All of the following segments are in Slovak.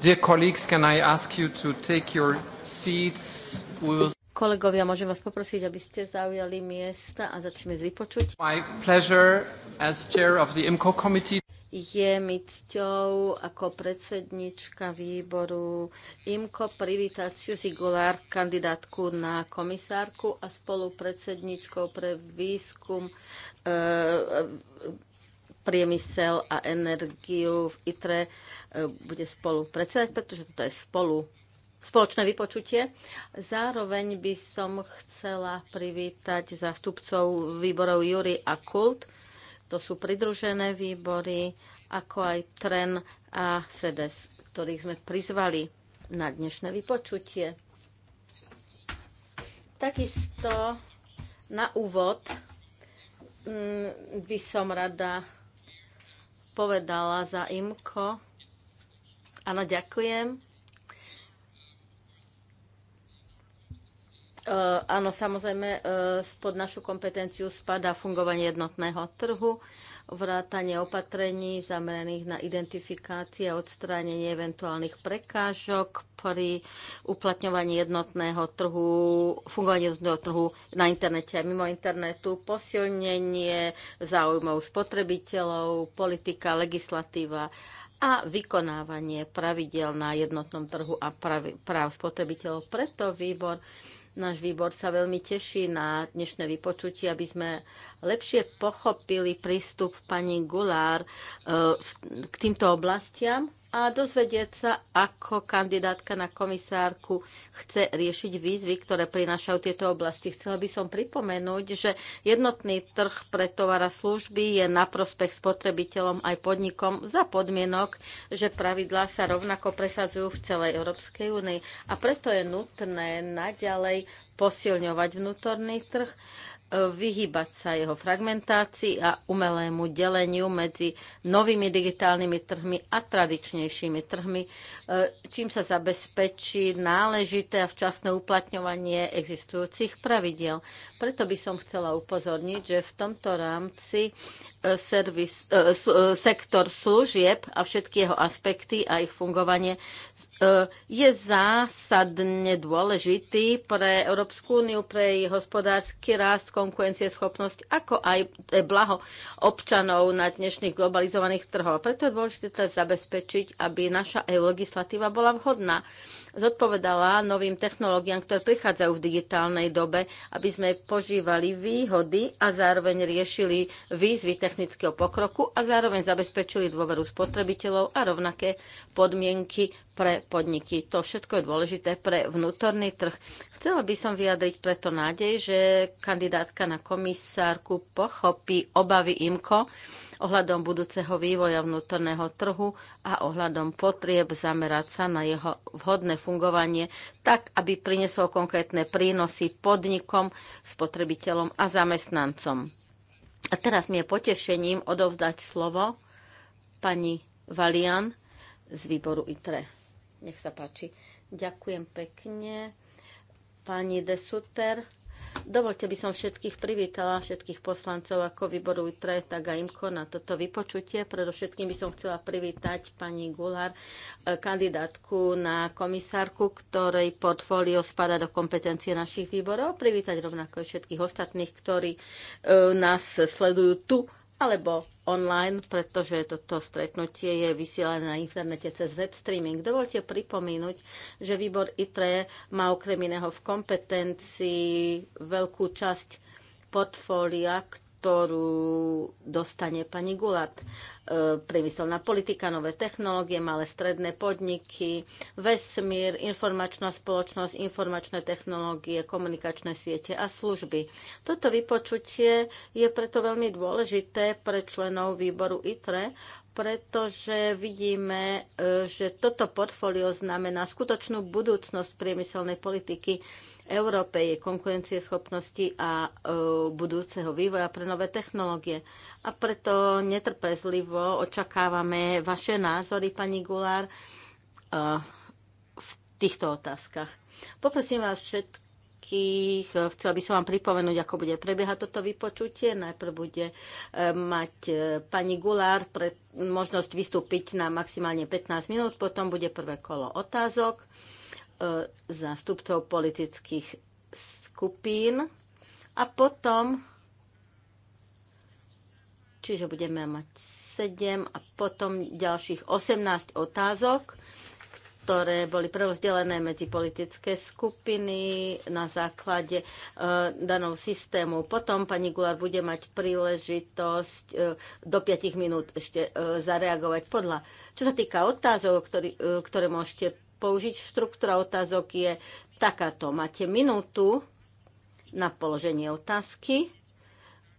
Dear colleagues, can I ask you to take your seats? We will... Kolegovia, môžem vás poprosiť, aby ste zaujali miesta a začneme z vypočuť. My pleasure as chair of the IMCO committee. Je mi cťou ako predsednička výboru IMCO privítať Suzy Goulart, kandidátku na komisárku a spolupredsedničkou pre výskum e, priemysel a energiu v ITRE e, bude spolu predsedať, pretože toto je spolu spoločné vypočutie. Zároveň by som chcela privítať zástupcov výborov Jury a Kult. To sú pridružené výbory, ako aj Tren a SEDES, ktorých sme prizvali na dnešné vypočutie. Takisto na úvod mm, by som rada povedala za IMKO. Áno, ďakujem. E, áno, samozrejme, e, pod našu kompetenciu spadá fungovanie jednotného trhu vrátanie opatrení zameraných na identifikáciu a odstránenie eventuálnych prekážok pri uplatňovaní jednotného trhu, fungovaní jednotného trhu na internete a mimo internetu, posilnenie záujmov spotrebiteľov, politika, legislatíva a vykonávanie pravidel na jednotnom trhu a práv spotrebiteľov. Preto výbor Náš výbor sa veľmi teší na dnešné vypočutie, aby sme lepšie pochopili prístup pani Gulár eh, k týmto oblastiam a dozvedieť sa, ako kandidátka na komisárku chce riešiť výzvy, ktoré prinášajú tieto oblasti. Chcela by som pripomenúť, že jednotný trh pre tovar a služby je na prospech spotrebiteľom aj podnikom za podmienok, že pravidlá sa rovnako presadzujú v celej Európskej únii. A preto je nutné naďalej posilňovať vnútorný trh vyhýbať sa jeho fragmentácii a umelému deleniu medzi novými digitálnymi trhmi a tradičnejšími trhmi, e, čím sa zabezpečí náležité a včasné uplatňovanie existujúcich pravidiel. Preto by som chcela upozorniť, že v tomto rámci e, servis, e, sektor služieb a všetky jeho aspekty a ich fungovanie E, je zásadne dôležitý pre Európsku úniu, pre jej hospodársky rast, konkurencieschopnosť, ako aj blaho občanov na dnešných globalizovaných trhoch. Preto je dôležité teraz zabezpečiť, aby naša EU legislatíva bola vhodná. Zodpovedala novým technológiám, ktoré prichádzajú v digitálnej dobe, aby sme požívali výhody a zároveň riešili výzvy technického pokroku a zároveň zabezpečili dôveru spotrebiteľov a rovnaké podmienky pre podniky. To všetko je dôležité pre vnútorný trh. Chcela by som vyjadriť preto nádej, že kandidátka na komisárku pochopí obavy IMKO ohľadom budúceho vývoja vnútorného trhu a ohľadom potrieb zamerať sa na jeho vhodné fungovanie tak, aby priniesol konkrétne prínosy podnikom, spotrebiteľom a zamestnancom. A teraz mi je potešením odovzdať slovo pani Valian z výboru ITRE. Nech sa páči. Ďakujem pekne. Pani de Suter, dovolte by som všetkých privítala, všetkých poslancov ako výboru ITRE, tak a IMKO na toto vypočutie. Predovšetkým by som chcela privítať pani Gulár, eh, kandidátku na komisárku, ktorej portfólio spada do kompetencie našich výborov. Privítať rovnako aj všetkých ostatných, ktorí eh, nás sledujú tu alebo online, pretože toto stretnutie je vysielané na internete cez web streaming. Dovolte pripomínuť, že výbor ITRE má okrem iného v kompetencii veľkú časť portfólia, ktorú dostane pani Gulat. E, priemyselná politika, nové technológie, malé stredné podniky, vesmír, informačná spoločnosť, informačné technológie, komunikačné siete a služby. Toto vypočutie je preto veľmi dôležité pre členov výboru ITRE, pretože vidíme, e, že toto portfólio znamená skutočnú budúcnosť priemyselnej politiky Európe, jej konkurencieschopnosti a e, budúceho vývoja pre nové technológie. A preto netrpezlivo očakávame vaše názory, pani Gulár, e, v týchto otázkach. Poprosím vás všetkých, e, Chcela by som vám pripomenúť, ako bude prebiehať toto vypočutie. Najprv bude mať pani Gulár pre možnosť vystúpiť na maximálne 15 minút, potom bude prvé kolo otázok E, zástupcov politických skupín a potom, čiže budeme mať 7 a potom ďalších 18 otázok, ktoré boli prerozdelené medzi politické skupiny na základe e, danou systému. Potom pani Gulár bude mať príležitosť e, do 5 minút ešte e, zareagovať podľa. Čo sa týka otázov, ktorý, e, ktoré môžete použiť. Štruktúra otázok je takáto. Máte minútu na položenie otázky.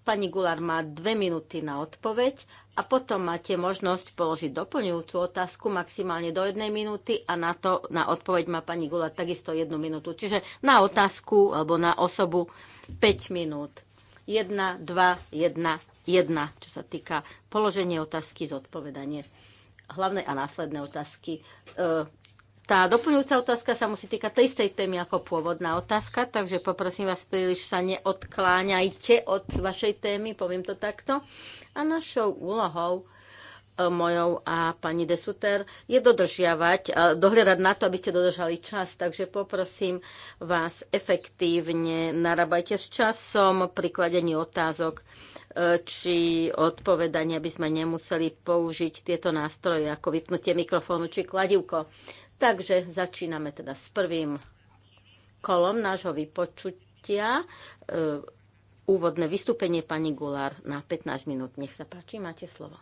Pani Gular má dve minúty na odpoveď a potom máte možnosť položiť doplňujúcu otázku maximálne do jednej minúty a na, to, na odpoveď má pani Gular takisto jednu minútu. Čiže na otázku alebo na osobu 5 minút. 1, 2, 1, 1, čo sa týka položenie otázky, zodpovedanie hlavnej a následné otázky. E, tá doplňujúca otázka sa musí týkať tej istej témy ako pôvodná otázka, takže poprosím vás príliš sa neodkláňajte od vašej témy, poviem to takto. A našou úlohou e, mojou a pani Desuter, je dodržiavať, e, dohľadať na to, aby ste dodržali čas. Takže poprosím vás efektívne, narabajte s časom pri kladení otázok e, či odpovedanie, aby sme nemuseli použiť tieto nástroje ako vypnutie mikrofónu či kladivko. Takže začíname teda s prvým kolom nášho vypočutia. E, úvodné vystúpenie pani Gulár na 15 minút. Nech sa páči, máte slovo.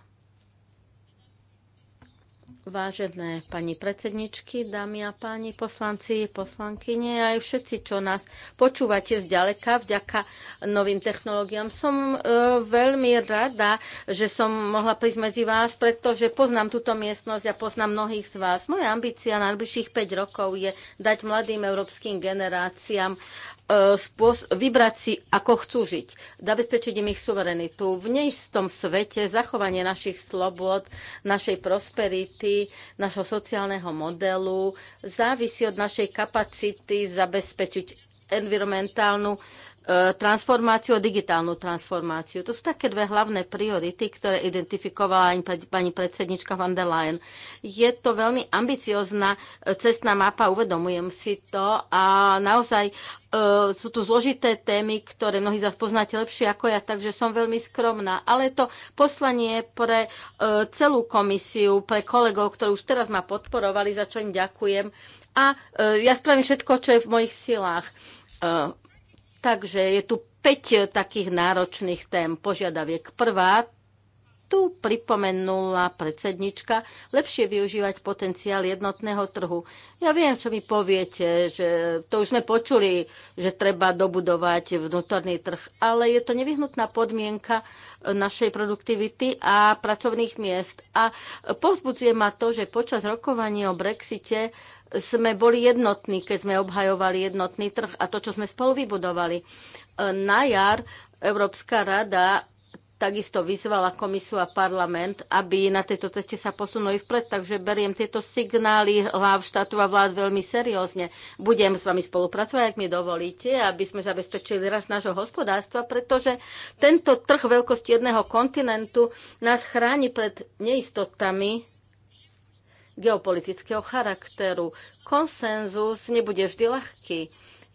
Vážené pani predsedničky, dámy a páni poslanci, poslankyne, aj všetci, čo nás počúvate zďaleka vďaka novým technológiám. Som e, veľmi rada, že som mohla prísť medzi vás, pretože poznám túto miestnosť a poznám mnohých z vás. Moja ambícia na najbližších 5 rokov je dať mladým európskym generáciám E, vybrať si, ako chcú žiť. Zabezpečiť im ich suverenitu. V neistom svete zachovanie našich slobod, našej prosperity, našho sociálneho modelu závisí od našej kapacity zabezpečiť environmentálnu E, transformáciu a digitálnu transformáciu. To sú také dve hlavné priority, ktoré identifikovala aj pani predsednička van der Leyen. Je to veľmi ambiciozná e, cestná mapa, uvedomujem si to a naozaj Uh, sú tu zložité témy, ktoré mnohí z vás poznáte lepšie ako ja, takže som veľmi skromná. Ale to poslanie pre uh, celú komisiu, pre kolegov, ktorí už teraz ma podporovali, za čo im ďakujem. A uh, ja spravím všetko, čo je v mojich silách. Uh, Takže je tu 5 takých náročných tém požiadaviek. Prvá, tu pripomenula predsednička, lepšie využívať potenciál jednotného trhu. Ja viem, čo mi poviete, že to už sme počuli, že treba dobudovať vnútorný trh, ale je to nevyhnutná podmienka našej produktivity a pracovných miest. A povzbudzuje ma to, že počas rokovania o Brexite sme boli jednotní, keď sme obhajovali jednotný trh a to, čo sme spolu vybudovali. E, na jar Európska rada takisto vyzvala komisiu a parlament, aby na tejto ceste sa posunuli vpred, takže beriem tieto signály hlav štátu a vlád veľmi seriózne. Budem s vami spolupracovať, ak mi dovolíte, aby sme zabezpečili raz nášho hospodárstva, pretože tento trh veľkosti jedného kontinentu nás chráni pred neistotami, geopolitického charakteru. Konsenzus nebude vždy ľahký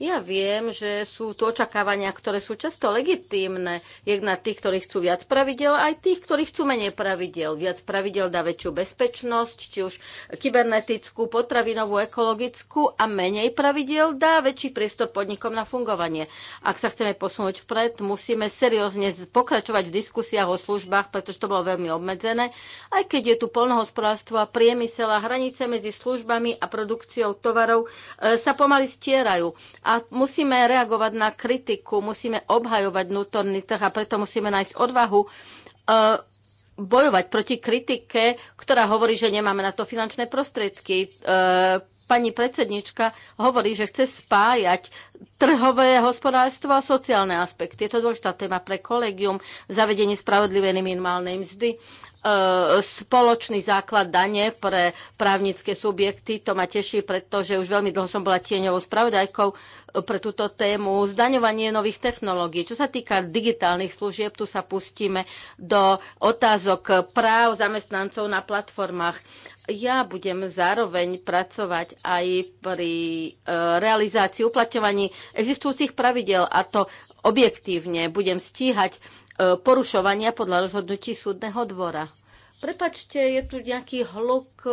ja viem, že sú tu očakávania, ktoré sú často legitímne. na tých, ktorí chcú viac pravidel, aj tých, ktorí chcú menej pravidel. Viac pravidel dá väčšiu bezpečnosť, či už kybernetickú, potravinovú, ekologickú a menej pravidel dá väčší priestor podnikom na fungovanie. Ak sa chceme posunúť vpred, musíme seriózne pokračovať v diskusiách o službách, pretože to bolo veľmi obmedzené. Aj keď je tu polnohospodárstvo a priemysel a hranice medzi službami a produkciou tovarov e, sa pomaly stierajú. A a musíme reagovať na kritiku, musíme obhajovať vnútorný trh a preto musíme nájsť odvahu e, bojovať proti kritike, ktorá hovorí, že nemáme na to finančné prostriedky. E, pani predsednička hovorí, že chce spájať trhové hospodárstvo a sociálne aspekty. Je to dôležitá téma pre kolegium, zavedenie spravodlivej minimálnej mzdy E, spoločný základ dane pre právnické subjekty. To ma teší, pretože už veľmi dlho som bola tieňovou spravodajkou e, pre túto tému. Zdaňovanie nových technológií. Čo sa týka digitálnych služieb, tu sa pustíme do otázok práv zamestnancov na platformách. Ja budem zároveň pracovať aj pri e, realizácii uplatňovaní existujúcich pravidel a to objektívne budem stíhať E, porušovania podľa rozhodnutí súdneho dvora. Prepačte, je tu nejaký hluk. E,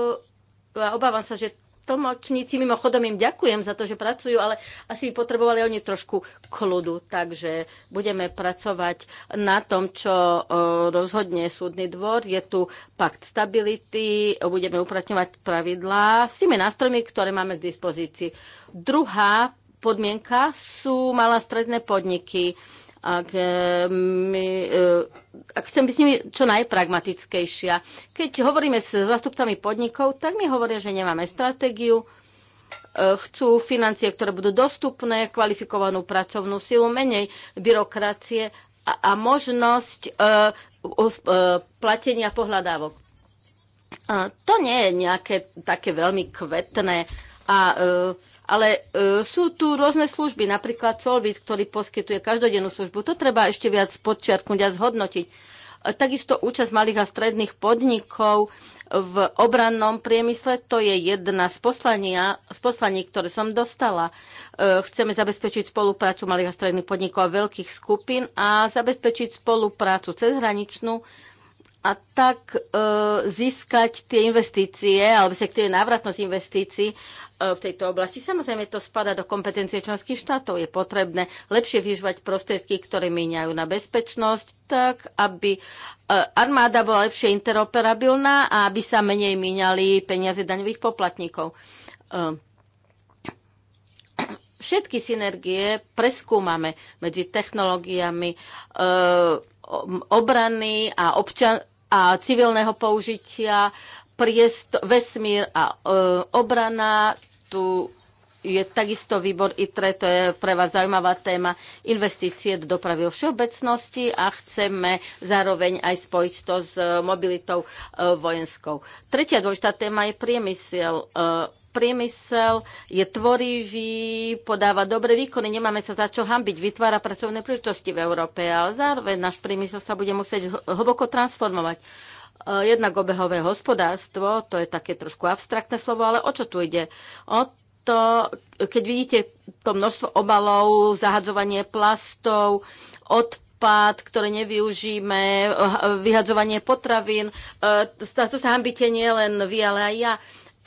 obávam sa, že tlmočníci, mimochodom im ďakujem za to, že pracujú, ale asi by potrebovali oni trošku kľudu, takže budeme pracovať na tom, čo e, rozhodne súdny dvor. Je tu pakt stability, budeme uplatňovať pravidlá s tými nástrojmi, ktoré máme k dispozícii. Druhá podmienka sú malá stredné podniky ak, eh, my, eh, ak chcem byť s nimi čo najpragmatickejšia. Keď hovoríme s zastupcami podnikov, tak mi hovoria, že nemáme stratégiu, eh, chcú financie, ktoré budú dostupné, kvalifikovanú pracovnú silu, menej byrokracie a, a možnosť uh, uh, platenia pohľadávok. Uh, to nie je nejaké také veľmi kvetné a uh, ale e, sú tu rôzne služby, napríklad Solvit, ktorý poskytuje každodennú službu. To treba ešte viac podčiarknúť a zhodnotiť. E, takisto účasť malých a stredných podnikov v obrannom priemysle, to je jedna z, poslania, z poslaní, ktoré som dostala. E, chceme zabezpečiť spoluprácu malých a stredných podnikov a veľkých skupín a zabezpečiť spoluprácu cezhraničnú a tak e, získať tie investície, alebo tie návratnosť investícií e, v tejto oblasti. Samozrejme, to spada do kompetencie členských štátov. Je potrebné lepšie vyžvať prostriedky, ktoré míňajú na bezpečnosť, tak aby e, armáda bola lepšie interoperabilná a aby sa menej míňali peniaze daňových poplatníkov. E, všetky synergie preskúmame medzi technológiami, e, Um, obrany a, občan- a civilného použitia, priest- vesmír a e, obrana. Tu je takisto výbor ITRE, to je pre vás zaujímavá téma, investície do dopravy o všeobecnosti a chceme zároveň aj spojiť to s mobilitou e, vojenskou. Tretia dôležitá téma je priemysel. E, priemysel je tvorivý, podáva dobré výkony, nemáme sa za čo hambiť, vytvára pracovné príležitosti v Európe, ale zároveň náš priemysel sa bude musieť hlboko transformovať. E, jednak obehové hospodárstvo, to je také trošku abstraktné slovo, ale o čo tu ide? O to, keď vidíte to množstvo obalov, zahadzovanie plastov, odpad, ktoré nevyužíme, e, vyhadzovanie potravín. E, to sa hambite nie len vy, ale aj ja.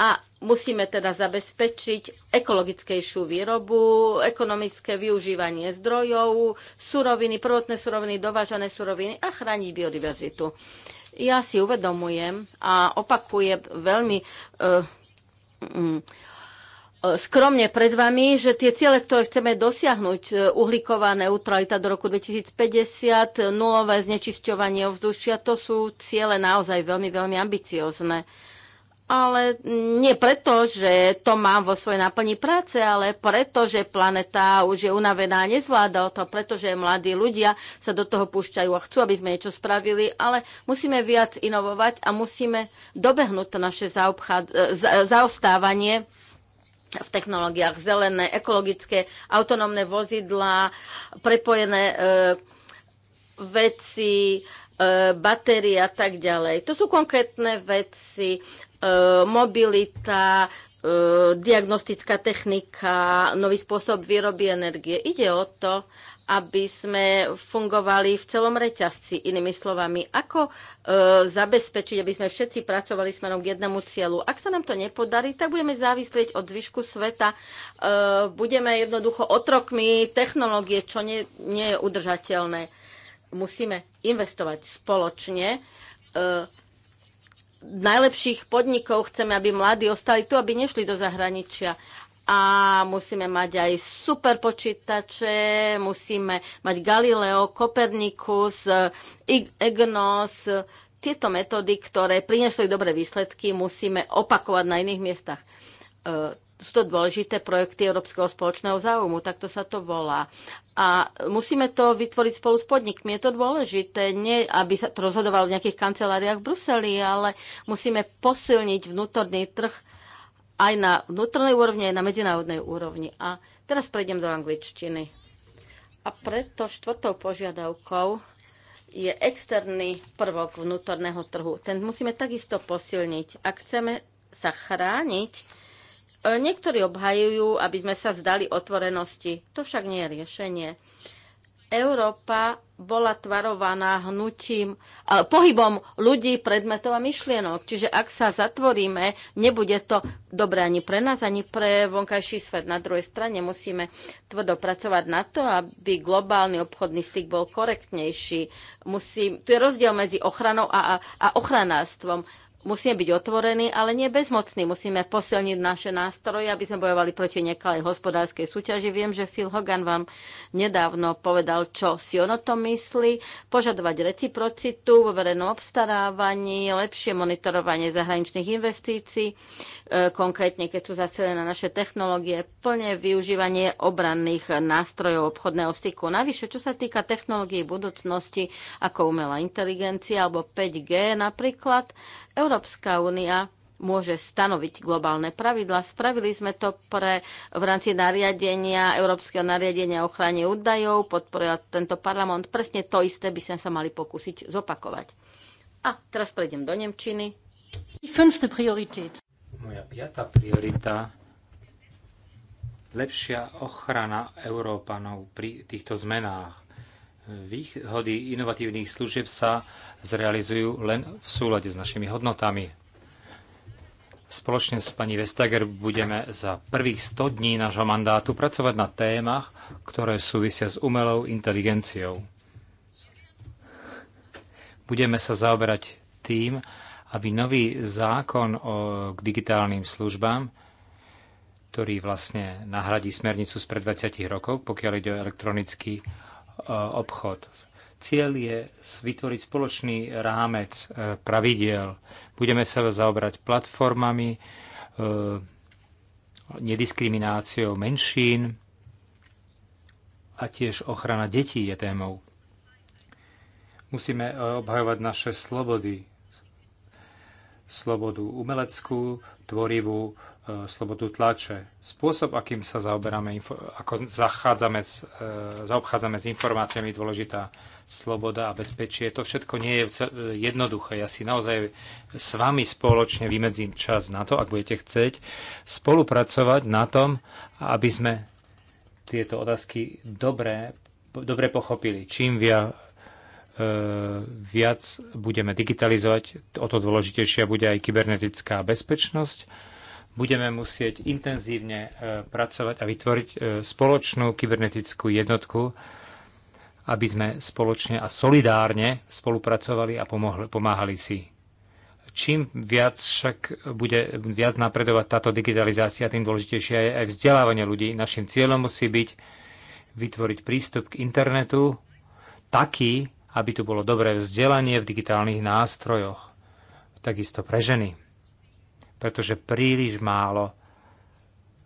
A Musíme teda zabezpečiť ekologickejšiu výrobu, ekonomické využívanie zdrojov, suroviny, prvotné suroviny, dovážané suroviny a chrániť biodiverzitu. Ja si uvedomujem a opakujem veľmi uh, um, skromne pred vami, že tie ciele, ktoré chceme dosiahnuť, eh, uhlíková neutralita do roku 2050, nulové znečisťovanie ovzdušia, to sú ciele naozaj veľmi, veľmi ambiciozne ale nie preto, že to mám vo svojej náplni práce, ale preto, že planeta už je unavená a nezvláda to, pretože mladí ľudia sa do toho púšťajú a chcú, aby sme niečo spravili, ale musíme viac inovovať a musíme dobehnúť to naše zaostávanie v technológiách zelené, ekologické, autonómne vozidlá, prepojené e, veci, e, batérie a tak ďalej. To sú konkrétne veci, E, mobilita, e, diagnostická technika, nový spôsob výroby energie. Ide o to, aby sme fungovali v celom reťazci. Inými slovami, ako e, zabezpečiť, aby sme všetci pracovali smerom k jednému cieľu. Ak sa nám to nepodarí, tak budeme závislieť od zvyšku sveta. E, budeme jednoducho otrokmi technológie, čo nie, nie je udržateľné. Musíme investovať spoločne. E, najlepších podnikov chceme, aby mladí ostali tu, aby nešli do zahraničia. A musíme mať aj super počítače, musíme mať Galileo, Kopernikus, EGNOS, tieto metódy, ktoré priniesli dobré výsledky, musíme opakovať na iných miestach. E, sú to dôležité projekty Európskeho spoločného záujmu, takto sa to volá. A musíme to vytvoriť spolu s podnikmi. Je to dôležité, nie aby sa to rozhodovalo v nejakých kanceláriách v Bruseli, ale musíme posilniť vnútorný trh aj na vnútornej úrovni, aj na medzinárodnej úrovni. A teraz prejdem do angličtiny. A preto štvrtou požiadavkou je externý prvok vnútorného trhu. Ten musíme takisto posilniť. Ak chceme sa chrániť, E, niektorí obhajujú, aby sme sa vzdali otvorenosti. To však nie je riešenie. Európa bola tvarovaná hnutím, e, pohybom ľudí, predmetov a myšlienok. Čiže ak sa zatvoríme, nebude to dobre ani pre nás, ani pre vonkajší svet. Na druhej strane musíme tvrdo pracovať na to, aby globálny obchodný styk bol korektnejší. Musí, tu je rozdiel medzi ochranou a, a ochranárstvom musíme byť otvorení, ale nie bezmocní. Musíme posilniť naše nástroje, aby sme bojovali proti nekalej hospodárskej súťaži. Viem, že Phil Hogan vám nedávno povedal, čo si on o tom myslí. Požadovať reciprocitu vo verejnom obstarávaní, lepšie monitorovanie zahraničných investícií, e, konkrétne keď sú zacelené na naše technológie, plne využívanie obranných nástrojov obchodného styku. Navyše, čo sa týka technológií budúcnosti, ako umelá inteligencia alebo 5G napríklad, Euró Európska únia môže stanoviť globálne pravidla. Spravili sme to pre, v rámci nariadenia, Európskeho nariadenia o ochrane údajov, podporil tento parlament. Presne to isté by sme sa mali pokúsiť zopakovať. A teraz prejdem do Nemčiny. Moja piata priorita lepšia ochrana Európanov pri týchto zmenách. Výhody inovatívnych služieb sa zrealizujú len v súlade s našimi hodnotami. Spoločne s pani Vestager budeme za prvých 100 dní nášho mandátu pracovať na témach, ktoré súvisia s umelou inteligenciou. Budeme sa zaoberať tým, aby nový zákon o, k digitálnym službám, ktorý vlastne nahradí smernicu z pred 20 rokov, pokiaľ ide o elektronický e, obchod. Cieľ je vytvoriť spoločný rámec e, pravidiel. Budeme sa zaobrať platformami, e, nediskrimináciou menšín a tiež ochrana detí je témou. Musíme e, obhajovať naše slobody. Slobodu umeleckú, tvorivú, slobodu tlače. Spôsob, akým sa zaoberáme, ako zachádzame, zaobchádzame s informáciami, je dôležitá sloboda a bezpečie. To všetko nie je jednoduché. Ja si naozaj s vami spoločne vymedzím čas na to, ak budete chcieť, spolupracovať na tom, aby sme tieto otázky dobre, dobre pochopili. Čím via, e, viac budeme digitalizovať, o to dôležitejšia bude aj kybernetická bezpečnosť. Budeme musieť intenzívne e, pracovať a vytvoriť e, spoločnú kybernetickú jednotku, aby sme spoločne a solidárne spolupracovali a pomohli, pomáhali si. Čím viac však bude viac napredovať táto digitalizácia, tým dôležitejšie je aj vzdelávanie ľudí. Našim cieľom musí byť vytvoriť prístup k internetu taký, aby tu bolo dobré vzdelanie v digitálnych nástrojoch. Takisto pre ženy. Pretože príliš málo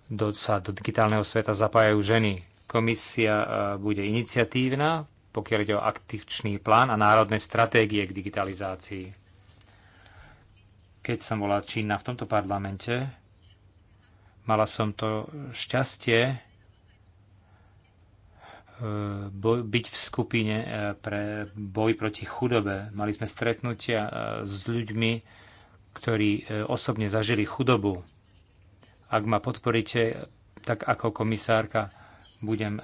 do, sa do digitálneho sveta zapájajú ženy Komisia e, bude iniciatívna, pokiaľ ide o aktičný plán a národné stratégie k digitalizácii. Keď som bola činná v tomto parlamente, mala som to šťastie e, byť v skupine e, pre boj proti chudobe. Mali sme stretnutia s ľuďmi, ktorí osobne zažili chudobu. Ak ma podporíte, tak ako komisárka, budem e,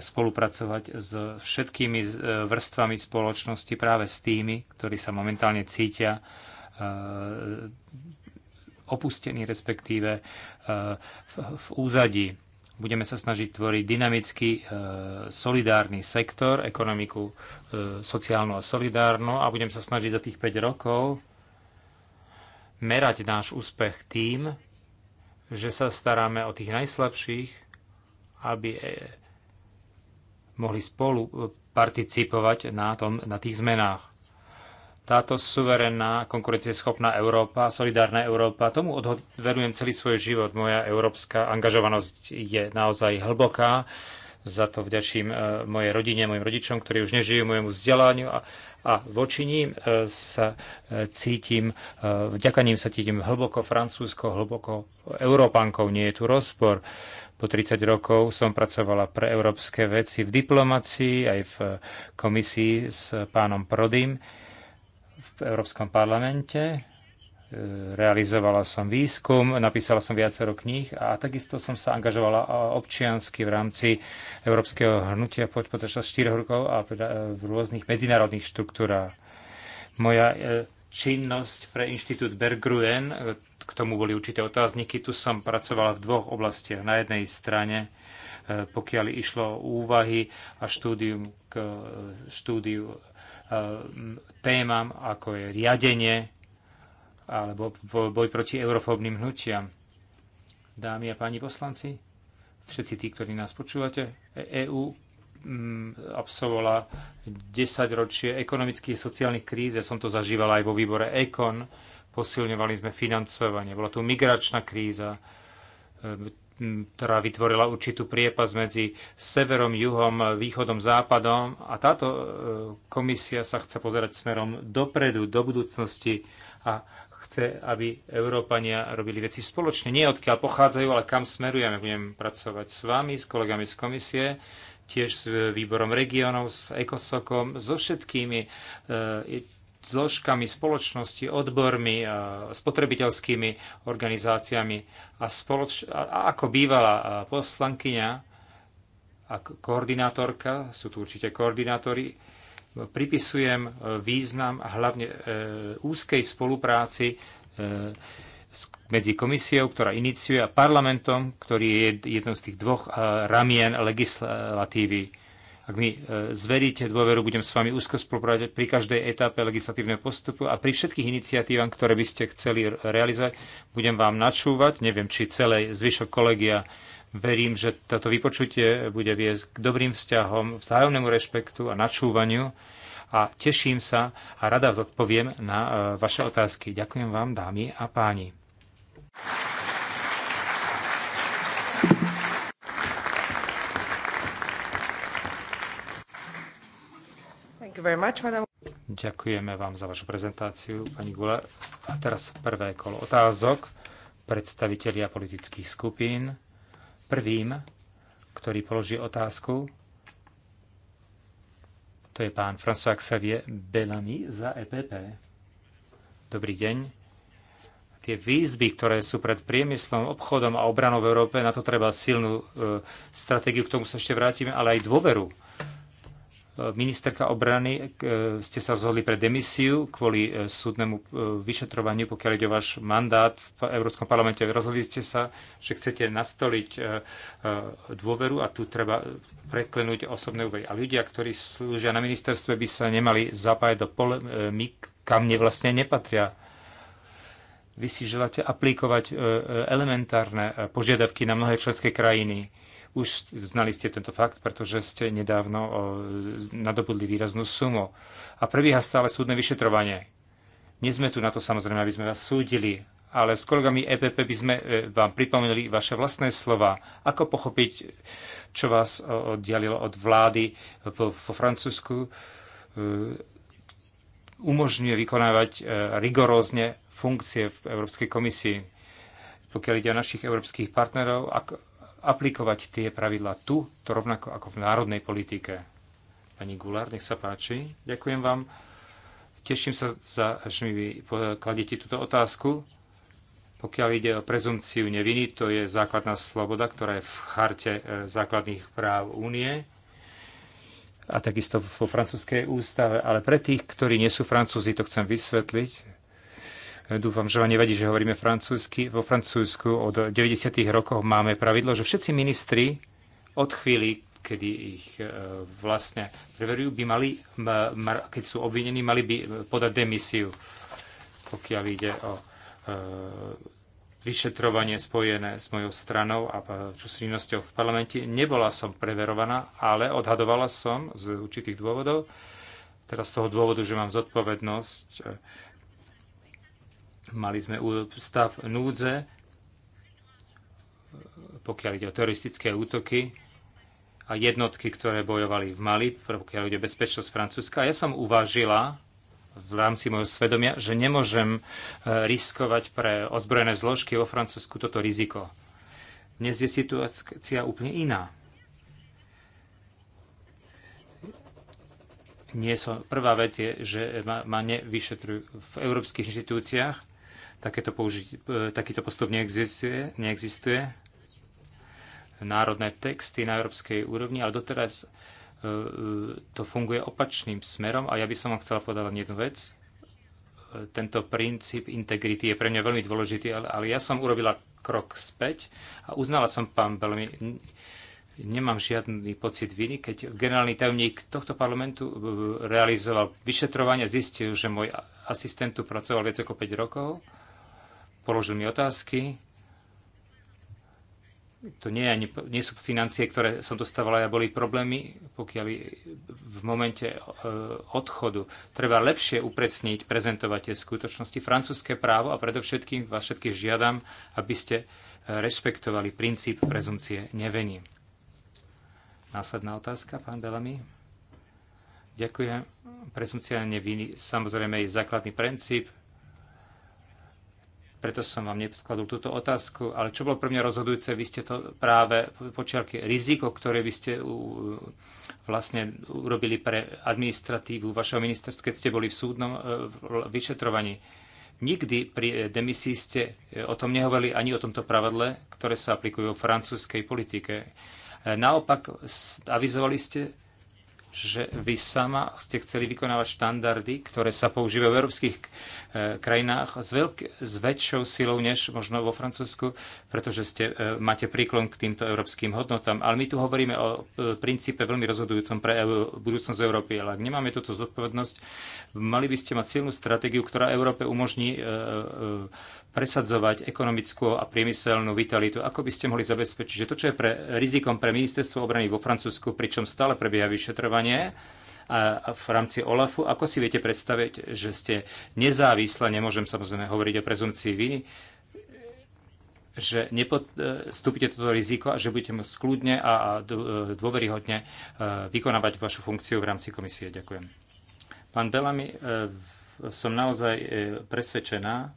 spolupracovať s všetkými e, vrstvami spoločnosti, práve s tými, ktorí sa momentálne cítia e, opustení, respektíve v úzadí. Budeme sa snažiť tvoriť dynamický, solidárny sektor, ekonomiku sociálnu a solidárnu a budem sa snažiť za tých 5 rokov merať náš úspech tým, že sa staráme o tých najslabších, aby e, mohli spolu e, participovať na, tom, na tých zmenách. Táto suverénna, konkurencieschopná Európa, solidárna Európa, tomu verujem celý svoj život. Moja európska angažovanosť je naozaj hlboká. Za to vďačím e, mojej rodine, mojim rodičom, ktorí už nežijú, mojemu vzdelaniu a, a voči ním sa cítim, vďaka ním sa cítim hlboko francúzsko, hlboko európankou. Nie je tu rozpor. Po 30 rokov som pracovala pre európske veci v diplomácii aj v komisii s pánom Prodym v Európskom parlamente. E, realizovala som výskum, napísala som viacero kníh a takisto som sa angažovala občiansky v rámci Európskeho hnutia po 4 rokov a teda, e, v rôznych medzinárodných štruktúrách. Moja e, činnosť pre inštitút Bergruen, k tomu boli určité otázniky. Tu som pracovala v dvoch oblastiach. Na jednej strane, e, pokiaľ išlo o úvahy a štúdium k e, štúdiu e, témam, ako je riadenie alebo boj proti eurofóbnym hnutiam. Dámy a páni poslanci, všetci tí, ktorí nás počúvate, EÚ absolvovala 10 ročie ekonomických a sociálnych kríz. Ja som to zažíval aj vo výbore EKON Posilňovali sme financovanie. Bola tu migračná kríza, ehm, ktorá vytvorila určitú priepas medzi severom, juhom, východom, západom a táto ehm, komisia sa chce pozerať smerom dopredu, do budúcnosti a chce, aby Európania robili veci spoločne. Nie odkiaľ pochádzajú, ale kam smerujeme. Budem pracovať s vami, s kolegami z komisie, tiež s výborom regionov, s ECOSOCom, so všetkými ehm, zložkami spoločnosti, odbormi, spotrebiteľskými organizáciami a, spoloč- a ako bývalá poslankyňa a koordinátorka, sú tu určite koordinátori, pripisujem e, význam a hlavne e, úzkej spolupráci e, medzi komisiou, ktorá iniciuje, a parlamentom, ktorý je jednou z tých dvoch ramien legislatívy ak mi e, zveríte dôveru, budem s vami úzko spolupracovať pri každej etape legislatívneho postupu a pri všetkých iniciatívach, ktoré by ste chceli realizovať, budem vám načúvať. Neviem, či celé zvyšok kolegia verím, že toto vypočutie bude viesť k dobrým vzťahom, vzájomnému rešpektu a načúvaniu a teším sa a rada zodpoviem na e, vaše otázky. Ďakujem vám, dámy a páni. much, Ďakujeme vám za vašu prezentáciu, pani Gula. A teraz prvé kolo otázok predstavitelia politických skupín. Prvým, ktorý položí otázku, to je pán François Xavier Bellamy za EPP. Dobrý deň. Tie výzby, ktoré sú pred priemyslom, obchodom a obranou v Európe, na to treba silnú e, stratégiu, k tomu sa ešte vrátime, ale aj dôveru Ministerka obrany, e, ste sa rozhodli pre demisiu kvôli e, súdnemu e, vyšetrovaniu, pokiaľ ide o váš mandát v Európskom parlamente. Rozhodli ste sa, že chcete nastoliť dôveru a tu treba preklenúť osobné úvej. A ľudia, ktorí slúžia na ministerstve, by sa nemali zapájať do polemik, kam ne vlastne nepatria. Vy si želáte aplikovať elementárne požiadavky na mnohé členské krajiny už znali ste tento fakt, pretože ste nedávno nadobudli výraznú sumu. A prebieha stále súdne vyšetrovanie. Nie sme tu na to samozrejme, aby sme vás súdili, ale s kolegami EPP by sme e, vám pripomenuli vaše vlastné slova. Ako pochopiť, čo vás oddialilo od vlády vo, Francúzsku? E, umožňuje vykonávať e, rigorózne funkcie v Európskej komisii. Pokiaľ ide o našich európskych partnerov, ako, aplikovať tie pravidlá tu, to rovnako ako v národnej politike. Pani Gulár, nech sa páči. Ďakujem vám. Teším sa, za, že mi kladiete túto otázku. Pokiaľ ide o prezumciu neviny, to je základná sloboda, ktorá je v charte e, základných práv únie a takisto vo francúzskej ústave. Ale pre tých, ktorí nie sú francúzi, to chcem vysvetliť. Dúfam, že vám nevadí, že hovoríme francúzsky. Vo Francúzsku od 90. rokov máme pravidlo, že všetci ministri od chvíli, kedy ich e, vlastne preverujú, by mali, keď sú obvinení, mali by e, podať demisiu, pokiaľ ide o e, vyšetrovanie spojené s mojou stranou a činnosťou v parlamente. Nebola som preverovaná, ale odhadovala som z určitých dôvodov, teda z toho dôvodu, že mám zodpovednosť Mali sme stav núdze, pokiaľ ide o teroristické útoky a jednotky, ktoré bojovali v Mali, pokiaľ ide o bezpečnosť Francúzska. Ja som uvážila v rámci môjho svedomia, že nemôžem e, riskovať pre ozbrojené zložky vo Francúzsku toto riziko. Dnes je situácia úplne iná. Nie som, prvá vec je, že ma, ma nevyšetrujú v európskych inštitúciách, Takéto použi- e, takýto postup neexistuje, neexistuje. Národné texty na európskej úrovni, ale doteraz e, e, to funguje opačným smerom a ja by som vám chcela povedať len jednu vec. Tento princíp integrity je pre mňa veľmi dôležitý, ale, ale ja som urobila krok späť a uznala som pán veľmi... Nemám žiadny pocit viny, keď generálny tajomník tohto parlamentu realizoval vyšetrovanie a zistil, že môj asistent tu pracoval viac ako 5 rokov položil mi otázky. To nie, ani, nie sú financie, ktoré som dostávala, ja boli problémy, pokiaľ v momente e, odchodu treba lepšie upresniť, prezentovať tie skutočnosti. Francúzske právo a predovšetkým vás všetkých žiadam, aby ste e, rešpektovali princíp prezumcie nevení. Následná otázka, pán Belami. Ďakujem. Prezumcia neviny samozrejme je základný princíp preto som vám nepodkladol túto otázku, ale čo bolo pre mňa rozhodujúce, vy ste to práve počiarky riziko, ktoré by ste vlastne urobili pre administratívu vašeho ministerstva, keď ste boli v súdnom e, vyšetrovaní. Nikdy pri e, demisii ste e, o tom nehovorili ani o tomto pravidle, ktoré sa aplikujú v francúzskej politike. Naopak avizovali ste že vy sama ste chceli vykonávať štandardy, ktoré sa používajú v európskych e, krajinách s, veľk- s väčšou silou než možno vo Francúzsku, pretože ste, e, máte príklon k týmto európskym hodnotám. Ale my tu hovoríme o e, princípe veľmi rozhodujúcom pre budúcnosť Európy. Ale ak nemáme túto zodpovednosť, mali by ste mať silnú stratégiu, ktorá Európe umožní presadzovať ekonomickú a priemyselnú vitalitu? Ako by ste mohli zabezpečiť, že to, čo je pre, rizikom pre ministerstvo obrany vo Francúzsku, pričom stále prebieha vyšetrovanie a, a v rámci OLAFu, ako si viete predstaviť, že ste nezávisle, nemôžem samozrejme hovoriť o prezumcii viny, že nepodstúpite toto riziko a že budete môcť kľudne a, e, dôveryhodne e, vykonávať vašu funkciu v rámci komisie. Ďakujem. Pán Bellamy, e, som naozaj presvedčená,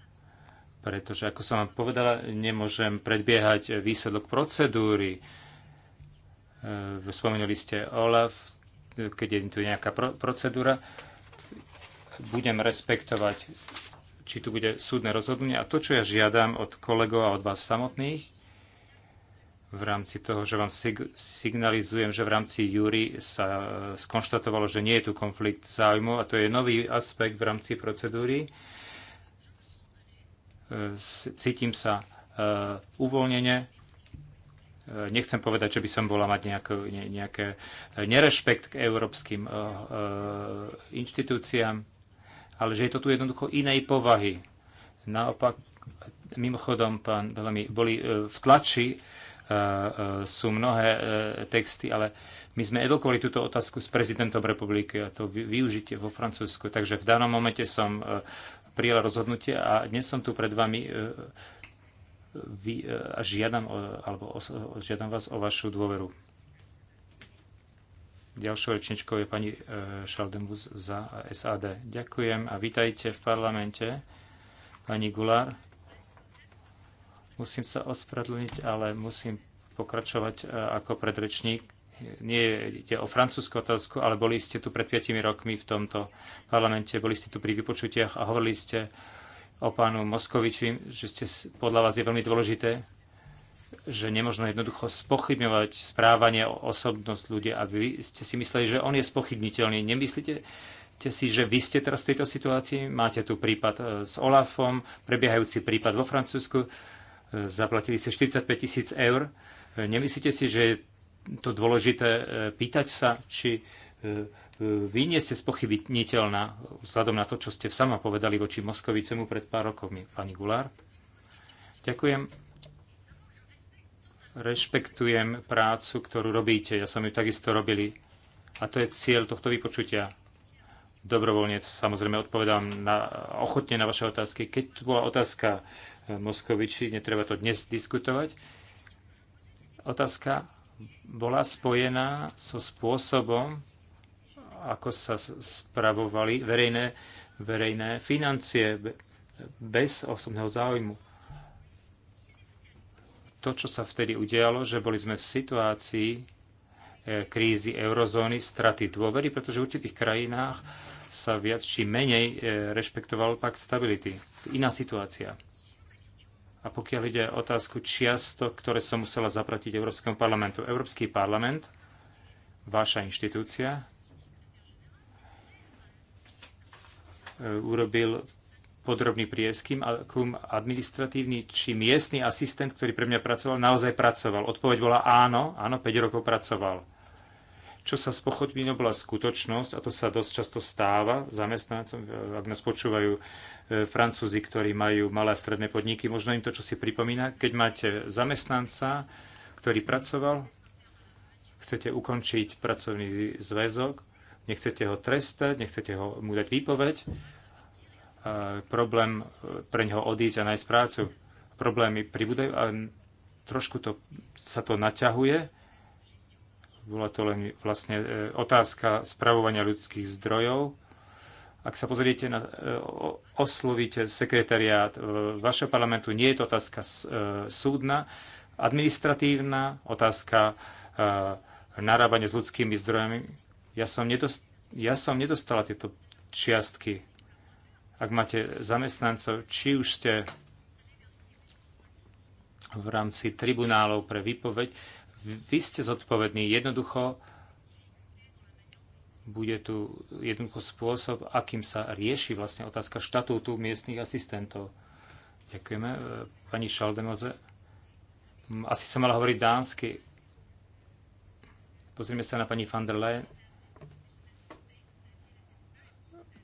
pretože, ako som vám povedala, nemôžem predbiehať výsledok procedúry. E, spomenuli ste OLAF, keď je tu nejaká procedúra. Budem respektovať, či tu bude súdne rozhodnutie. A to, čo ja žiadam od kolegov a od vás samotných, v rámci toho, že vám sig- signalizujem, že v rámci Júry sa e, skonštatovalo, že nie je tu konflikt záujmu a to je nový aspekt v rámci procedúry cítim sa eh, uvoľnene. Eh, nechcem povedať, že by som bola mať nejaké, nejaké nerešpekt k európskym eh, inštitúciám, ale že je to tu jednoducho inej povahy. Naopak, mimochodom, pán veľmi boli v tlači sú mnohé texty, ale my sme evokovali túto otázku s prezidentom republiky a to využite vo Francúzsku. Takže v danom momente som prijala rozhodnutie a dnes som tu pred vami e, vy, e, a žiadam, alebo os, žiadam vás o vašu dôveru. Ďalšou rečničkou je pani Šaldemus e, za SAD. Ďakujem a vítajte v parlamente, pani Gulár. Musím sa ospravedlniť, ale musím pokračovať ako predrečník nie ide o francúzsku otázku, ale boli ste tu pred 5 rokmi v tomto parlamente, boli ste tu pri vypočutiach a hovorili ste o pánu Moskoviči, že ste, podľa vás je veľmi dôležité, že nemôžno jednoducho spochybňovať správanie o osobnosť ľudia. A vy ste si mysleli, že on je spochybniteľný. Nemyslíte si, že vy ste teraz v tejto situácii? Máte tu prípad e, s Olafom, prebiehajúci prípad vo Francúzsku. E, zaplatili ste 45 tisíc eur. E, nemyslíte si, že to dôležité e, pýtať sa, či e, e, vy nie ste spochybniteľná vzhľadom na to, čo ste sama povedali voči Moskovicemu pred pár rokovmi. pani Gulár. Ďakujem. Rešpektujem prácu, ktorú robíte. Ja som ju takisto robili. A to je cieľ tohto vypočutia. Dobrovoľne samozrejme odpovedám na, ochotne na vaše otázky. Keď tu bola otázka Moskoviči, netreba to dnes diskutovať. Otázka bola spojená so spôsobom, ako sa spravovali verejné, verejné financie bez osobného záujmu. To, čo sa vtedy udialo, že boli sme v situácii e, krízy eurozóny, straty dôvery, pretože v určitých krajinách sa viac či menej e, rešpektoval pakt stability. Iná situácia. A pokiaľ ide o otázku čiastok, ktoré som musela zaplatiť Európskemu parlamentu. Európsky parlament, vaša inštitúcia, e, urobil podrobný prieskum administratívny či miestny asistent, ktorý pre mňa pracoval, naozaj pracoval. Odpoveď bola áno, áno, 5 rokov pracoval čo sa spochodbino bola skutočnosť, a to sa dosť často stáva zamestnancom, e, ak nás počúvajú e, Francúzi, ktorí majú malé a stredné podniky, možno im to čo si pripomína, keď máte zamestnanca, ktorý pracoval, chcete ukončiť pracovný zväzok, nechcete ho trestať, nechcete ho, mu dať výpoveď, e, problém pre neho odísť a nájsť prácu. Problémy pribúdajú a trošku to, sa to naťahuje, bola to len vlastne e, otázka spravovania ľudských zdrojov. Ak sa pozriete na, e, oslovíte sekretariát e, vašeho parlamentu, nie je to otázka súdna, administratívna, otázka narábania s ľudskými zdrojami. Ja som, ja som nedostala tieto čiastky. Ak máte zamestnancov, či už ste v rámci tribunálov pre výpoveď, vy ste zodpovední. Jednoducho bude tu jednoducho spôsob, akým sa rieši vlastne otázka štatútu miestnych asistentov. Ďakujeme. Pani Šaldemoze, asi som mala hovoriť dánsky. Pozrime sa na pani van der Leyen.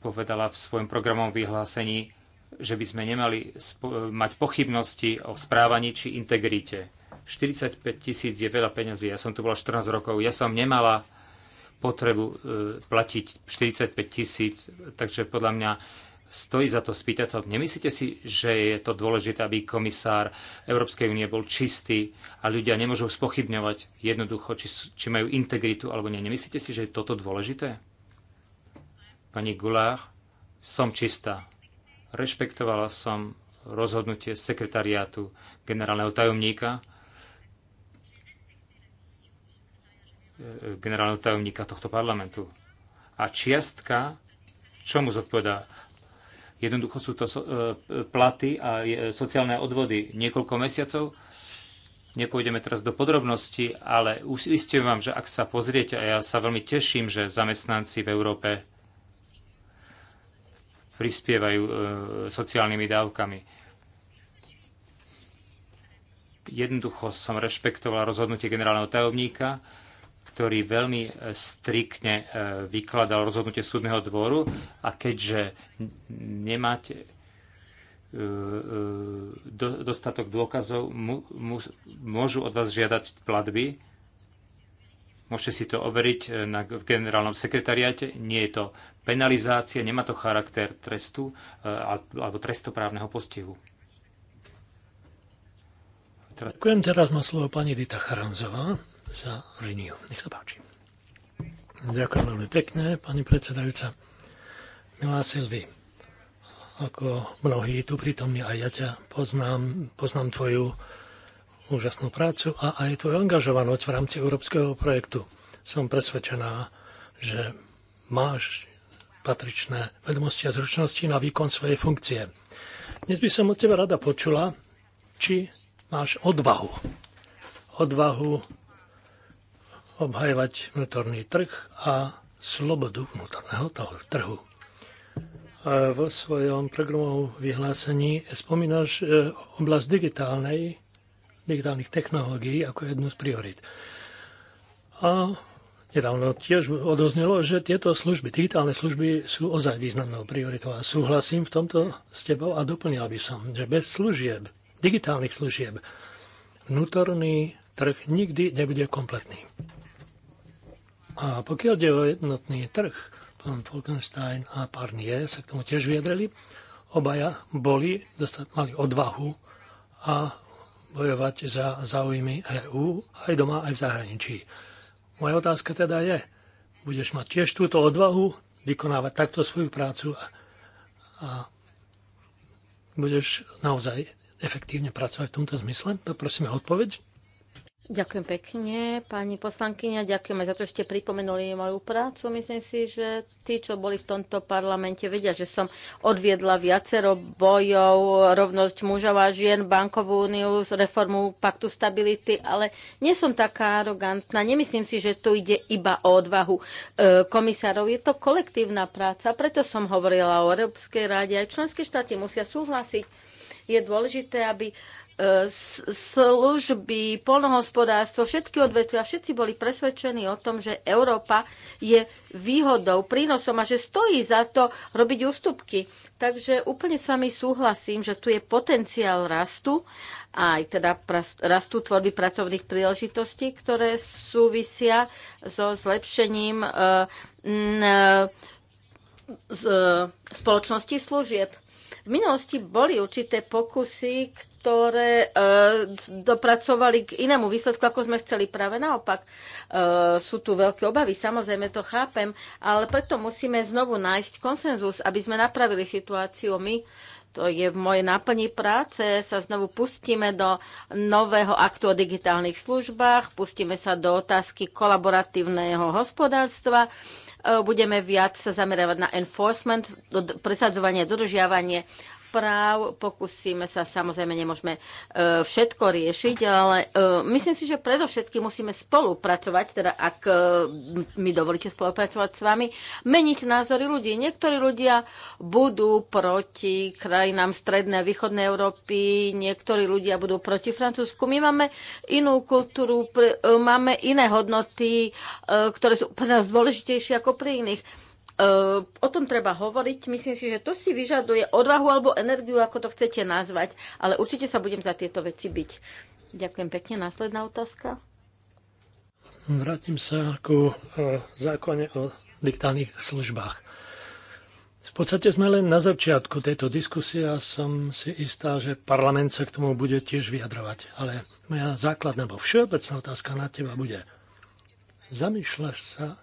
Povedala v svojom programovom vyhlásení, že by sme nemali mať pochybnosti o správaní či integrite 45 tisíc je veľa peňazí. Ja som tu bola 14 rokov, ja som nemala potrebu e, platiť 45 tisíc, takže podľa mňa stojí za to spýtať sa. Nemyslíte si, že je to dôležité, aby komisár Európskej únie bol čistý a ľudia nemôžu spochybňovať jednoducho, či, či majú integritu alebo nie? Nemyslíte si, že je toto dôležité? Pani Gulár, som čistá. Rešpektovala som rozhodnutie sekretariátu generálneho tajomníka generálneho tajomníka tohto parlamentu. A čiastka, čomu zodpovedá? Jednoducho sú to e, platy a e, sociálne odvody niekoľko mesiacov. Nepôjdeme teraz do podrobností, ale uistujem vám, že ak sa pozriete, a ja sa veľmi teším, že zamestnanci v Európe prispievajú e, sociálnymi dávkami. Jednoducho som rešpektovala rozhodnutie generálneho tajomníka, ktorý veľmi e, striktne e, vykladal rozhodnutie súdneho dvoru a keďže nemáte e, dostatok dôkazov, môžu od vás žiadať platby. Môžete si to overiť v generálnom sekretariáte. Nie je to penalizácia, nemá to charakter trestu alebo trestoprávneho postihu. Teraz... Ďakujem, teraz má slovo pani Dita Charanzová za Renew. Nech sa páči. Ďakujem veľmi pekne, pani predsedajúca. Milá Silvi, ako mnohí tu prítomní, aj ja ťa poznám, poznám tvoju úžasnú prácu a aj tvoju angažovanosť v rámci európskeho projektu. Som presvedčená, že máš patričné vedomosti a zručnosti na výkon svojej funkcie. Dnes by som od teba rada počula, či máš odvahu. Odvahu obhajovať vnútorný trh a slobodu vnútorného toho trhu. A vo svojom programovom vyhlásení spomínaš e, oblasť digitálnej, digitálnych technológií ako jednu z priorit. A Nedávno tiež odoznelo, že tieto služby, digitálne služby sú ozaj významnou prioritou a súhlasím v tomto s tebou a doplnil by som, že bez služieb, digitálnych služieb, vnútorný trh nikdy nebude kompletný. A pokiaľ ide o jednotný trh, pán Falkenstein a Parnier sa k tomu tiež vyjadrili, obaja boli, mali odvahu a bojovať za záujmy EÚ aj doma, aj v zahraničí. Moja otázka teda je, budeš mať tiež túto odvahu vykonávať takto svoju prácu a, a budeš naozaj efektívne pracovať v tomto zmysle? o odpoveď. Ďakujem pekne, pani poslankyňa. Ďakujeme za to, že ste pripomenuli moju prácu. Myslím si, že tí, čo boli v tomto parlamente, vedia, že som odviedla viacero bojov, rovnosť mužov a žien, bankovú úniu, reformu paktu stability, ale nie som taká arogantná. Nemyslím si, že tu ide iba o odvahu e, komisárov. Je to kolektívna práca, preto som hovorila o Európskej rade. Aj členské štáty musia súhlasiť. Je dôležité, aby služby, polnohospodárstvo, všetky odvetvia, všetci boli presvedčení o tom, že Európa je výhodou, prínosom a že stojí za to robiť ústupky. Takže úplne s vami súhlasím, že tu je potenciál rastu, aj teda rastu tvorby pracovných príležitostí, ktoré súvisia so zlepšením e, spoločnosti služieb v minulosti boli určité pokusy, ktoré e, dopracovali k inému výsledku, ako sme chceli. Práve naopak, e, sú tu veľké obavy, samozrejme to chápem, ale preto musíme znovu nájsť konsenzus, aby sme napravili situáciu my to je v mojej náplni práce, sa znovu pustíme do nového aktu o digitálnych službách, pustíme sa do otázky kolaboratívneho hospodárstva budeme viac sa zamerávať na enforcement, presadzovanie, dodržiavanie správ. Pokúsime sa, samozrejme nemôžeme e, všetko riešiť, ale e, myslím si, že predovšetky musíme spolupracovať, teda ak e, mi dovolíte spolupracovať s vami, meniť názory ľudí. Niektorí ľudia budú proti krajinám strednej a východnej Európy, niektorí ľudia budú proti Francúzsku. My máme inú kultúru, máme iné hodnoty, ktoré sú pre nás dôležitejšie ako pre iných o tom treba hovoriť. Myslím si, že to si vyžaduje odvahu alebo energiu, ako to chcete nazvať, ale určite sa budem za tieto veci byť. Ďakujem pekne. Následná otázka. Vrátim sa ku e, zákone o digitálnych službách. V podstate sme len na začiatku tejto diskusie a som si istá, že parlament sa k tomu bude tiež vyjadrovať. Ale moja základná, alebo všeobecná otázka na teba bude. Zamýšľaš sa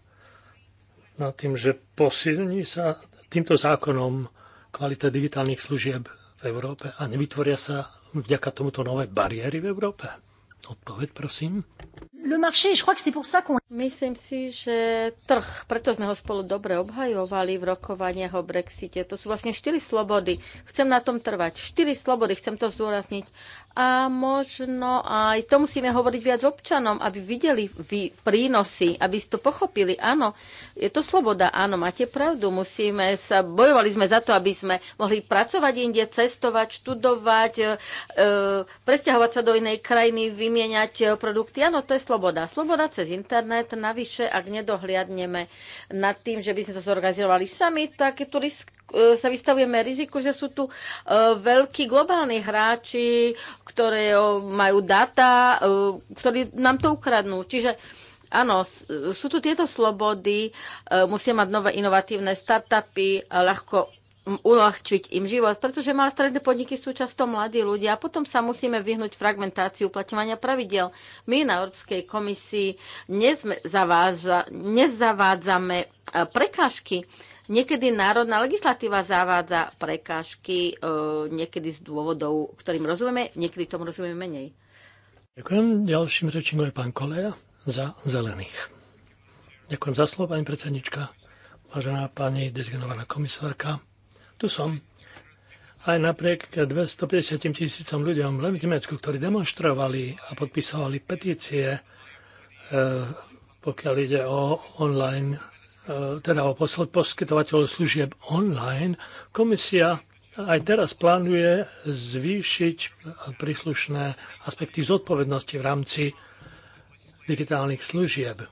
nad tým, že posilní sa týmto zákonom kvalita digitálnych služieb v Európe a nevytvoria sa vďaka tomuto nové bariéry v Európe? Odpoveď, prosím. Le marché, je crois que c'est pour ça qu'on... Myslím si, že trh, preto sme ho spolu dobre obhajovali v rokovaniach o Brexite. To sú vlastne štyri slobody. Chcem na tom trvať. Štyri slobody, chcem to zdôrazniť a možno aj to musíme hovoriť viac občanom, aby videli vy prínosy, aby ste to pochopili. Áno, je to sloboda, áno, máte pravdu, musíme sa, bojovali sme za to, aby sme mohli pracovať inde, cestovať, študovať, e, presťahovať sa do inej krajiny, vymieňať e, produkty. Áno, to je sloboda. Sloboda cez internet, navyše, ak nedohliadneme nad tým, že by sme to zorganizovali sami, tak je tu risk E, sa vystavujeme riziku, že sú tu e, veľkí globálni hráči, ktoré majú data, e, ktorí nám to ukradnú. Čiže Áno, sú tu tieto slobody, musia mať nové inovatívne startupy, ľahko uľahčiť im život, pretože malé stredné podniky sú často mladí ľudia a potom sa musíme vyhnúť fragmentácii uplatňovania pravidel. My na Európskej komisii nezavádzame prekážky, Niekedy národná legislatíva zavádza prekážky, e, niekedy z dôvodov, ktorým rozumieme, niekedy tomu rozumieme menej. Ďakujem. Ďalším rečníkom je pán Koleja za zelených. Ďakujem za slovo, pani predsednička, vážená pani dezignovaná komisárka. Tu som. Aj napriek 250 tisícom ľuďom len v Nemecku, ktorí demonstrovali a podpisovali petície, e, pokiaľ ide o online E, teda o poskytovateľov služieb online, komisia aj teraz plánuje zvýšiť príslušné aspekty zodpovednosti v rámci digitálnych služieb.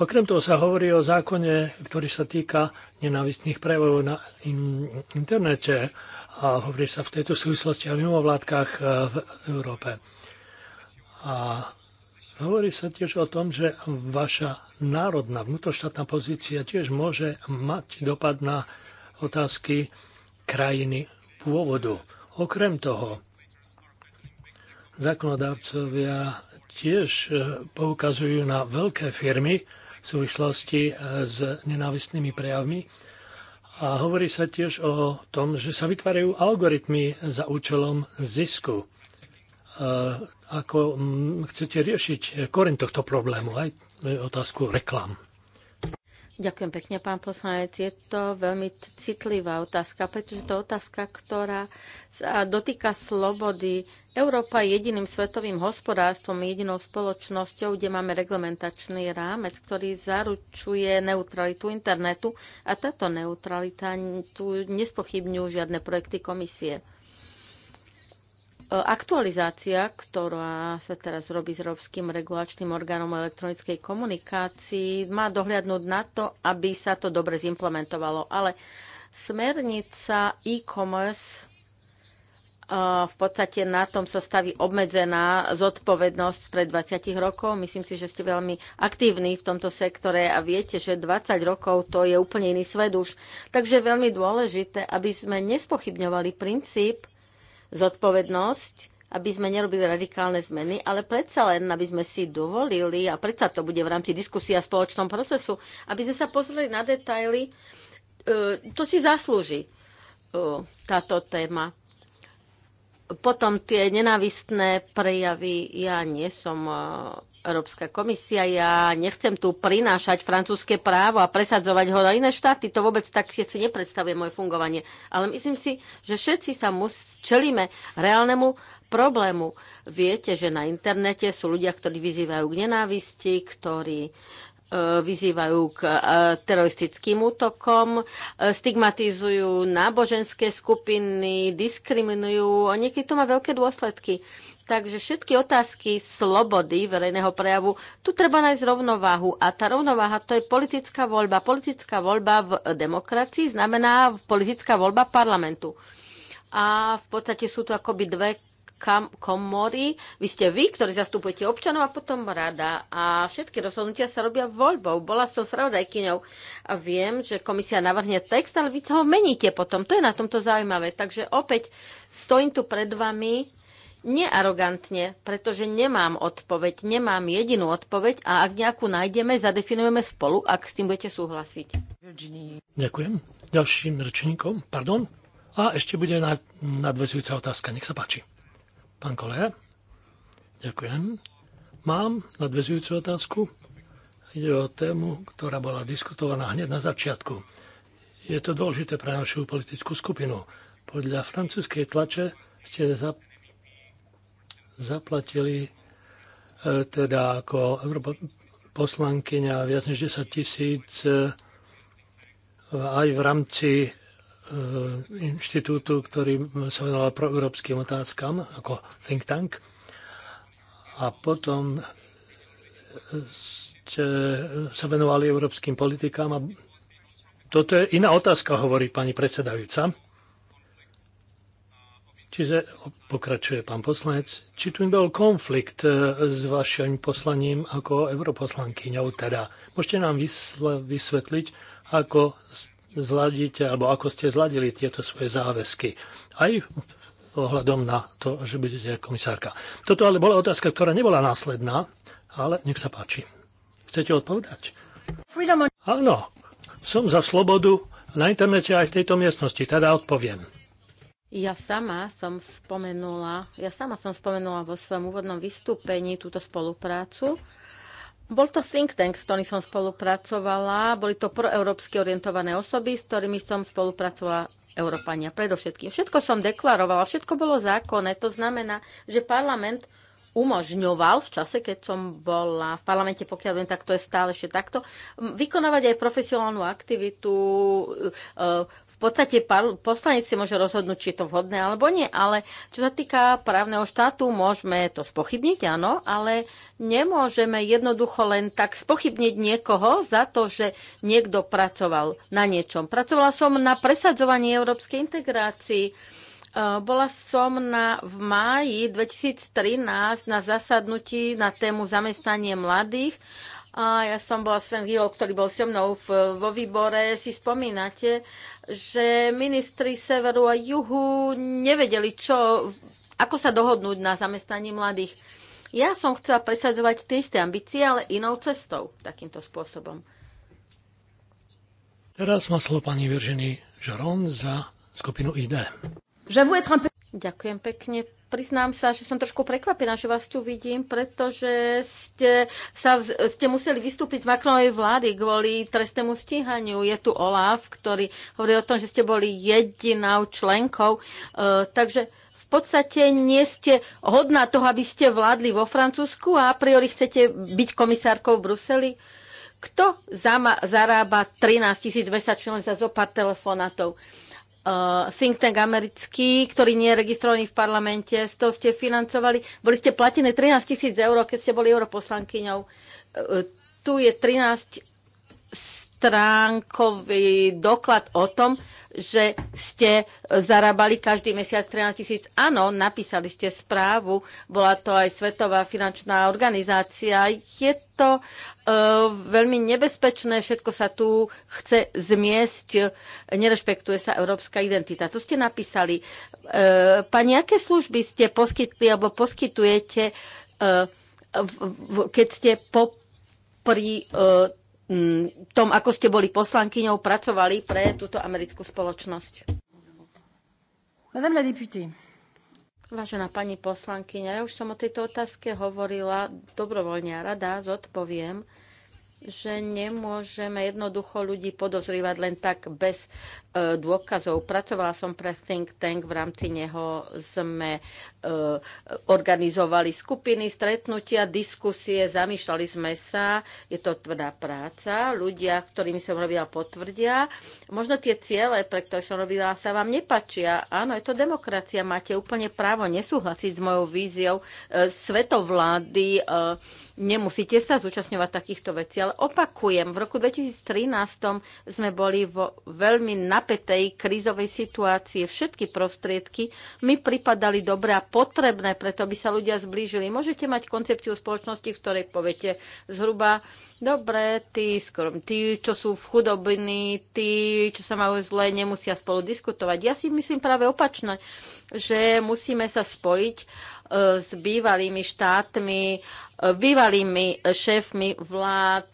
Okrem toho sa hovorí o zákone, ktorý sa týka nenávistných prejavov na in internete a hovorí sa v tejto súvislosti o mimovládkach e, v Európe. A Hovorí sa tiež o tom, že vaša národná vnútroštátna pozícia tiež môže mať dopad na otázky krajiny pôvodu. Okrem toho, zákonodárcovia tiež e, poukazujú na veľké firmy v súvislosti e, s nenávistnými prejavmi a hovorí sa tiež o tom, že sa vytvárajú algoritmy za účelom zisku. Eh, ako mm, chcete riešiť koreň tohto problému, aj eh, otázku reklám. Ďakujem pekne, pán poslanec. Je to veľmi citlivá otázka, pretože to je otázka, ktorá sa dotýka slobody. Európa je jediným svetovým hospodárstvom, jedinou spoločnosťou, kde máme reglementačný rámec, ktorý zaručuje neutralitu internetu a táto neutralita tu nespochybňujú žiadne projekty komisie aktualizácia, ktorá sa teraz robí s Európskym regulačným orgánom elektronickej komunikácii, má dohliadnúť na to, aby sa to dobre zimplementovalo. Ale smernica e-commerce v podstate na tom sa staví obmedzená zodpovednosť pred 20 rokov. Myslím si, že ste veľmi aktívni v tomto sektore a viete, že 20 rokov to je úplne iný svet už. Takže veľmi dôležité, aby sme nespochybňovali princíp zodpovednosť, aby sme nerobili radikálne zmeny, ale predsa len, aby sme si dovolili, a predsa to bude v rámci diskusia a spoločnom procesu, aby sme sa pozreli na detaily, e, čo si zaslúži e, táto téma. Potom tie nenávistné prejavy, ja nie som e, Európska komisia, ja nechcem tu prinášať francúzske právo a presadzovať ho na iné štáty, to vôbec tak si nepredstavuje moje fungovanie. Ale myslím si, že všetci sa mus- čelíme reálnemu problému. Viete, že na internete sú ľudia, ktorí vyzývajú k nenávisti, ktorí E, vyzývajú k e, teroristickým útokom, e, stigmatizujú náboženské skupiny, diskriminujú a niekedy to má veľké dôsledky. Takže všetky otázky slobody verejného prejavu, tu treba nájsť rovnováhu. A tá rovnováha to je politická voľba. Politická voľba v demokracii znamená politická voľba parlamentu. A v podstate sú tu akoby dve kam, komory. Vy ste vy, ktorí zastupujete občanov a potom rada. A všetky rozhodnutia sa robia voľbou. Bola som spravodajkyňou a viem, že komisia navrhne text, ale vy ho meníte potom. To je na tomto zaujímavé. Takže opäť stojím tu pred vami nearogantne, pretože nemám odpoveď, nemám jedinú odpoveď a ak nejakú nájdeme, zadefinujeme spolu, ak s tým budete súhlasiť. Ďakujem. Ďalším rečníkom, pardon. A ešte bude nadvezujúca otázka, nech sa páči. Pán Kole, ďakujem. Mám nadvezujúcu otázku. Ide o tému, ktorá bola diskutovaná hneď na začiatku. Je to dôležité pre našu politickú skupinu. Podľa francúzskej tlače ste za, zaplatili e, teda ako Európa, poslankyňa viac než 10 tisíc e, aj v rámci Eh, inštitútu, ktorý sa venoval proeurópskym otázkam ako think tank. A potom ste sa venovali európskym politikám. A toto je iná otázka, hovorí pani predsedajúca. Čiže pokračuje pán poslanec. Či tu bol konflikt eh, s vašim poslaním ako europoslankyňou? Teda môžete nám vysvetliť, ako zladíte, alebo ako ste zladili tieto svoje záväzky. Aj ohľadom na to, že budete komisárka. Toto ale bola otázka, ktorá nebola následná, ale nech sa páči. Chcete odpovedať? Áno, som za slobodu na internete aj v tejto miestnosti, teda odpoviem. Ja sama som spomenula, ja sama som spomenula vo svojom úvodnom vystúpení túto spoluprácu bol to think tank, s ktorým som spolupracovala. Boli to proeurópsky orientované osoby, s ktorými som spolupracovala Európania predovšetkým. Všetko som deklarovala, všetko bolo zákonné. To znamená, že parlament umožňoval v čase, keď som bola v parlamente, pokiaľ viem, tak to je stále ešte takto, vykonávať aj profesionálnu aktivitu e, podstate poslanec si môže rozhodnúť, či je to vhodné alebo nie, ale čo sa týka právneho štátu, môžeme to spochybniť, áno, ale nemôžeme jednoducho len tak spochybniť niekoho za to, že niekto pracoval na niečom. Pracovala som na presadzovaní európskej integrácii. E, bola som na, v máji 2013 na zasadnutí na tému zamestnanie mladých a ja som bola Sven Gil, ktorý bol so mnou v, vo výbore, si spomínate, že ministri severu a juhu nevedeli, čo, ako sa dohodnúť na zamestnaní mladých. Ja som chcela presadzovať tie isté ambície, ale inou cestou, takýmto spôsobom. Teraz má slovo pani vyržený Žaron za skupinu ID. Ďakujem pekne, priznám sa, že som trošku prekvapená, že vás tu vidím, pretože ste, sa, ste museli vystúpiť z Macronovej vlády kvôli trestnému stíhaniu. Je tu Olaf, ktorý hovorí o tom, že ste boli jedinou členkou. E, takže v podstate nie ste hodná toho, aby ste vládli vo Francúzsku a a priori chcete byť komisárkou v Bruseli. Kto zama, zarába 13 tisíc mesačne za zo pár telefonátov? uh, think tank americký, ktorý nie je registrovaný v parlamente, z toho ste financovali, boli ste platené 13 tisíc eur, keď ste boli europoslankyňou. Uh, Tu je 13 stránkový doklad o tom, že ste zarábali každý mesiac 13 tisíc. Áno, napísali ste správu, bola to aj Svetová finančná organizácia. Je to e, veľmi nebezpečné, všetko sa tu chce zmiesť, nerešpektuje sa európska identita. To ste napísali. E, pani, aké služby ste poskytli alebo poskytujete, e, v, v, keď ste po pri e, Mm, tom, ako ste boli poslankyňou, pracovali pre túto americkú spoločnosť. Madame la députée. Vážená pani poslankyňa, ja už som o tejto otázke hovorila dobrovoľne a rada zodpoviem že nemôžeme jednoducho ľudí podozrievať len tak bez e, dôkazov. Pracovala som pre Think Tank, v rámci neho sme e, organizovali skupiny, stretnutia, diskusie, zamýšľali sme sa, je to tvrdá práca, ľudia, s ktorými som robila, potvrdia. Možno tie ciele, pre ktoré som robila, sa vám nepačia. Áno, je to demokracia, máte úplne právo nesúhlasiť s mojou víziou e, svetovlády, e, nemusíte sa zúčastňovať takýchto vecí, ale opakujem, v roku 2013 sme boli vo veľmi napetej krízovej situácii. Všetky prostriedky mi pripadali dobré a potrebné, preto by sa ľudia zblížili. Môžete mať koncepciu spoločnosti, v ktorej poviete zhruba, dobre, tí, skrom, tí, čo sú v chudobní, tí, čo sa majú zle, nemusia spolu diskutovať. Ja si myslím práve opačné, že musíme sa spojiť s bývalými štátmi, e, bývalými šéfmi vlád,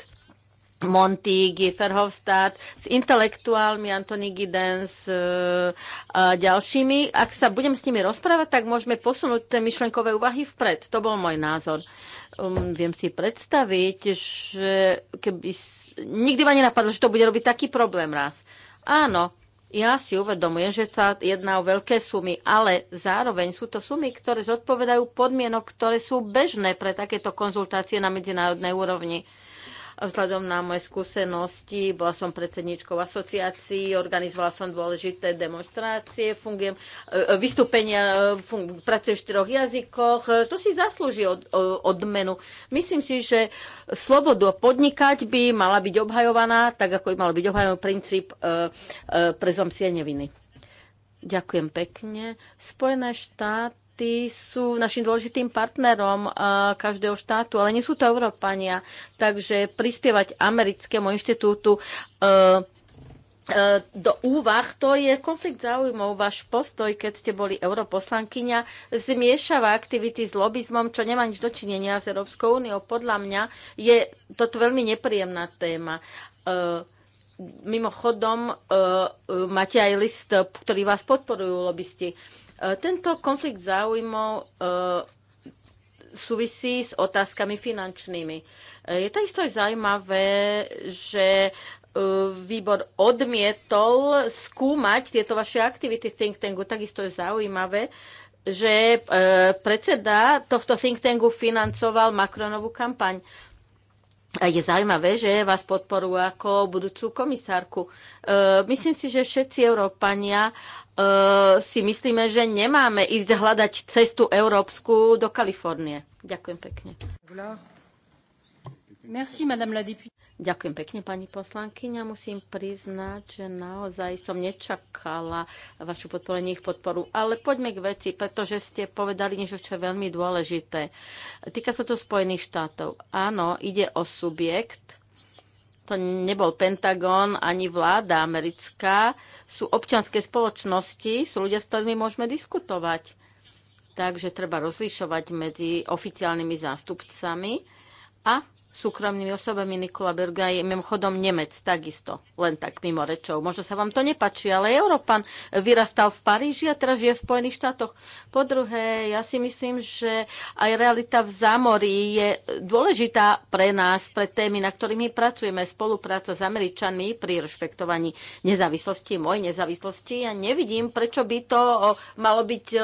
Montigi, Verhofstadt, s intelektuálmi Antony Giddens e, a ďalšími. Ak sa budem s nimi rozprávať, tak môžeme posunúť tie myšlenkové úvahy vpred. To bol môj názor. Um, viem si predstaviť, že keby... Nikdy ma nenapadlo, že to bude robiť taký problém raz. Áno, ja si uvedomujem, že sa jedná o veľké sumy, ale zároveň sú to sumy, ktoré zodpovedajú podmienok, ktoré sú bežné pre takéto konzultácie na medzinárodnej úrovni. Vzhľadom na moje skúsenosti, bola som predsedničkou asociácií, organizovala som dôležité demonstrácie, fungujem, e, e, vystúpenia, e, fun, pracujem v štyroch jazykoch. To si zaslúži od, odmenu. Myslím si, že slobodu podnikať by mala byť obhajovaná, tak ako by mal byť obhajovaný princíp prezumcie neviny. Ďakujem pekne. Spojené štáty štáty sú našim dôležitým partnerom každého štátu, ale nie sú to Európania. Takže prispievať americkému inštitútu e, e, do úvah, to je konflikt záujmov. Váš postoj, keď ste boli europoslankyňa, zmiešava aktivity s lobizmom, čo nemá nič dočinenia s Európskou úniou. Podľa mňa je toto veľmi nepríjemná téma. E, mimochodom, máte aj list, ktorý vás podporujú lobbysti E, tento konflikt záujmov e, súvisí s otázkami finančnými. E, je isto aj zaujímavé, že výbor odmietol skúmať tieto vaše aktivity think tanku. Takisto je zaujímavé, že predseda tohto think tanku financoval Macronovú kampaň je zaujímavé, že vás podporujú ako budúcu komisárku. E, myslím si, že všetci Európania e, si myslíme, že nemáme ísť hľadať cestu európsku do Kalifornie. Ďakujem pekne. Merci, madame la députée. Ďakujem pekne, pani poslankyňa. Musím priznať, že naozaj som nečakala vašu podporenie ich podporu. Ale poďme k veci, pretože ste povedali niečo, čo je veľmi dôležité. Týka sa to Spojených štátov. Áno, ide o subjekt, to nebol Pentagon ani vláda americká, sú občanské spoločnosti, sú ľudia, s ktorými môžeme diskutovať. Takže treba rozlišovať medzi oficiálnymi zástupcami a súkromnými osobami Nikola Berga je mimochodom Nemec takisto, len tak mimo rečov. Možno sa vám to nepačí, ale Európan vyrastal v Paríži a teraz žije v Spojených štátoch. Po druhé, ja si myslím, že aj realita v zámorí je dôležitá pre nás, pre témy, na ktorými pracujeme. Spolupráca s Američanmi pri rešpektovaní nezávislosti, mojej nezávislosti. Ja nevidím, prečo by to malo byť e,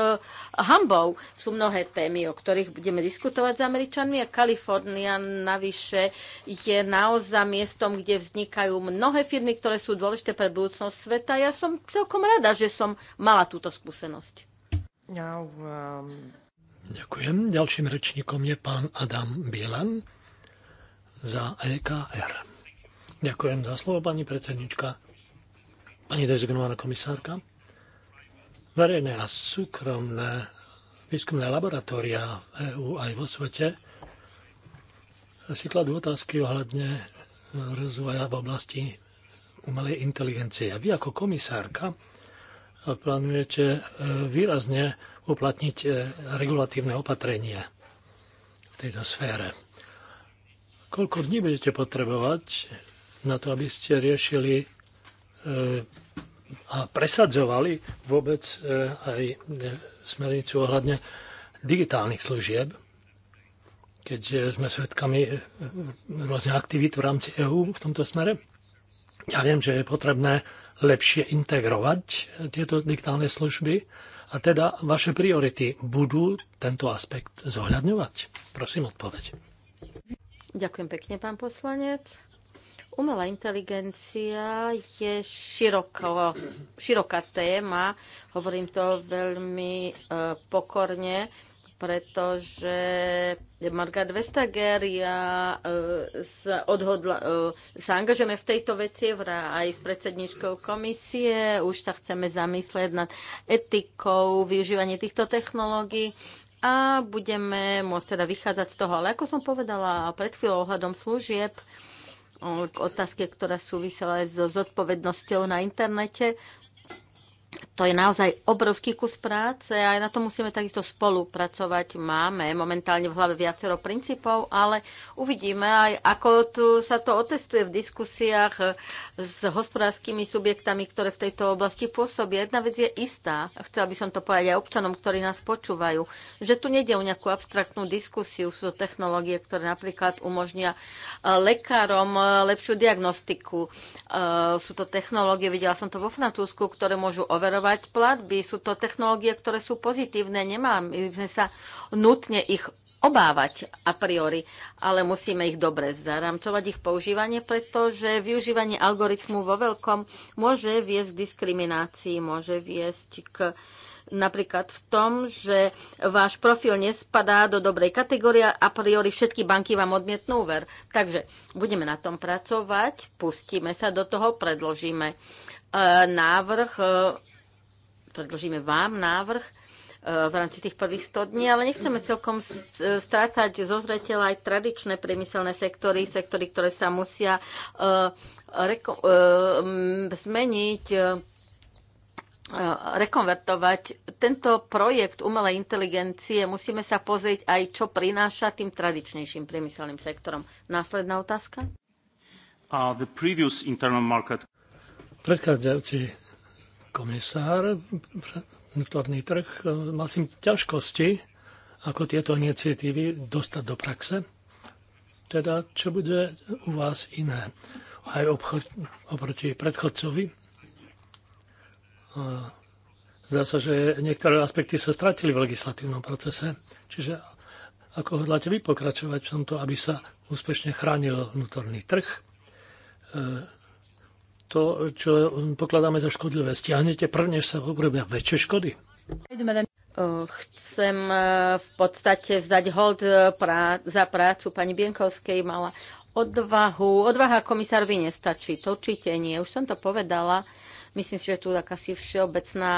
hambou. Sú mnohé témy, o ktorých budeme diskutovať s Američanmi a Kalifornia navyše navyše je naozaj miestom, kde vznikajú mnohé firmy, ktoré sú dôležité pre budúcnosť sveta. Ja som celkom rada, že som mala túto skúsenosť. Now, um... Ďakujem. Ďalším rečníkom je pán Adam Bielan za EKR. Ďakujem za slovo, pani predsednička, pani dezignovaná komisárka. Verejné a súkromné výskumné laboratória v EÚ aj vo svete si kladú otázky ohľadne eh, rozvoja v oblasti umelej inteligencie. A vy ako komisárka eh, plánujete eh, výrazne uplatniť regulatívne opatrenie v tejto sfére. Koľko dní budete potrebovať na to, aby ste riešili a presadzovali vôbec aj smernicu ohľadne digitálnych služieb? keďže sme svedkami e, e, rôznych aktivít v rámci EÚ v tomto smere. Ja viem, že je potrebné lepšie integrovať e, tieto digitálne služby a teda vaše priority budú tento aspekt zohľadňovať? Prosím odpoveď. Ďakujem pekne, pán poslanec. Umelá inteligencia je široko, široká téma, hovorím to veľmi pokorne pretože Margaret Vestager ja e, sa, odhodla, e, sa angažujeme v tejto veci aj s predsedničkou komisie. Už sa chceme zamyslieť nad etikou využívania týchto technológií a budeme môcť teda vychádzať z toho. Ale ako som povedala pred chvíľou ohľadom služieb, k otázke, ktorá súvisela aj so zodpovednosťou na internete, to je naozaj obrovský kus práce a na to musíme takisto spolupracovať. Máme momentálne v hlave viacero princípov, ale uvidíme aj, ako tu sa to otestuje v diskusiách eh, s hospodárskymi subjektami, ktoré v tejto oblasti pôsobia. Jedna vec je istá, a chcela by som to povedať aj občanom, ktorí nás počúvajú, že tu nejde o nejakú abstraktnú diskusiu, sú to technológie, ktoré napríklad umožnia eh, lekárom eh, lepšiu diagnostiku. Sú to technológie, videla som to vo Francúzsku, ktoré môžu overovať monitorovať platby. Sú to technológie, ktoré sú pozitívne. Nemáme sa nutne ich obávať a priori, ale musíme ich dobre zaramcovať, ich používanie, pretože využívanie algoritmu vo veľkom môže viesť k diskriminácii, môže viesť k napríklad v tom, že váš profil nespadá do dobrej kategórie a priori všetky banky vám odmietnú ver. Takže budeme na tom pracovať, pustíme sa do toho, predložíme eh, návrh eh, predložíme vám návrh e, v rámci tých prvých 100 dní, ale nechceme celkom e, strácať zo zreteľa aj tradičné priemyselné sektory, sektory, ktoré sa musia e, zmeniť rekonvertovať. Tento projekt umelej inteligencie musíme sa pozrieť aj, čo prináša tým tradičnejším priemyselným sektorom. Následná otázka. Uh, Predchádzajúci komisár, vnútorný trh mal si ťažkosti, ako tieto iniciatívy dostať do praxe. Teda, čo bude u vás iné? Aj obchod, oproti predchodcovi. zdá sa, že niektoré aspekty sa stratili v legislatívnom procese. Čiže ako hodláte vy pokračovať v tomto, aby sa úspešne chránil vnútorný trh? E, to, čo pokladáme za škodlivé, stiahnete prv, než sa urobia väčšie škody? Chcem v podstate vzdať hold za prácu pani Bienkovskej. Mala odvahu. Odvaha komisárovi nestačí. To určite nie. Už som to povedala. Myslím, že je tu taká si všeobecná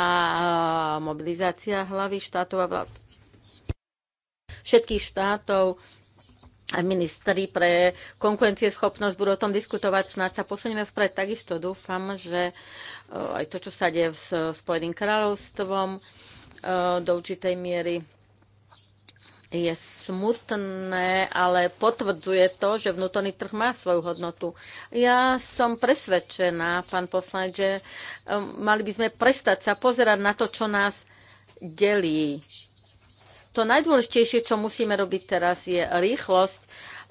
mobilizácia hlavy štátov a vlád. Všetkých štátov ministri pre konkurencieschopnosť budú o tom diskutovať, snáď sa posunieme vpred. Takisto dúfam, že eh, aj to, čo sa deje s Spojeným kráľovstvom eh, do určitej miery je smutné, ale potvrdzuje to, že vnútorný trh má svoju hodnotu. Ja som presvedčená, pán poslanec, že eh, mali by sme prestať sa pozerať na to, čo nás delí to najdôležitejšie, čo musíme robiť teraz, je rýchlosť,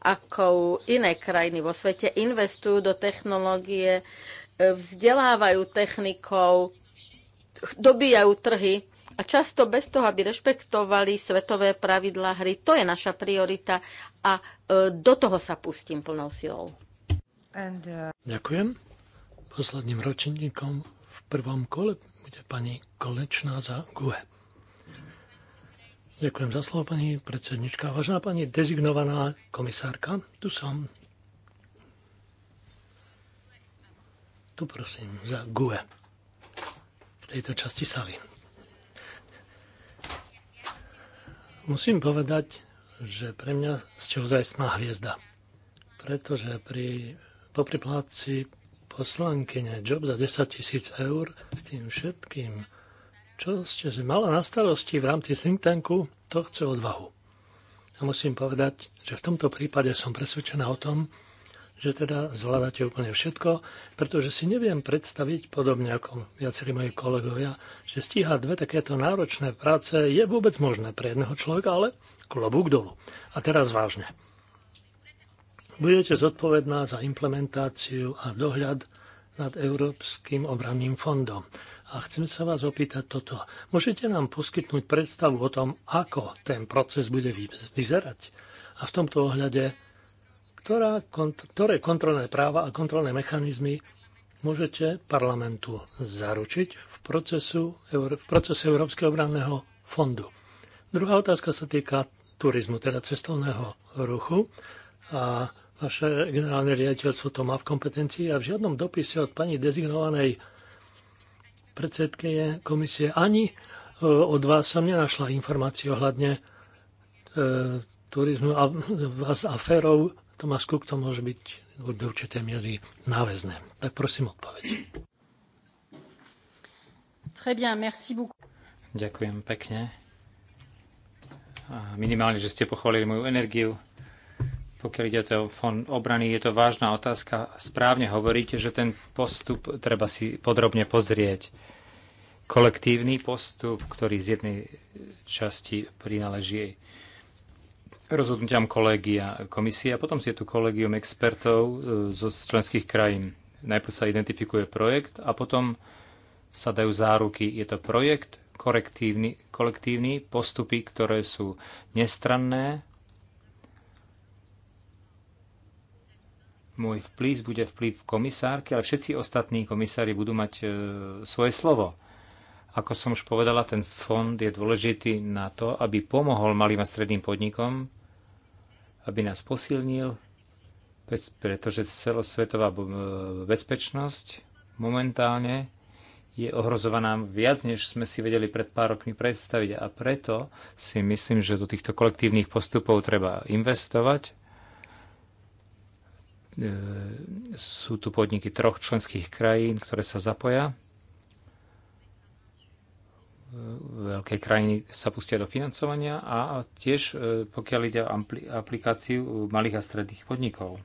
ako iné krajiny vo svete investujú do technológie, e, vzdelávajú technikou, dobíjajú trhy a často bez toho, aby rešpektovali svetové pravidlá hry. To je naša priorita a e, do toho sa pustím plnou silou. And, uh... Ďakujem. Posledným ročníkom v prvom kole bude pani Kolečná za GUE. Ďakujem za slovo, pani predsednička. Vážená pani dezignovaná komisárka, tu som. Tu prosím, za GUE. V tejto časti sali. Musím povedať, že pre mňa ste ozajstná hviezda. Pretože pri, popri pláci poslankyne job za 10 tisíc eur s tým všetkým, čo ste mala na starosti v rámci think tanku, to chce odvahu. A musím povedať, že v tomto prípade som presvedčená o tom, že teda zvládate úplne všetko, pretože si neviem predstaviť, podobne ako viacerí moji kolegovia, že stíhať dve takéto náročné práce je vôbec možné pre jedného človeka, ale klobúk dolu. A teraz vážne. Budete zodpovedná za implementáciu a dohľad nad Európskym obranným fondom a chcem sa vás opýtať toto. Môžete nám poskytnúť predstavu o tom, ako ten proces bude vyzerať? A v tomto ohľade, ktorá, kont- ktoré kontrolné práva a kontrolné mechanizmy môžete parlamentu zaručiť v, procesu, v procese Európskeho obranného fondu? Druhá otázka sa týka turizmu, teda cestovného ruchu. A vaše generálne riaditeľstvo to má v kompetencii a v žiadnom dopise od pani dezignovanej predsedkynie komisie, ani e, od vás som nenašla informácie ohľadne e, turizmu a vás aférov. Kuk, to môže byť do určité miery náväzné. Tak prosím odpoveď. Très bien, merci beaucoup. Ďakujem pekne. minimálne, že ste pochválili moju energiu. Pokiaľ ide o fond obrany, je to vážna otázka. Správne hovoríte, že ten postup treba si podrobne pozrieť. Kolektívny postup, ktorý z jednej časti prináleží rozhodnutiam kolegia komisie a potom je tu kolegium expertov e, zo členských krajín. Najprv sa identifikuje projekt a potom sa dajú záruky. Je to projekt, korektívny, kolektívny, postupy, ktoré sú nestranné, môj vplyv bude vplyv komisárky, ale všetci ostatní komisári budú mať e, svoje slovo. Ako som už povedala, ten fond je dôležitý na to, aby pomohol malým a stredným podnikom, aby nás posilnil, pretože celosvetová e, bezpečnosť momentálne je ohrozovaná viac, než sme si vedeli pred pár rokmi predstaviť. A preto si myslím, že do týchto kolektívnych postupov treba investovať, E, sú tu podniky troch členských krajín, ktoré sa zapoja. E, veľké krajiny sa pustia do financovania a tiež e, pokiaľ ide o aplikáciu malých a stredných podnikov.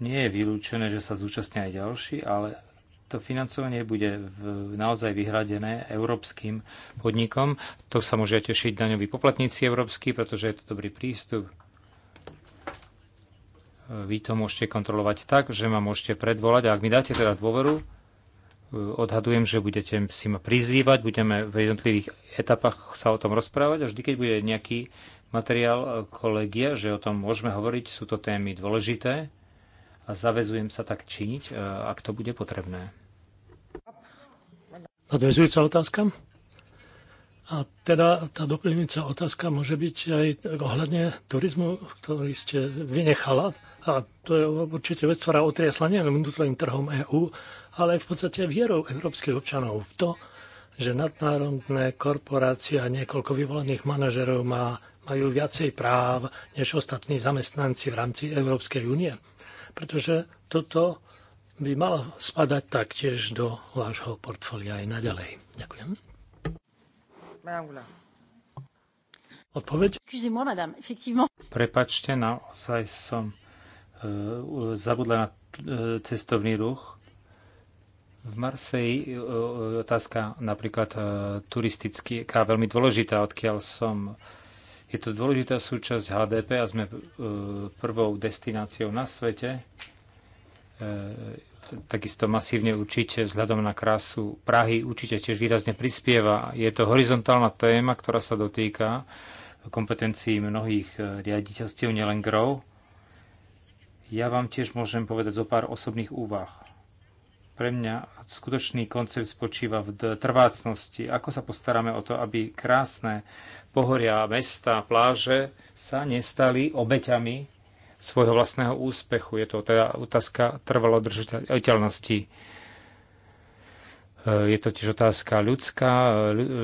Nie je vylúčené, že sa zúčastnia aj ďalší, ale to financovanie bude v, naozaj vyhradené európskym podnikom. To sa môže tešiť daňoví poplatníci európsky, pretože je to dobrý prístup vy to môžete kontrolovať tak, že ma môžete predvolať a ak mi dáte teda dôveru, e, odhadujem, že budete si ma prizývať, budeme v jednotlivých etapách sa o tom rozprávať a vždy, keď bude nejaký materiál e, kolegia, že o tom môžeme hovoriť, sú to témy dôležité a zavezujem sa tak činiť, e, ak to bude potrebné. Nadvezujúca otázka? A teda tá doplňujúca otázka môže byť aj ohľadne turizmu, ktorý ste vynechala a to je určite vec, ktorá otriasla nielen vnútorným trhom EÚ, ale aj v podstate vierou európskych občanov v to, že nadnárodné korporácie a niekoľko vyvolených manažerov má, majú viacej práv než ostatní zamestnanci v rámci Európskej únie. Pretože toto by malo spadať taktiež do vášho portfólia aj naďalej. Ďakujem. Odpoveď? Prepačte, naozaj som E, zabudla na e, cestovný ruch. V Marseji e, otázka napríklad turistický, je veľmi dôležitá, odkiaľ som. Je to dôležitá súčasť HDP a sme prvou destináciou na svete. Takisto masívne určite, vzhľadom na krásu Prahy, určite tiež výrazne prispieva. Je to horizontálna téma, ktorá sa dotýka kompetencií mnohých riaditeľstiev, nielen grov ja vám tiež môžem povedať zo pár osobných úvah. Pre mňa skutočný koncept spočíva v trvácnosti. Ako sa postaráme o to, aby krásne pohoria, mesta, pláže sa nestali obeťami svojho vlastného úspechu. Je to teda otázka trvalodržiteľnosti. E, je to tiež otázka ľudská,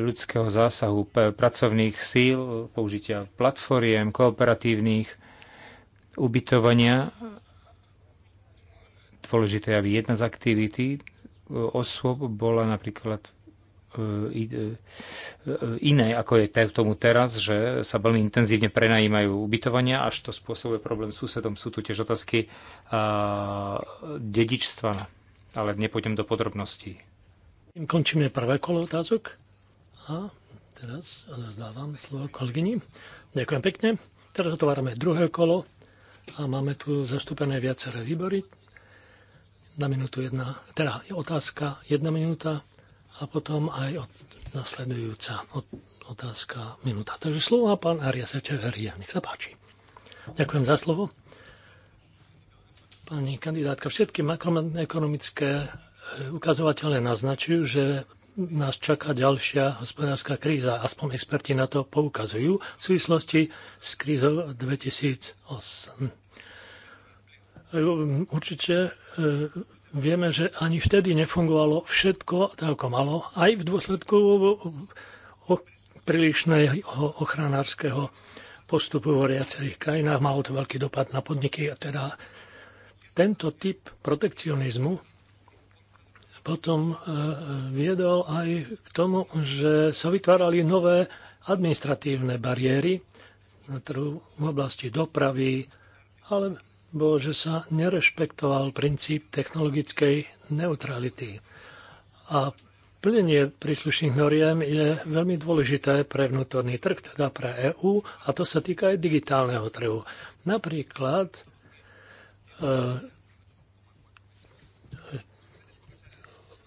ľudského zásahu pracovných síl, použitia platformiem, kooperatívnych ubytovania. Dôležité, aby jedna z aktivity e, osôb bola napríklad e, e, iné, ako je k tomu teraz, že sa veľmi intenzívne prenajímajú ubytovania, až to spôsobuje problém susedom. Sú tu tiež otázky a, dedičstva, ale nepôjdem do podrobností. Končíme prvé kolo otázok. A teraz zdávam slovo kolegyni. Ďakujem pekne. Teraz otvárame druhé kolo a máme tu zastúpené viaceré výbory. Na minútu jedna, teda otázka jedna minúta a potom aj od, nasledujúca od, otázka minúta. Takže slovo má pán Arias Echeverria. Nech sa páči. Ďakujem za slovo. Pani kandidátka, všetky makroekonomické e, ukazovatele naznačujú, že nás čaká ďalšia hospodárska kríza. Aspoň experti na to poukazujú v súvislosti s krízou 2008. Určite e, vieme, že ani vtedy nefungovalo všetko tak, ako malo, aj v dôsledku prílišného ochranárskeho postupu vo viacerých krajinách. Malo to veľký dopad na podniky a teda tento typ protekcionizmu potom e, e, viedol aj k tomu, že sa vytvárali nové administratívne bariéry na trhu v oblasti dopravy, alebo že sa nerešpektoval princíp technologickej neutrality. A Plnenie príslušných noriem je veľmi dôležité pre vnútorný trh, teda pre EÚ, a to sa týka aj digitálneho trhu. Napríklad e,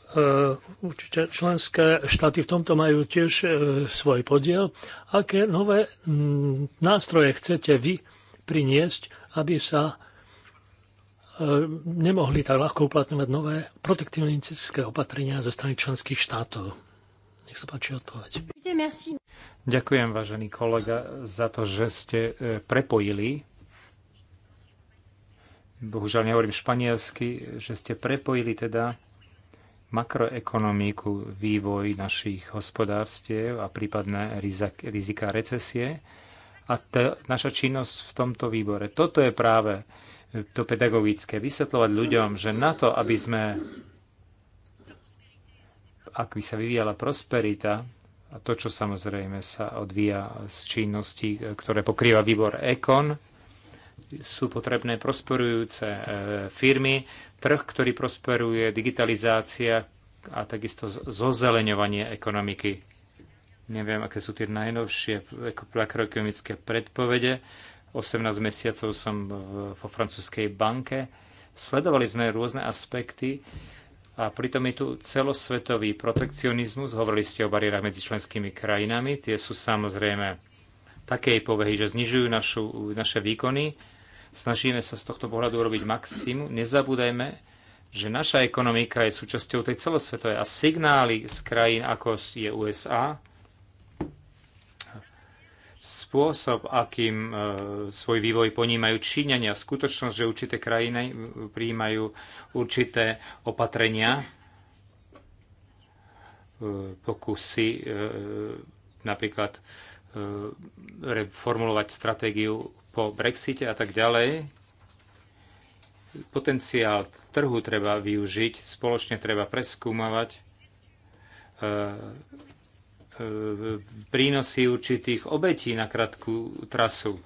E, určite členské štáty v tomto majú tiež e, svoj podiel. Aké nové nástroje chcete vy priniesť, aby sa e, nemohli tak ľahko uplatňovať nové protekcionistické opatrenia zo strany členských štátov? Nech sa páči odpoveď. Ďakujem, vážený kolega, za to, že ste prepojili bohužiaľ nehovorím španielsky, že ste prepojili teda makroekonomiku, vývoj našich hospodárstiev a prípadné rizika recesie. A t- naša činnosť v tomto výbore. Toto je práve to pedagogické. Vysvetľovať ľuďom, že na to, aby sme ak by sa vyvíjala prosperita, a to, čo samozrejme sa odvíja z činností, ktoré pokrýva výbor EKON, sú potrebné prosperujúce e, firmy, trh, ktorý prosperuje, digitalizácia a takisto zozeleňovanie ekonomiky. Neviem, aké sú tie najnovšie makroekonomické predpovede. 18 mesiacov som vo francúzskej banke. Sledovali sme rôzne aspekty a pritom je tu celosvetový protekcionizmus. Hovorili ste o bariérach medzi členskými krajinami. Tie sú samozrejme takej povehy, že znižujú našu, naše výkony Snažíme sa z tohto pohľadu robiť maximum. Nezabúdajme, že naša ekonomika je súčasťou tej celosvetovej a signály z krajín, ako je USA, spôsob, akým e, svoj vývoj ponímajú Číňania, skutočnosť, že určité krajiny prijímajú určité opatrenia, e, pokusy e, napríklad reformulovať stratégiu po Brexite a tak ďalej. Potenciál trhu treba využiť, spoločne treba preskúmavať e, e, prínosy určitých obetí na krátku trasu.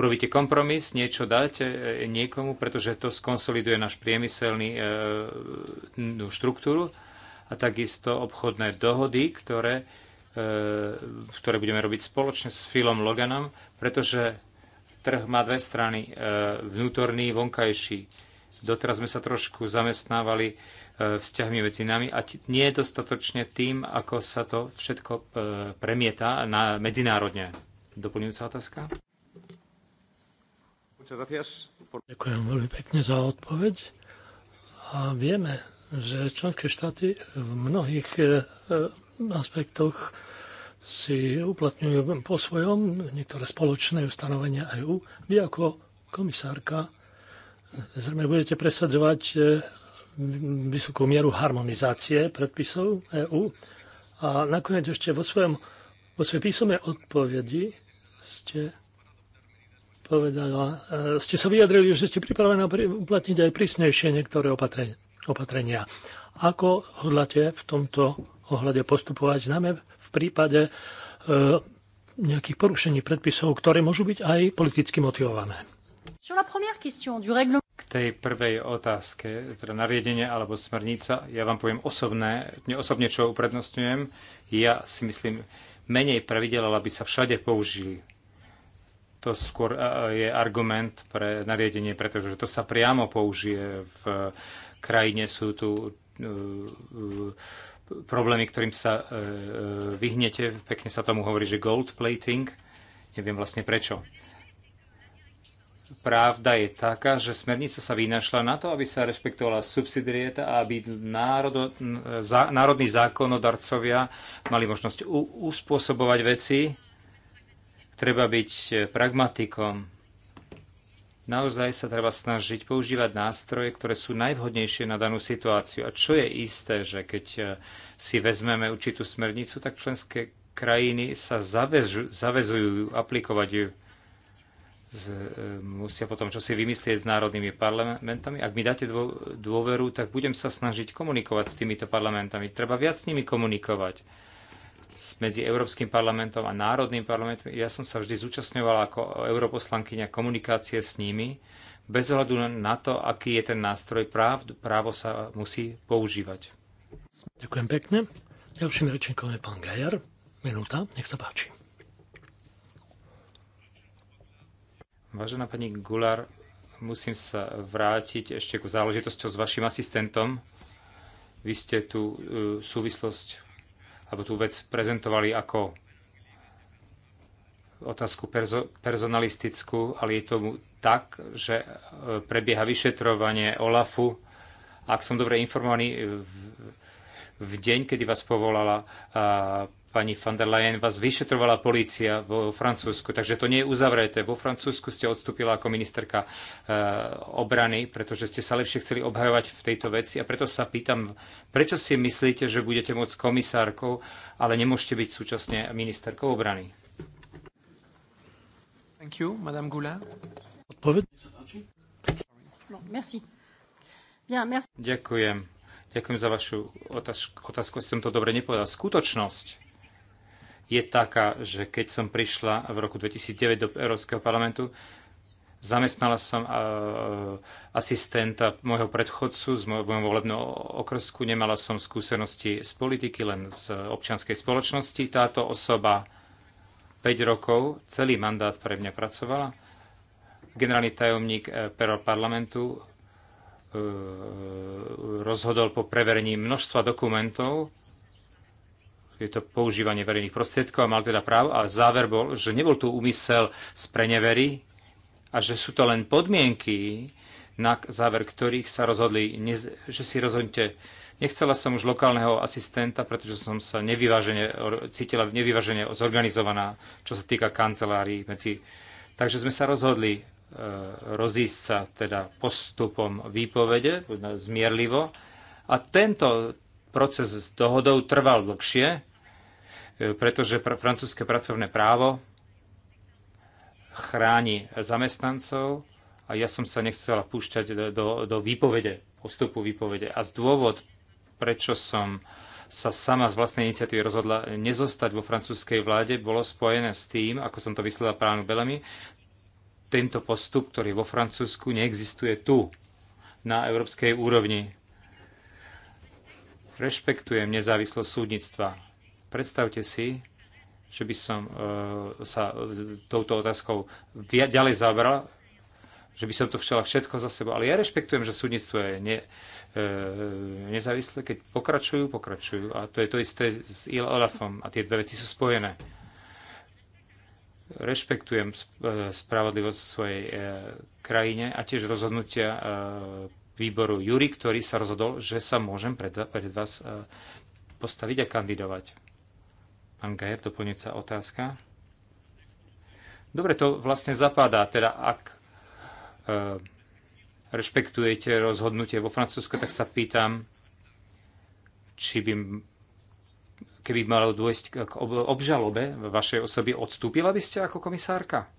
Urobíte kompromis, niečo dáte e, niekomu, pretože to skonsoliduje náš priemyselný štruktúru a takisto obchodné dohody, ktoré, ktoré budeme robiť spoločne s Philom Loganom, pretože Trh má dve strany, e, vnútorný, vonkajší. Doteraz sme sa trošku zamestnávali e, vzťahmi medzi nami a nie je dostatočne tým, ako sa to všetko e, premieta na medzinárodne. Doplňujúca otázka? Ďakujem veľmi pekne za odpoveď. A vieme, že členské štáty v mnohých aspektoch si uplatňujú po svojom niektoré spoločné ustanovenia EU. Vy ako komisárka zrejme budete presadzovať e, vysokú mieru harmonizácie predpisov EU. A nakoniec ešte vo, svojom, vo svojej písomnej odpovedi ste povedala, e, ste sa vyjadrili, že ste pripravená uplatniť aj prísnejšie niektoré opatrenia. Ako hodláte v tomto ohľade postupovať, známe v prípade e, nejakých porušení predpisov, ktoré môžu byť aj politicky motivované. K tej prvej otázke, teda nariadenie alebo smernica, ja vám poviem osobné, osobne čo uprednostňujem. Ja si myslím, menej pravidel, aby sa všade použili. To skôr e, je argument pre nariadenie, pretože to sa priamo použije v krajine. Sú tu e, problémy, ktorým sa e, e, vyhnete. Pekne sa tomu hovorí, že gold plating. Neviem vlastne prečo. Pravda je taká, že smernica sa vynašla na to, aby sa rešpektovala subsidiarieta a aby národo, zá, národní zákonodarcovia mali možnosť u, uspôsobovať veci. Treba byť pragmatikom. Naozaj sa treba snažiť používať nástroje, ktoré sú najvhodnejšie na danú situáciu. A čo je isté, že keď e, si vezmeme určitú smernicu, tak členské krajiny sa zavežu, zavezujú aplikovať ju e, musia potom čo si vymyslieť s národnými parlamentami. Ak mi dáte dôveru, tak budem sa snažiť komunikovať s týmito parlamentami. Treba viac s nimi komunikovať medzi Európskym parlamentom a Národným parlamentom. Ja som sa vždy zúčastňovala ako europoslankyňa komunikácie s nimi, bez hľadu na to, aký je ten nástroj práv, právo sa musí používať. Ďakujem pekne. Ďalším rečníkom je pán Gajar. Minúta, nech sa páči. Vážená pani Gulár, musím sa vrátiť ešte ku záležitosťou s vašim asistentom. Vy ste tú e, súvislosť alebo tú vec prezentovali ako otázku perzo- personalistickú, ale je tomu tak, že e, prebieha vyšetrovanie OLAFu. Ak som dobre informovaný, v, v deň, kedy vás povolala Pani van der Leyen vás vyšetrovala polícia vo Francúzsku, takže to nie je uzavreté. Vo Francúzsku ste odstúpila ako ministerka e, obrany, pretože ste sa lepšie chceli obhajovať v tejto veci a preto sa pýtam, prečo si myslíte, že budete môcť komisárkou, ale nemôžete byť súčasne ministerkou obrany? Thank you, Madame Goulard. No, merci. Bien, merci. Ďakujem. Ďakujem za vašu otázku. otázku. Som to dobre nepovedal. Skutočnosť, je taká, že keď som prišla v roku 2009 do Európskeho parlamentu, zamestnala som asistenta môjho predchodcu z môjho volebného okresku. Nemala som skúsenosti z politiky, len z občianskej spoločnosti. Táto osoba 5 rokov, celý mandát pre mňa pracovala. Generálny tajomník e, Perol parlamentu e, rozhodol po preverení množstva dokumentov, je to používanie verejných prostriedkov a mal teda právo A záver bol, že nebol tu úmysel prenevery a že sú to len podmienky, na záver ktorých sa rozhodli, že si rozhodnite. Nechcela som už lokálneho asistenta, pretože som sa nevyvážene, cítila nevyvážene zorganizovaná, čo sa týka kancelárií. Medzi... Takže sme sa rozhodli e, rozísť sa teda postupom výpovede, teda zmierlivo. A tento proces s dohodou trval dlhšie, e, pretože pr- francúzske pracovné právo chráni zamestnancov a ja som sa nechcela púšťať do, do, do výpovede, postupu výpovede. A z dôvod, prečo som sa sama z vlastnej iniciatívy rozhodla nezostať vo francúzskej vláde, bolo spojené s tým, ako som to vyslela pánu Belami, tento postup, ktorý vo Francúzsku neexistuje tu, na európskej úrovni. Rešpektujem nezávislosť súdnictva. Predstavte si, že by som e, sa touto otázkou ďalej zabral, že by som to chcela všetko za sebou. Ale ja rešpektujem, že súdnictvo je ne, e, nezávislé. Keď pokračujú, pokračujú. A to je to isté s Il Olafom. A tie dve veci sú spojené. Rešpektujem e, spravodlivosť svojej svojej krajine a tiež rozhodnutia výboru Jury, ktorý sa rozhodol, že sa môžem pred, pred vás e, postaviť a kandidovať. Pán Gajer, doplňujúca otázka. Dobre, to vlastne zapadá, teda ak e, rešpektujete rozhodnutie vo Francúzsku, tak sa pýtam, či by, keby malo dôjsť k obžalobe vašej osoby, odstúpila by ste ako komisárka?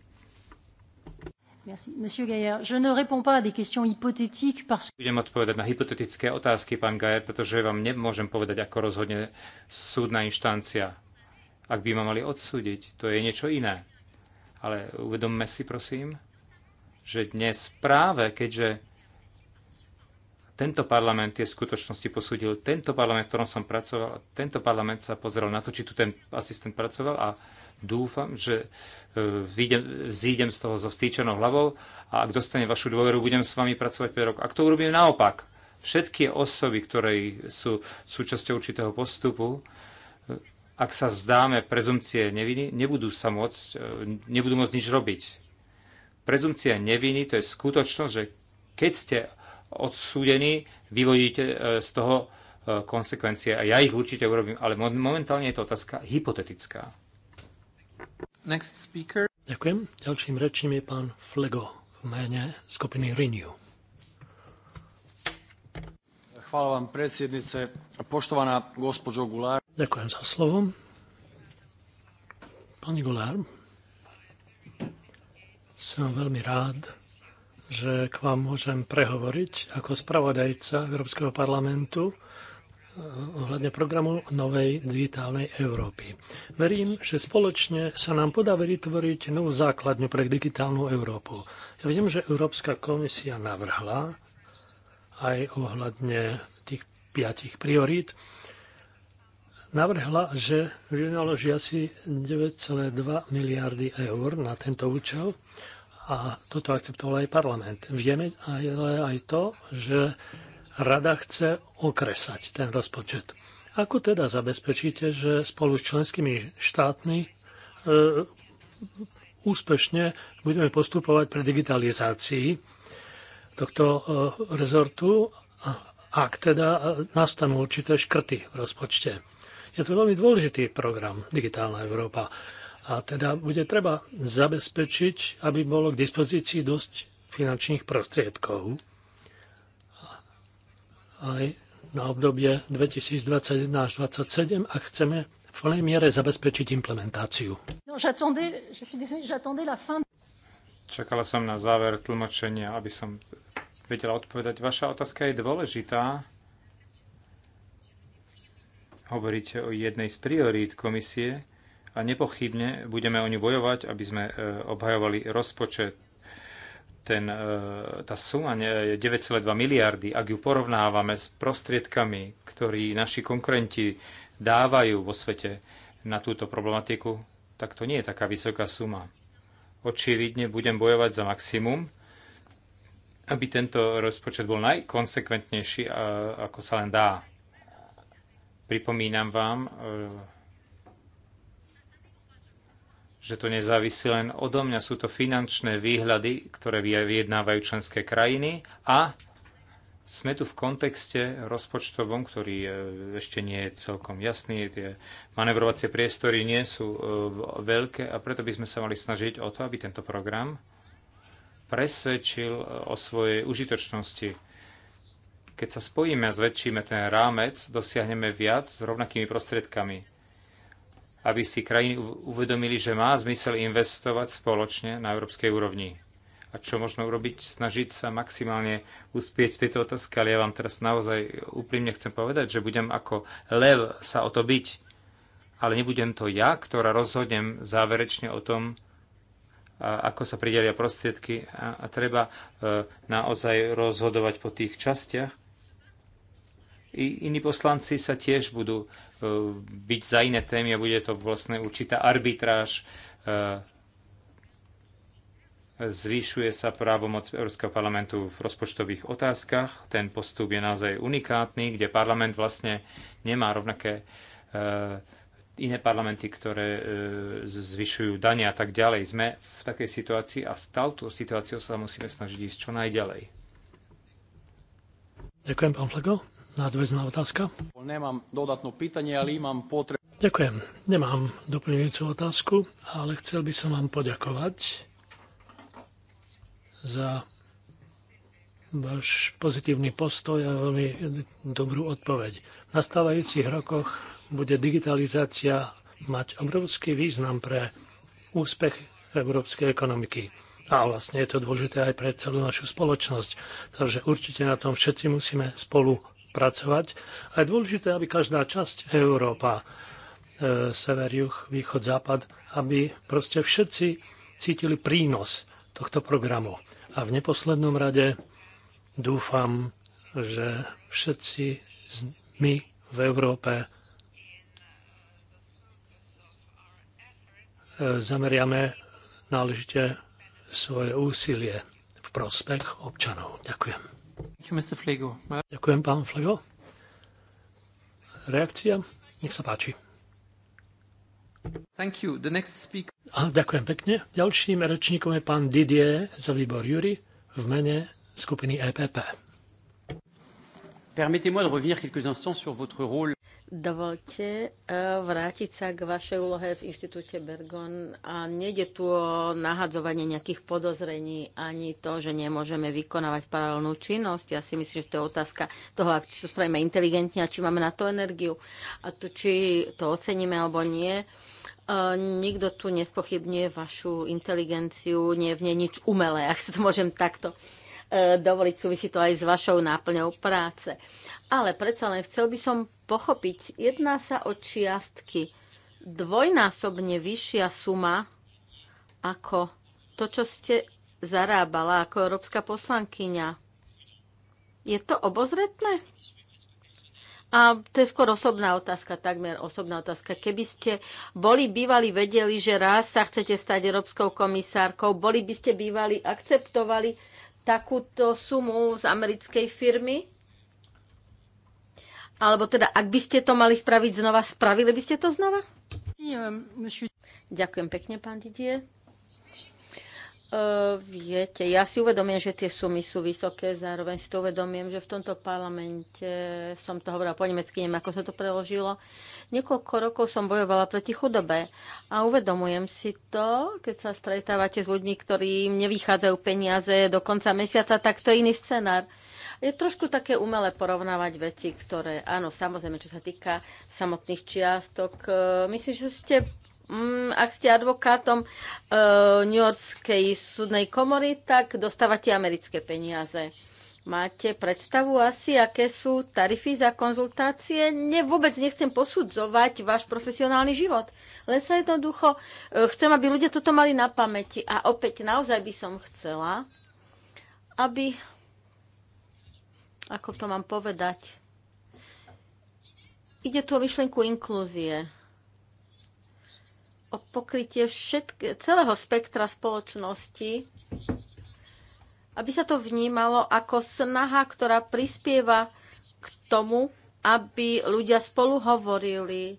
Merci. Monsieur Gaillard, je ne réponds pas à des questions hypothétiques parce... Budem odpovedať na hypotetické otázky, pán Gaillard, pretože vám nemôžem povedať, ako rozhodne súdna inštancia. Ak by ma mali odsúdiť, to je niečo iné. Ale uvedomme si, prosím, že dnes práve, keďže tento parlament je v skutočnosti posúdil, tento parlament, v ktorom som pracoval, tento parlament sa pozrel na to, či tu ten asistent pracoval a Dúfam, že e, výjdem, zídem z toho so vstýčenou hlavou a ak dostanem vašu dôveru, budem s vami pracovať 5 rokov. Ak to urobím naopak, všetky osoby, ktoré sú súčasťou určitého postupu, e, ak sa vzdáme prezumcie neviny, nebudú sa môcť, e, nebudú môcť nič robiť. Prezumcia neviny to je skutočnosť, že keď ste odsúdení, vyvodíte z toho konsekvencie a ja ich určite urobím, ale momentálne je to otázka hypotetická. Next speaker. Ďakujem. Ďalším rečím je pán Flego v mene skupiny Renew. Hvala vám, predsjednice. Poštovaná gospođo Gulár. Ďakujem za slovo. Pani Gulár, som veľmi rád, že k vám môžem prehovoriť ako spravodajca Európskeho parlamentu ohľadne programu Novej digitálnej Európy. Verím, že spoločne sa nám podá vytvoriť novú základňu pre digitálnu Európu. Ja viem, že Európska komisia navrhla aj ohľadne tých piatich priorít, navrhla, že vynaloží asi 9,2 miliardy eur na tento účel a toto akceptoval aj parlament. Vieme ale aj to, že rada chce okresať ten rozpočet. Ako teda zabezpečíte, že spolu s členskými štátmi e, úspešne budeme postupovať pri digitalizácii tohto e, rezortu, ak teda nastanú určité škrty v rozpočte? Je to veľmi dôležitý program Digitálna Európa. A teda bude treba zabezpečiť, aby bolo k dispozícii dosť finančných prostriedkov aj na obdobie 2021 až 2027, ak chceme v plnej miere zabezpečiť implementáciu. Čakala som na záver tlmočenia, aby som vedela odpovedať. Vaša otázka je dôležitá. Hovoríte o jednej z priorít komisie a nepochybne budeme o ňu bojovať, aby sme e, obhajovali rozpočet ten, e, tá suma je 9,2 miliardy, ak ju porovnávame s prostriedkami, ktorí naši konkurenti dávajú vo svete na túto problematiku, tak to nie je taká vysoká suma. Očividne budem bojovať za maximum, aby tento rozpočet bol najkonsekventnejší, ako sa len dá. Pripomínam vám, e, že to nezávisí len odo mňa. Sú to finančné výhľady, ktoré vyjednávajú členské krajiny a sme tu v kontexte rozpočtovom, ktorý e, ešte nie je celkom jasný. Tie manevrovacie priestory nie sú e, veľké a preto by sme sa mali snažiť o to, aby tento program presvedčil e, o svojej užitočnosti. Keď sa spojíme a zväčšíme ten rámec, dosiahneme viac s rovnakými prostriedkami aby si krajiny uvedomili, že má zmysel investovať spoločne na európskej úrovni. A čo možno urobiť? Snažiť sa maximálne uspieť v tejto otázke, ale ja vám teraz naozaj úprimne chcem povedať, že budem ako lev sa o to byť, ale nebudem to ja, ktorá rozhodnem záverečne o tom, ako sa pridelia prostriedky a, a treba e, naozaj rozhodovať po tých častiach. I iní poslanci sa tiež budú E, byť za iné témy a bude to vlastne určitá arbitráž. E, Zvýšuje sa právomoc Európskeho parlamentu v rozpočtových otázkach. Ten postup je naozaj unikátny, kde parlament vlastne nemá rovnaké e, iné parlamenty, ktoré zvyšujú dane a tak ďalej. Sme v takej situácii a s touto situáciou sa musíme snažiť ísť čo najďalej. Ďakujem, pán Flego. Nadväzná otázka. Nemám dodatnú pýtanie, ale mám potrebu. Ďakujem. Nemám doplňujúcu otázku, ale chcel by som vám poďakovať za váš pozitívny postoj a veľmi dobrú odpoveď. V nastávajúcich rokoch bude digitalizácia mať obrovský význam pre úspech európskej ekonomiky. A vlastne je to dôležité aj pre celú našu spoločnosť. Takže určite na tom všetci musíme spolu pracovať. A je dôležité, aby každá časť Európa, e, sever, juh, východ, západ, aby proste všetci cítili prínos tohto programu. A v neposlednom rade dúfam, že všetci my v Európe e, zameriame náležite svoje úsilie v prospech občanov. Ďakujem. Ďakujem, pán Flego. Reakcia? Nech sa páči. Speaker... A, ďakujem pekne. Ďalším rečníkom je pán Didier za výbor Jury v mene skupiny EPP. Permettez-moi de revenir quelques instants sur votre rôle Dovolte e, vrátiť sa k vašej úlohe v inštitúte Bergon. A nejde tu o nahadzovanie nejakých podozrení, ani to, že nemôžeme vykonávať paralelnú činnosť. Ja si myslím, že to je otázka toho, či to spravíme inteligentne a či máme na to energiu. A to, či to oceníme alebo nie. E, nikto tu nespochybňuje vašu inteligenciu, nie je v nej nič umelé, ak sa to môžem takto e, dovoliť, súvisí to aj s vašou náplňou práce. Ale predsa len chcel by som pochopiť. Jedná sa o čiastky dvojnásobne vyššia suma ako to, čo ste zarábala ako európska poslankyňa. Je to obozretné? A to je skôr osobná otázka, takmer osobná otázka. Keby ste boli bývali vedeli, že raz sa chcete stať európskou komisárkou, boli by ste bývali akceptovali takúto sumu z americkej firmy? Alebo teda, ak by ste to mali spraviť znova, spravili by ste to znova? Ďakujem pekne, pán Didier. Uh, viete, ja si uvedomím, že tie sumy sú vysoké, zároveň si to uvedomím, že v tomto parlamente som to hovorila po nemecky, neviem, ako sa to preložilo. Niekoľko rokov som bojovala proti chudobe a uvedomujem si to, keď sa stretávate s ľuďmi, ktorým nevychádzajú peniaze do konca mesiaca, tak to je iný scenár. Uh, je trošku také umelé porovnávať veci, ktoré, áno, samozrejme, čo sa týka samotných čiastok, e, myslím, že ste mm, ak ste advokátom e, New Yorkskej súdnej komory, tak dostávate americké peniaze. Máte predstavu asi, aké sú tarify za konzultácie? Ne, vôbec nechcem posudzovať váš profesionálny život. Len sa jednoducho e, chcem, aby ľudia toto mali na pamäti. A opäť naozaj by som chcela, aby ako to mám povedať, ide tu o myšlenku inklúzie o pokrytie všetké, celého spektra spoločnosti, aby sa to vnímalo ako snaha, ktorá prispieva k tomu, aby ľudia spolu hovorili,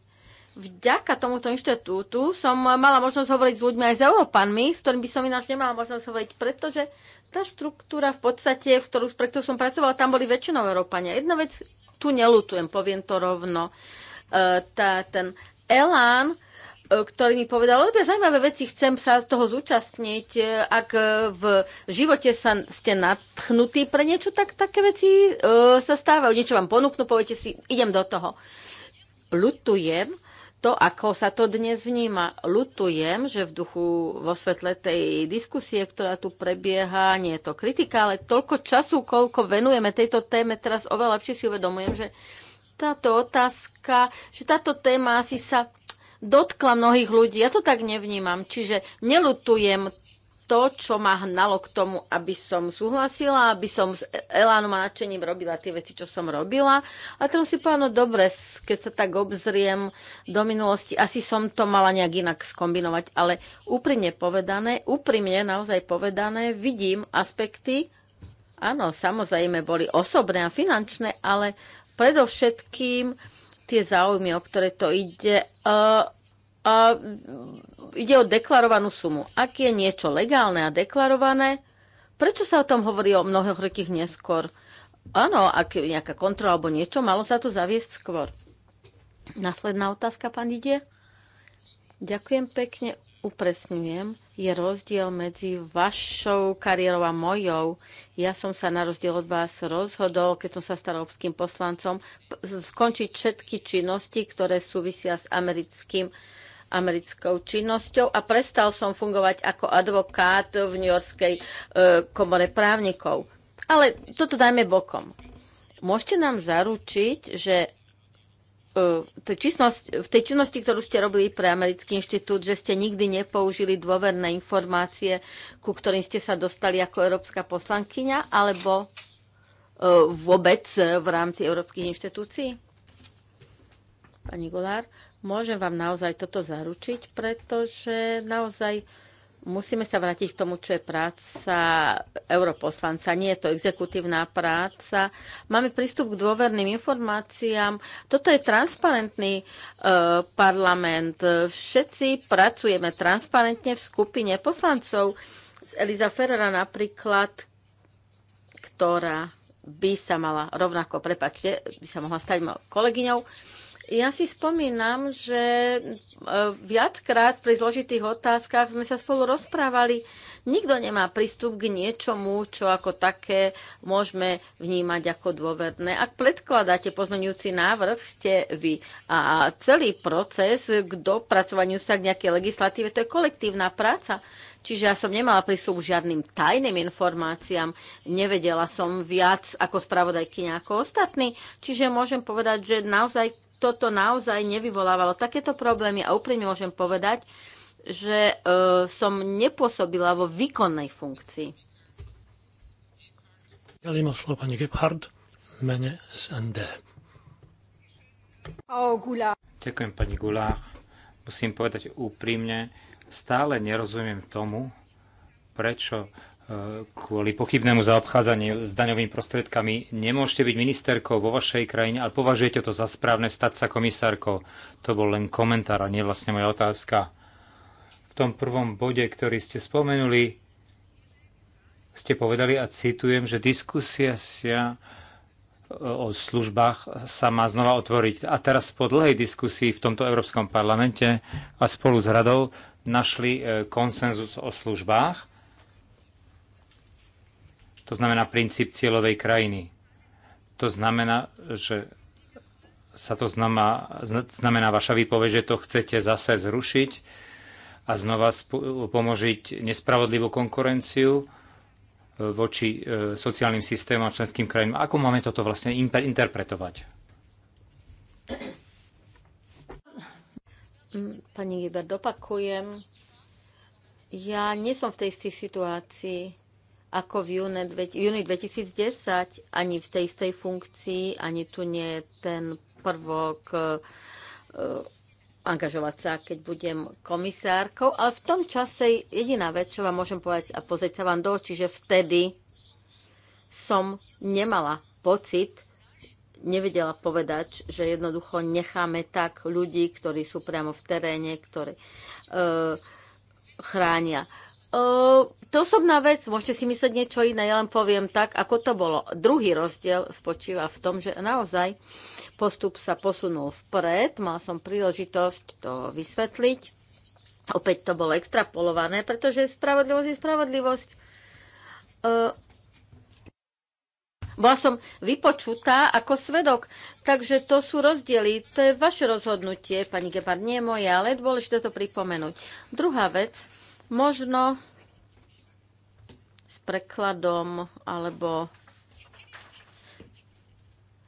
vďaka tomuto inštitútu som mala možnosť hovoriť s ľuďmi aj s Európanmi, s ktorými by som ináč nemala možnosť hovoriť, pretože tá štruktúra v podstate, v ktorú, pre ktorú som pracovala, tam boli väčšinou Európania. Jedna vec, tu nelutujem, poviem to rovno. E, tá, ten elán, e, ktorý mi povedal, lebo zaujímavé veci, chcem sa toho zúčastniť. E, ak v živote sa, ste natchnutí pre niečo, tak také veci sa stávajú. Niečo vám ponúknú, poviete si, idem do toho. Lutujem, to, ako sa to dnes vníma. Lutujem, že v duchu vo svetle tej diskusie, ktorá tu prebieha, nie je to kritika, ale toľko času, koľko venujeme tejto téme, teraz oveľa lepšie si uvedomujem, že táto otázka, že táto téma asi sa dotkla mnohých ľudí. Ja to tak nevnímam. Čiže nelutujem to, čo ma hnalo k tomu, aby som súhlasila, aby som s elánom a nadšením robila tie veci, čo som robila. A tam si povedala, no dobre, keď sa tak obzriem do minulosti, asi som to mala nejak inak skombinovať, ale úprimne povedané, úprimne naozaj povedané, vidím aspekty, áno, samozrejme boli osobné a finančné, ale predovšetkým tie záujmy, o ktoré to ide, uh, a ide o deklarovanú sumu. Ak je niečo legálne a deklarované, prečo sa o tom hovorí o mnohých rokoch neskôr? Áno, ak je nejaká kontrola alebo niečo, malo sa to zaviesť skôr. Nasledná otázka, pán Didie. Ďakujem pekne, upresňujem. Je rozdiel medzi vašou kariérou a mojou. Ja som sa na rozdiel od vás rozhodol, keď som sa stal obským poslancom, skončiť všetky činnosti, ktoré súvisia s americkým americkou činnosťou a prestal som fungovať ako advokát v New Yorkskej e, komore právnikov. Ale toto dajme bokom. Môžete nám zaručiť, že e, v tej činnosti, ktorú ste robili pre Americký inštitút, že ste nikdy nepoužili dôverné informácie, ku ktorým ste sa dostali ako európska poslankyňa, alebo e, vôbec v rámci európskych inštitúcií? Pani Golár, Môžem vám naozaj toto zaručiť, pretože naozaj musíme sa vrátiť k tomu, čo je práca europoslanca. Nie je to exekutívna práca. Máme prístup k dôverným informáciám. Toto je transparentný e, parlament. Všetci pracujeme transparentne v skupine poslancov. Z Eliza Ferrera napríklad, ktorá by sa mala rovnako, prepačte, by sa mohla stať kolegyňou, ja si spomínam, že e, viackrát pri zložitých otázkach sme sa spolu rozprávali. Nikto nemá prístup k niečomu, čo ako také môžeme vnímať ako dôverné. Ak predkladáte pozmeňujúci návrh, ste vy. A celý proces k dopracovaniu sa k nejakej legislatíve, to je kolektívna práca. Čiže ja som nemala prístup k žiadnym tajným informáciám, nevedela som viac ako spravodajkyňa ako ostatní, čiže môžem povedať, že naozaj toto naozaj nevyvolávalo takéto problémy a úprimne môžem povedať, že e, som nepôsobila vo výkonnej funkcii. Ja má slovo pani Gebhard mene SND. Ďakujem pani Gulár. Musím povedať úprimne, Stále nerozumiem tomu, prečo e, kvôli pochybnému zaobchádzaniu s daňovými prostriedkami nemôžete byť ministerkou vo vašej krajine, ale považujete to za správne stať sa komisárkou. To bol len komentár a nie vlastne moja otázka. V tom prvom bode, ktorý ste spomenuli, ste povedali a citujem, že diskusia sa e, o službách sa má znova otvoriť. A teraz po dlhej diskusii v tomto Európskom parlamente a spolu s radou našli e, konsenzus o službách, to znamená princíp cieľovej krajiny. To znamená, že sa to znamená, znamená vaša výpoveď, že to chcete zase zrušiť a znova pomôžiť nespravodlivú konkurenciu e, voči e, sociálnym systémom a členským krajinám. Ako máme toto vlastne interpretovať? Pani Giber, dopakujem. Ja nie som v tej istej situácii ako v júni 2010, ani v tej istej funkcii, ani tu nie je ten prvok e, e, angažovať sa, keď budem komisárkou. Ale v tom čase jediná vec, čo vám môžem povedať a pozrieť sa vám do očí, že vtedy som nemala pocit, nevedela povedať, že jednoducho necháme tak ľudí, ktorí sú priamo v teréne, ktorí e, chránia. E, to osobná vec, môžete si myslieť niečo iné, ja len poviem tak, ako to bolo. Druhý rozdiel spočíva v tom, že naozaj postup sa posunul vpred, mal som príležitosť to vysvetliť. Opäť to bolo extrapolované, pretože spravodlivosť je spravodlivosť. E, bola som vypočutá ako svedok, takže to sú rozdiely. To je vaše rozhodnutie, pani Gebar. nie moje, ale je dôležité to pripomenúť. Druhá vec, možno s prekladom, alebo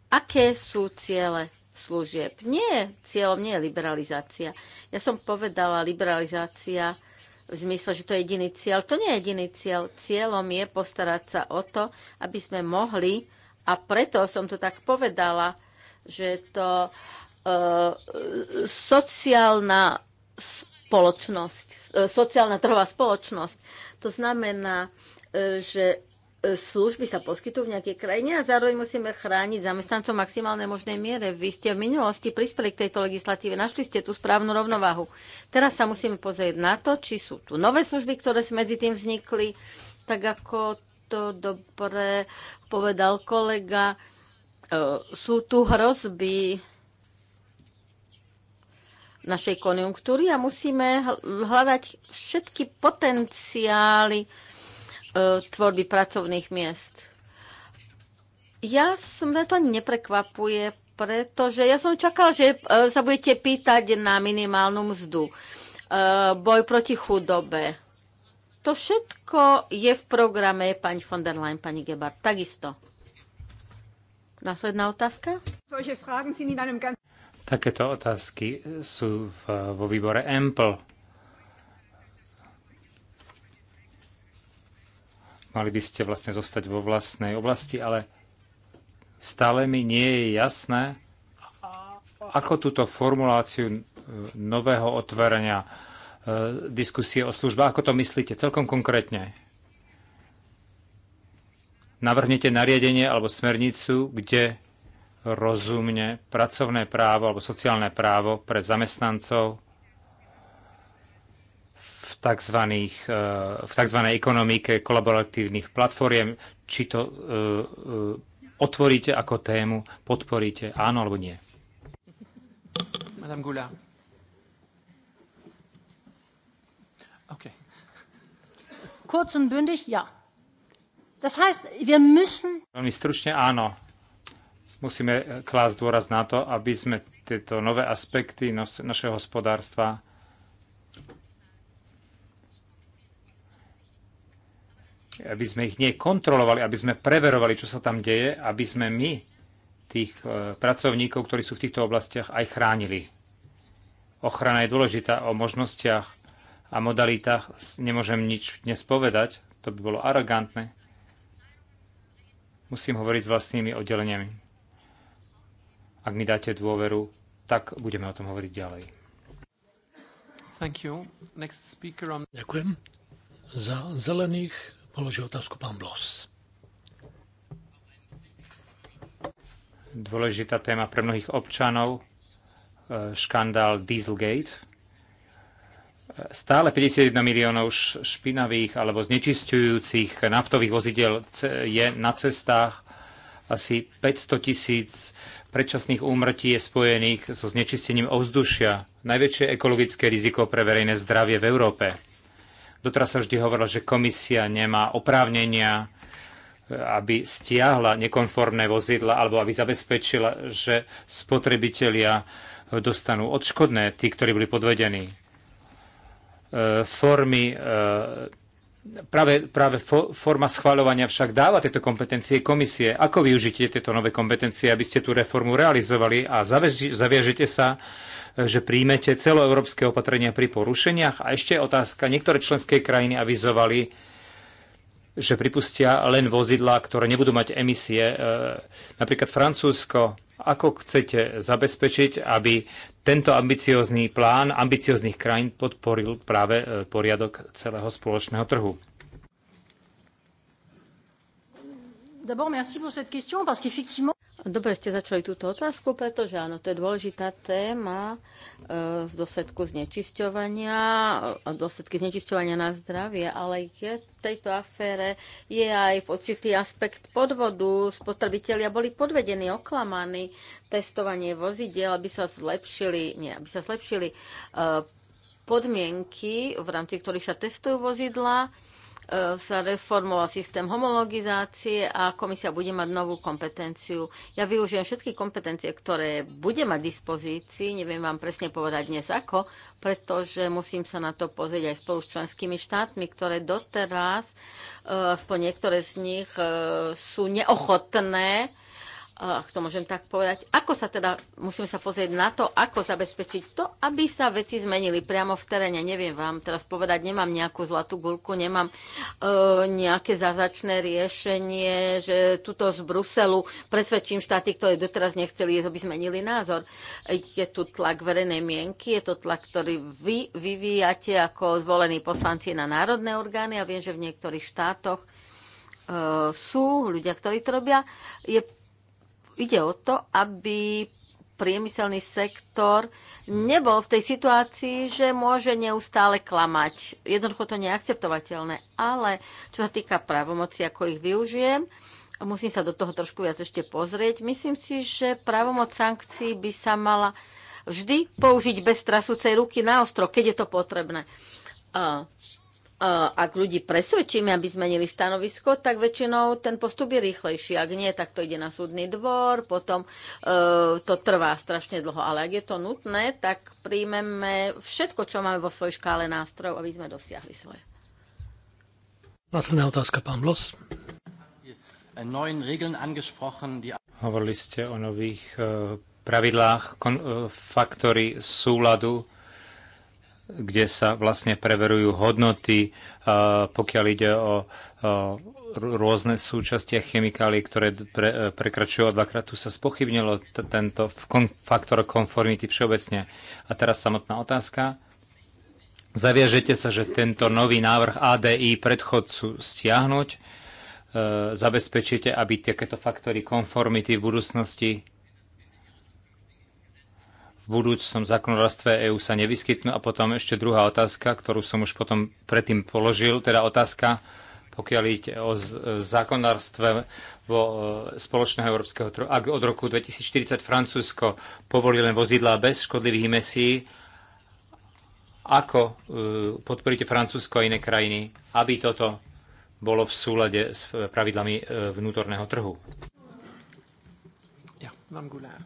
aké sú ciele služieb. Nie, cieľom nie je liberalizácia. Ja som povedala liberalizácia v zmysle, že to je jediný cieľ. To nie je jediný cieľ. Cieľom je postarať sa o to, aby sme mohli, a preto som to tak povedala, že to e, sociálna spoločnosť, e, sociálna trhová spoločnosť. To znamená, e, že služby sa poskytujú v nejakej krajine a zároveň musíme chrániť zamestnancov maximálnej možnej miere. Vy ste v minulosti prispeli k tejto legislatíve, našli ste tú správnu rovnováhu. Teraz sa musíme pozrieť na to, či sú tu nové služby, ktoré medzi tým vznikli, tak ako to dobre povedal kolega. E, sú tu hrozby našej konjunktúry a musíme hľadať všetky potenciály, E, tvorby pracovných miest. Ja som to neprekvapuje, pretože ja som čakal, že e, sa budete pýtať na minimálnu mzdu, e, boj proti chudobe. To všetko je v programe pani von der Leyen, pani Gebhardt, takisto. Následná otázka? Takéto otázky sú v, vo výbore EMPL mali by ste vlastne zostať vo vlastnej oblasti, ale stále mi nie je jasné, ako túto formuláciu e, nového otvorenia e, diskusie o službe, ako to myslíte celkom konkrétne? Navrhnete nariadenie alebo smernicu, kde rozumne pracovné právo alebo sociálne právo pre zamestnancov tzv. E, v tzv. ekonomike kolaboratívnych platform, či to e, e, otvoríte ako tému, podporíte, áno alebo nie. Madame Goulard. Okay. Kurz und bündig, ja. Das heißt, wir müssen... Veľmi stručne, áno. Musíme klásť dôraz na to, aby sme tieto nové aspekty našeho hospodárstva aby sme ich nekontrolovali, aby sme preverovali, čo sa tam deje, aby sme my tých e, pracovníkov, ktorí sú v týchto oblastiach, aj chránili. Ochrana je dôležitá o možnostiach a modalitách. Nemôžem nič dnes povedať, to by bolo arogantné. Musím hovoriť s vlastnými oddeleniami. Ak mi dáte dôveru, tak budeme o tom hovoriť ďalej. Thank you. Next speaker on... Ďakujem. Za zelených položí otázku pán Blos. Dôležitá téma pre mnohých občanov, e, škandál Dieselgate. E, stále 51 miliónov špinavých alebo znečistujúcich naftových vozidel je na cestách. Asi 500 tisíc predčasných úmrtí je spojených so znečistením ovzdušia. Najväčšie ekologické riziko pre verejné zdravie v Európe. Doteraz sa vždy hovorilo, že komisia nemá oprávnenia, e, aby stiahla nekonformné vozidla alebo aby zabezpečila, že spotrebitelia e, dostanú odškodné, tí, ktorí boli podvedení. E, formy práve, práve forma schváľovania však dáva tieto kompetencie komisie. Ako využite tieto nové kompetencie, aby ste tú reformu realizovali a zaviažete sa že príjmete celoeurópske opatrenia pri porušeniach? A ešte otázka. Niektoré členské krajiny avizovali, že pripustia len vozidlá, ktoré nebudú mať emisie. E, napríklad Francúzsko. Ako chcete zabezpečiť, aby tento ambiciózny plán ambicióznych krajín podporil práve e, poriadok celého spoločného trhu? Dobre ste začali túto otázku, pretože áno, to je dôležitá téma eh, v dôsledku znečisťovania, eh, dosledky znečisťovania na zdravie, ale je, v tejto afére je aj pocitý aspekt podvodu. Spotrebitelia boli podvedení, oklamaní, testovanie vozidiel, aby sa zlepšili, nie, aby sa zlepšili eh, podmienky, v rámci ktorých sa testujú vozidla E, sa reformoval systém homologizácie a komisia bude mať novú kompetenciu. Ja využijem všetky kompetencie, ktoré bude mať dispozícii, neviem vám presne povedať dnes ako, pretože musím sa na to pozrieť aj spolu s členskými štátmi, ktoré doteraz, e, aspoň niektoré z nich e, sú neochotné ak to môžem tak povedať, ako sa teda, musíme sa pozrieť na to, ako zabezpečiť to, aby sa veci zmenili priamo v teréne. Neviem vám teraz povedať, nemám nejakú zlatú gulku, nemám e, nejaké zázačné riešenie, že tuto z Bruselu presvedčím štáty, ktoré doteraz nechceli, aby zmenili názor. Je tu tlak verejnej mienky, je to tlak, ktorý vy vyvíjate ako zvolení poslanci na národné orgány a viem, že v niektorých štátoch e, sú ľudia, ktorí to robia. Je ide o to, aby priemyselný sektor nebol v tej situácii, že môže neustále klamať. Jednoducho to neakceptovateľné. Ale čo sa týka právomoci, ako ich využijem, musím sa do toho trošku viac ešte pozrieť. Myslím si, že právomoc sankcií by sa mala vždy použiť bez trasúcej ruky na ostro, keď je to potrebné ak ľudí presvedčíme, aby zmenili stanovisko, tak väčšinou ten postup je rýchlejší. Ak nie, tak to ide na súdny dvor, potom e, to trvá strašne dlho. Ale ak je to nutné, tak príjmeme všetko, čo máme vo svojej škále nástrojov, aby sme dosiahli svoje. Následná otázka, pán Blos. E, Hovorili ste o nových e, pravidlách, faktory súladu kde sa vlastne preverujú hodnoty, pokiaľ ide o rôzne súčasti a chemikálie, ktoré pre, prekračujú o dvakrát. Tu sa spochybnilo tento faktor konformity všeobecne. A teraz samotná otázka. Zaviažete sa, že tento nový návrh ADI predchodcu stiahnuť? E, zabezpečíte, aby takéto faktory konformity v budúcnosti budúcom zákonodárstve EÚ sa nevyskytnú. A potom ešte druhá otázka, ktorú som už potom predtým položil, teda otázka, pokiaľ ide o zákonodárstve vo e, spoločného európskeho trhu. Ak od roku 2040 Francúzsko povolí len vozidlá bez škodlivých mesí, ako e, podporíte Francúzsko a iné krajiny, aby toto bolo v súlade s pravidlami e, vnútorného trhu? Ja, mám gulár.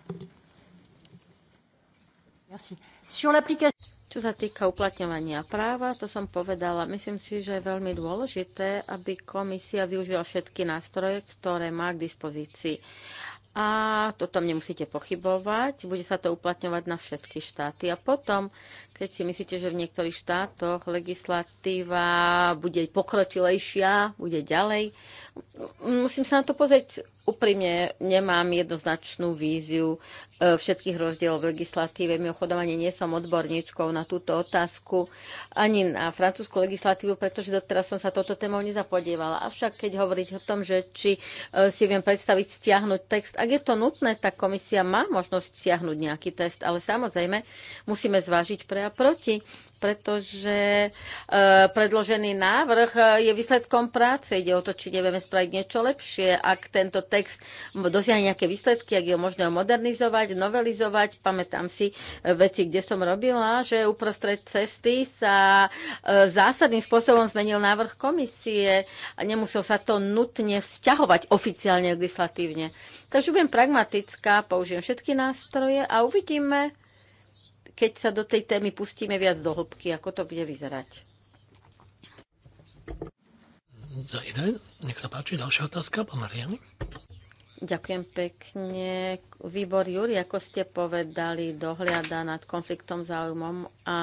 Čo sa týka uplatňovania práva, to som povedala, myslím si, že je veľmi dôležité, aby komisia využila všetky nástroje, ktoré má k dispozícii. A to tom nemusíte pochybovať, bude sa to uplatňovať na všetky štáty. A potom, keď si myslíte, že v niektorých štátoch legislatíva bude pokročilejšia, bude ďalej, musím sa na to pozrieť Úprimne nemám jednoznačnú víziu e, všetkých rozdielov v legislatíve. Mimochodom, ani nie som odborníčkou na túto otázku, ani na francúzsku legislatívu, pretože doteraz som sa toto témou nezapodievala. Avšak keď hovoríte o tom, že či e, si viem predstaviť stiahnuť text, ak je to nutné, tak komisia má možnosť stiahnuť nejaký test, ale samozrejme musíme zvážiť pre a proti pretože e, predložený návrh e, je výsledkom práce. Ide o to, či nevieme spraviť niečo lepšie. Ak tento text dosiahne nejaké výsledky, ak je možné modernizovať, novelizovať. Pamätám si e, veci, kde som robila, že uprostred cesty sa e, zásadným spôsobom zmenil návrh komisie a nemusel sa to nutne vzťahovať oficiálne legislatívne. Takže budem pragmatická, použijem všetky nástroje a uvidíme, keď sa do tej témy pustíme viac do hĺbky, ako to bude vyzerať. Za jeden, nech sa páči, ďalšia otázka, pán Mariany. Ďakujem pekne. Výbor Júri, ako ste povedali, dohliada nad konfliktom záujmom a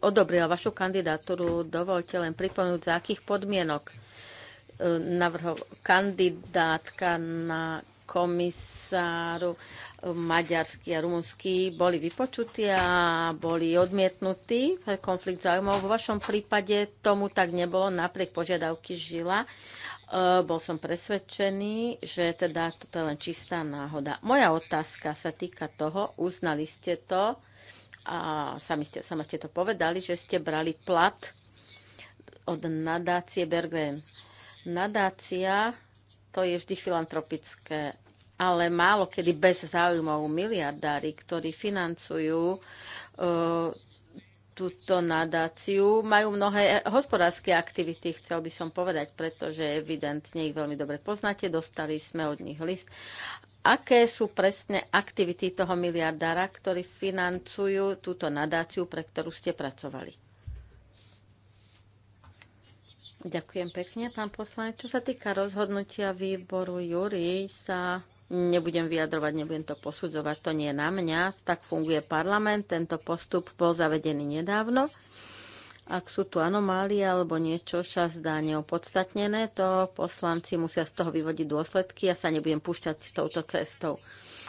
odobrila vašu kandidatúru. Dovolte len pripomenúť, za akých podmienok e, navrho, kandidátka na komisáru eh, maďarský a rumunský boli vypočutí a boli odmietnutí konflikt záujmov. Vo vašom prípade tomu tak nebolo napriek požiadavky Žila. Eh, bol som presvedčený, že teda toto je len čistá náhoda. Moja otázka sa týka toho, uznali ste to a sami ste, sami ste to povedali, že ste brali plat od nadácie Bergen. Nadácia to je vždy filantropické, ale málo kedy bez záujmov miliardári, ktorí financujú e, túto nadáciu. Majú mnohé hospodárske aktivity, chcel by som povedať, pretože evidentne ich veľmi dobre poznáte. Dostali sme od nich list. Aké sú presne aktivity toho miliardára, ktorí financujú túto nadáciu, pre ktorú ste pracovali? Ďakujem pekne, pán poslanec. Čo sa týka rozhodnutia výboru jury sa nebudem vyjadrovať, nebudem to posudzovať, to nie je na mňa. Tak funguje parlament, tento postup bol zavedený nedávno. Ak sú tu anomálie alebo niečo sa zdá neopodstatnené, to poslanci musia z toho vyvodiť dôsledky. Ja sa nebudem púšťať touto cestou.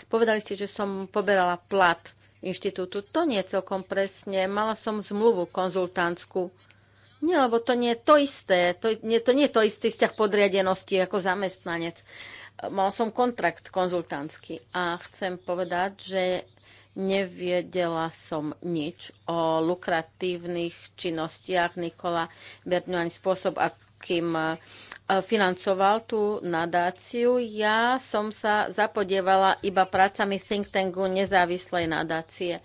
Povedali ste, že som poberala plat inštitútu. To nie je celkom presne. Mala som zmluvu konzultantskú nie, lebo to nie je to isté. To, nie, to nie je to istý vzťah podriadenosti ako zamestnanec. Mal som kontrakt konzultantský a chcem povedať, že nevedela som nič o lukratívnych činnostiach Nikola Bertňu spôsob, akým e, financoval tú nadáciu. Ja som sa zapodievala iba prácami think tanku nezávislej nadácie.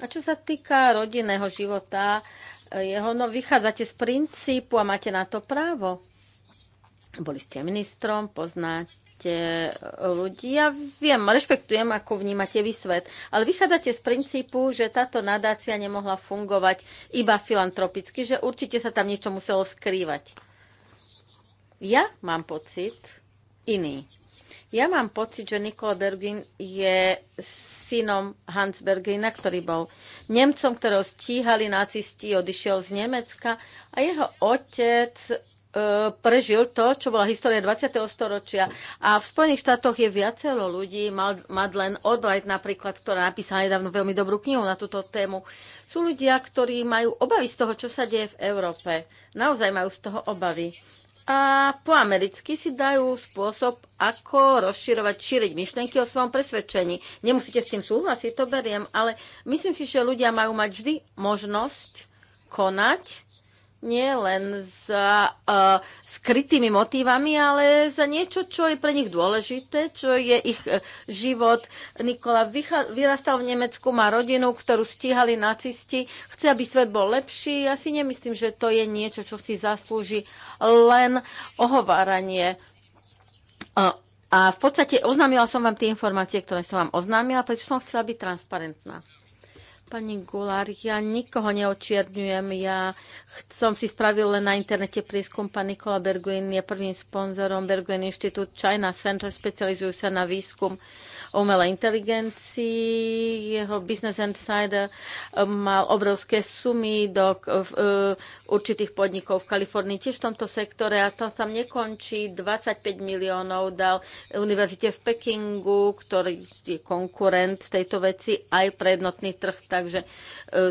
A čo sa týka rodinného života, jeho, no vychádzate z princípu a máte na to právo. Boli ste ministrom, poznáte e, ľudí. Ja viem, rešpektujem, ako vnímate vy svet, ale vychádzate z princípu, že táto nadácia nemohla fungovať iba filantropicky, že určite sa tam niečo muselo skrývať. Ja mám pocit iný. Ja mám pocit, že Nikola Bergin je synom Hans Bergina, ktorý bol Nemcom, ktorého stíhali nacisti, odišiel z Nemecka a jeho otec e, prežil to, čo bola história 20. storočia. A v Spojených štátoch je viacero ľudí, Madeleine Albright napríklad, ktorá napísala nedávno veľmi dobrú knihu na túto tému. Sú ľudia, ktorí majú obavy z toho, čo sa deje v Európe. Naozaj majú z toho obavy a po americky si dajú spôsob, ako rozširovať, šíriť myšlienky o svojom presvedčení. Nemusíte s tým súhlasiť, to beriem, ale myslím si, že ľudia majú mať vždy možnosť konať nie len za uh, skrytými motívami, ale za niečo, čo je pre nich dôležité, čo je ich uh, život. Nikola vyrastal v Nemecku, má rodinu, ktorú stíhali nacisti, chce, aby svet bol lepší. Ja si nemyslím, že to je niečo, čo si zaslúži len ohováranie. Uh, a v podstate oznámila som vám tie informácie, ktoré som vám oznámila, pretože som chcela byť transparentná. Pani Gulár, ja nikoho neočierňujem. Ja som si spravil len na internete prieskum. Pán Nikola Berguin je prvým sponzorom Berguin Institute China Center. Specializujú sa na výskum umelej inteligencii. Jeho Business Insider eh, mal obrovské sumy do eh, určitých podnikov v Kalifornii, tiež v tomto sektore. A to tam nekončí. 25 miliónov dal univerzite v Pekingu, ktorý je konkurent v tejto veci aj pre jednotný trh takže e,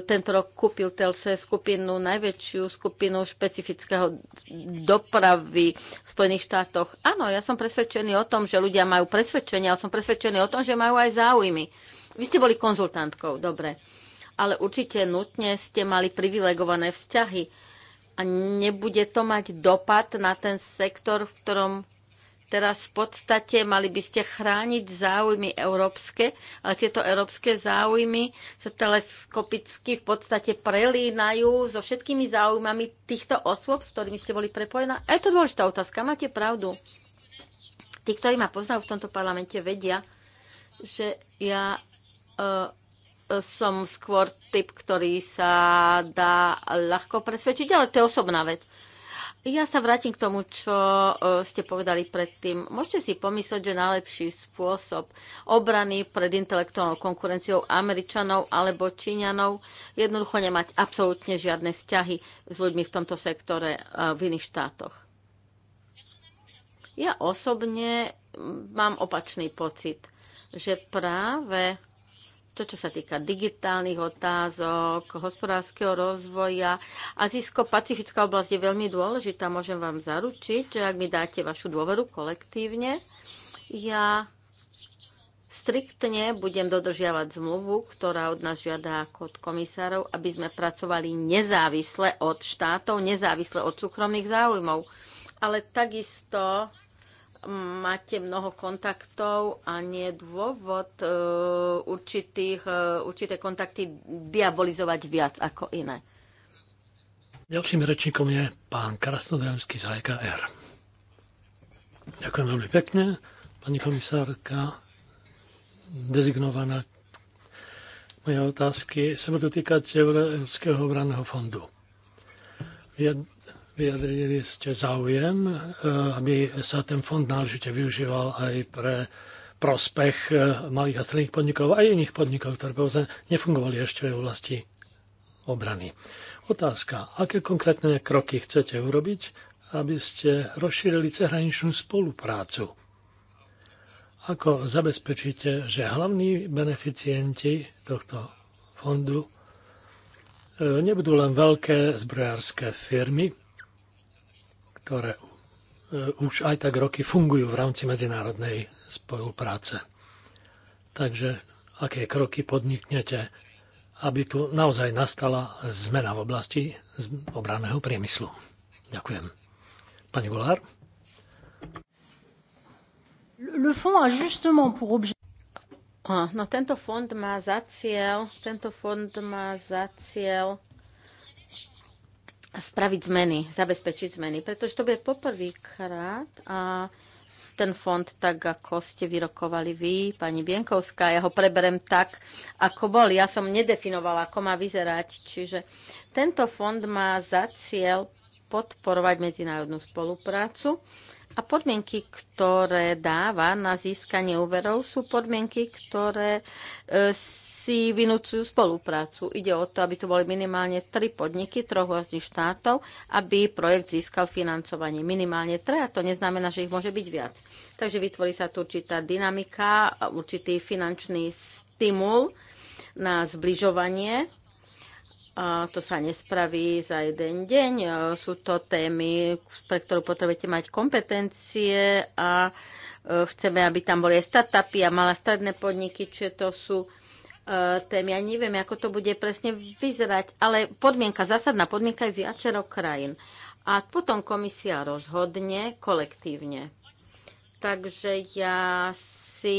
tento rok kúpil Telcel skupinu, najväčšiu skupinu špecifického dopravy v Spojených štátoch. Áno, ja som presvedčený o tom, že ľudia majú presvedčenia, ale som presvedčený o tom, že majú aj záujmy. Vy ste boli konzultantkou, dobre. Ale určite nutne ste mali privilegované vzťahy a nebude to mať dopad na ten sektor, v ktorom teraz v podstate mali by ste chrániť záujmy európske, ale tieto európske záujmy sa teleskopicky v podstate prelínajú so všetkými záujmami týchto osôb, s ktorými ste boli prepojená. je to dôležitá otázka, máte pravdu. Tí, ktorí ma poznajú v tomto parlamente, vedia, že ja uh, som skôr typ, ktorý sa dá ľahko presvedčiť, ale to je osobná vec. Ja sa vrátim k tomu, čo e, ste povedali predtým. Môžete si pomyslieť, že najlepší spôsob obrany pred intelektuálnou konkurenciou Američanov alebo Číňanov jednoducho nemať absolútne žiadne vzťahy s ľuďmi v tomto sektore e, v iných štátoch. Ja osobne mám opačný pocit, že práve to, čo sa týka digitálnych otázok, hospodárskeho rozvoja. Azijsko-pacifická oblasť je veľmi dôležitá. Môžem vám zaručiť, že ak mi dáte vašu dôveru kolektívne, ja striktne budem dodržiavať zmluvu, ktorá od nás žiada ako od komisárov, aby sme pracovali nezávisle od štátov, nezávisle od súkromných záujmov. Ale takisto máte mnoho kontaktov a nie je dôvod e, určitých, e, určité kontakty diabolizovať viac ako iné. Ďalším rečníkom je pán Krasnodemský z HKR. Ďakujem veľmi pekne. Pani komisárka, dezignovaná moje otázky sa budú týkať Európskeho obranného fondu. Vyjadrili ste záujem, e, aby sa ten fond náležite využíval aj pre prospech e, malých a stredných podnikov a iných podnikov, ktoré povedzme nefungovali ešte v oblasti obrany. Otázka, aké konkrétne kroky chcete urobiť, aby ste rozšírili cehraničnú spoluprácu? Ako zabezpečíte, že hlavní beneficienti tohto fondu e, nebudú len veľké zbrojárske firmy, ktoré e, už aj tak roky fungujú v rámci medzinárodnej spolupráce. Takže aké kroky podniknete, aby tu naozaj nastala zmena v oblasti obranného priemyslu? Ďakujem. Pani Gulár? Le fond a justement pour objet... No, tento fond má za cieľ, tento fond má za cieľ spraviť zmeny, zabezpečiť zmeny, pretože to bude poprvýkrát a ten fond tak, ako ste vyrokovali vy, pani Bienkovská. Ja ho preberem tak, ako bol. Ja som nedefinovala, ako má vyzerať. Čiže tento fond má za cieľ podporovať medzinárodnú spoluprácu a podmienky, ktoré dáva na získanie úverov, sú podmienky, ktoré e, si vynúcujú spoluprácu. Ide o to, aby tu boli minimálne tri podniky troch rôznych štátov, aby projekt získal financovanie. Minimálne tre, a to neznamená, že ich môže byť viac. Takže vytvorí sa tu určitá dynamika, určitý finančný stimul na zbližovanie a to sa nespraví za jeden deň. E, sú to témy, pre ktorú potrebujete mať kompetencie a e, chceme, aby tam boli aj startupy a malé stredné podniky, čiže to sú témy. Ja neviem, ako to bude presne vyzerať, ale podmienka, zásadná podmienka je viacero krajín. A potom komisia rozhodne kolektívne. Takže ja si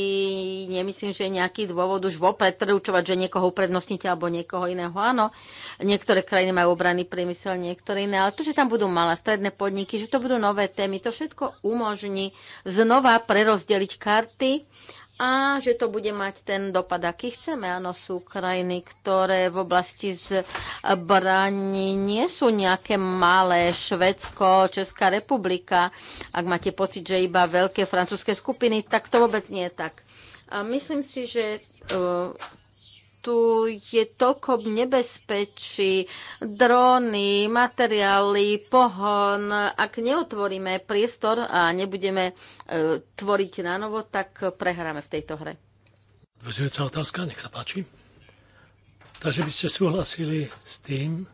nemyslím, že je nejaký dôvod už vopred predurčovať, že niekoho uprednostníte alebo niekoho iného. Áno, niektoré krajiny majú obranný priemysel, niektoré iné, ale to, že tam budú malé stredné podniky, že to budú nové témy, to všetko umožní znova prerozdeliť karty a že to bude mať ten dopad, aký chceme. Áno, sú krajiny, ktoré v oblasti zbraní nie sú nejaké malé, Švedsko, Česká republika. Ak máte pocit, že iba veľké francúzske skupiny, tak to vôbec nie je tak. A myslím si, že e, tu je toľko nebezpečí, dróny, materiály, pohon. Ak neotvoríme priestor a nebudeme e, tvoriť na novo, tak prehráme v tejto hre. Vezujúca otázka, nech sa páči. Takže by ste súhlasili s tým,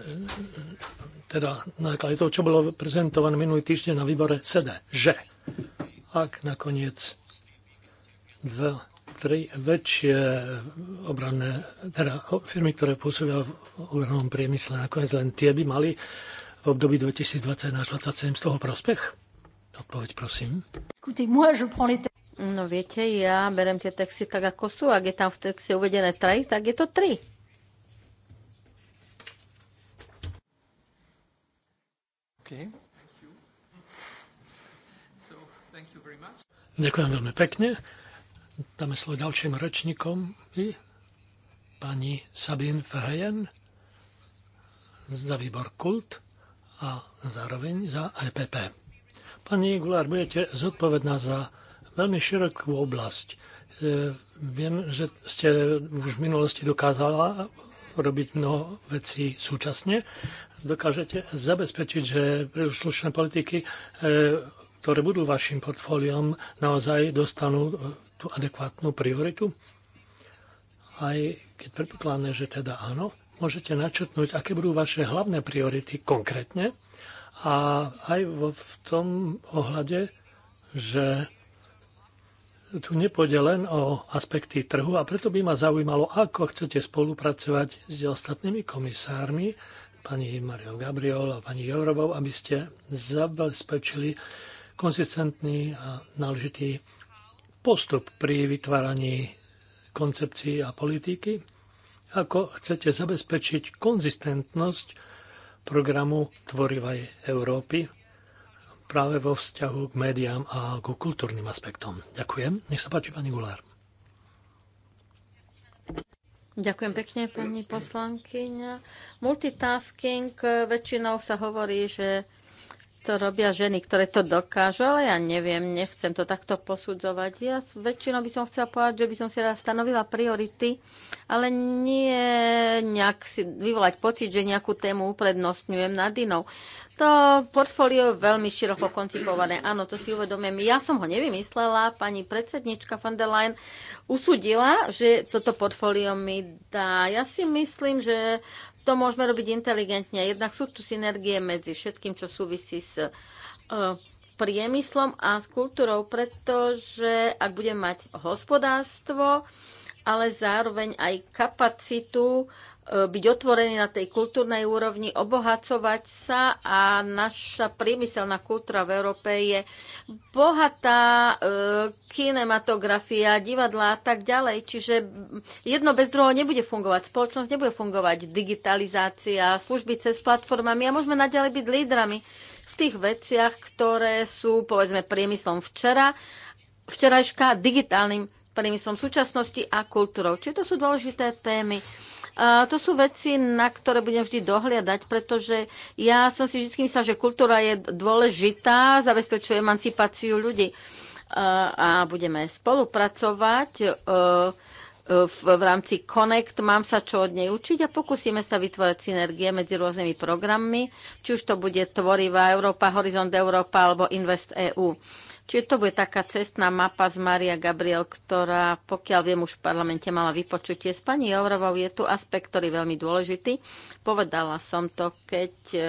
e, teda na základe toho, čo bolo prezentované minulý týždeň na výbore SEDE, že ak nakoniec v tri väčšie obranné, teda firmy, ktoré pôsobia v obrannom priemysle, nakoniec len tie by mali v období 2021 až 2027 z toho prospech? Odpoveď prosím. No viete, ja berem tie texty tak, ako sú. Ak je tam v texte uvedené 3, tak je to 3. Okay. Ďakujem veľmi pekne. Dáme slovo ďalším rečníkom. I pani Sabine Fehejen za výbor Kult a zároveň za EPP. Pani Gulár, budete zodpovedná za veľmi širokú oblasť. E, viem, že ste už v minulosti dokázala robiť mnoho vecí súčasne. Dokážete zabezpečiť, že príslušné politiky, e, ktoré budú vašim portfóliom, naozaj dostanú e, tú adekvátnu prioritu? Aj keď predpokladáme, že teda áno, môžete načrtnúť, aké budú vaše hlavné priority konkrétne a aj v tom ohľade, že tu nepôjde len o aspekty trhu a preto by ma zaujímalo, ako chcete spolupracovať s ostatnými komisármi, pani Mario Gabriel a pani Jourovou, aby ste zabezpečili konzistentný a náležitý postup pri vytváraní koncepcií a politiky, ako chcete zabezpečiť konzistentnosť programu Tvorivej Európy práve vo vzťahu k médiám a ku kultúrnym aspektom. Ďakujem. Nech sa páči, pani Gulár. Ďakujem pekne, pani poslankyňa. Multitasking, väčšinou sa hovorí, že to robia ženy, ktoré to dokážu, ale ja neviem, nechcem to takto posudzovať. Ja väčšinou by som chcela povedať, že by som si raz stanovila priority, ale nie nejak si vyvolať pocit, že nejakú tému uprednostňujem nad inou. To portfólio je veľmi široko koncipované. Áno, to si uvedomujem. Ja som ho nevymyslela. Pani predsednička von der Leyen usudila, že toto portfólio mi dá. Ja si myslím, že to môžeme robiť inteligentne. Jednak sú tu synergie medzi všetkým, čo súvisí s e, priemyslom a s kultúrou, pretože ak budeme mať hospodárstvo, ale zároveň aj kapacitu E, byť otvorení na tej kultúrnej úrovni, obohacovať sa a naša priemyselná kultúra v Európe je bohatá e, kinematografia, divadla a tak ďalej. Čiže jedno bez druhého nebude fungovať. Spoločnosť nebude fungovať, digitalizácia, služby cez platformami a môžeme naďalej byť lídrami v tých veciach, ktoré sú, povedzme, priemyslom včera, včerajška digitálnym priemyslom súčasnosti a kultúrou. Čiže to sú dôležité témy a to sú veci, na ktoré budem vždy dohliadať, pretože ja som si vždy myslela, že kultúra je dôležitá, zabezpečuje emancipáciu ľudí. A budeme spolupracovať e, e, v, v rámci Connect, mám sa čo od nej učiť a pokúsime sa vytvoriť synergie medzi rôznymi programmi, či už to bude Tvorivá Európa, Horizont Európa alebo Invest EU. Čiže to bude taká cestná mapa z Maria Gabriel, ktorá, pokiaľ viem, už v parlamente mala vypočutie. S pani Jourovou je tu aspekt, ktorý je veľmi dôležitý. Povedala som to, keď e,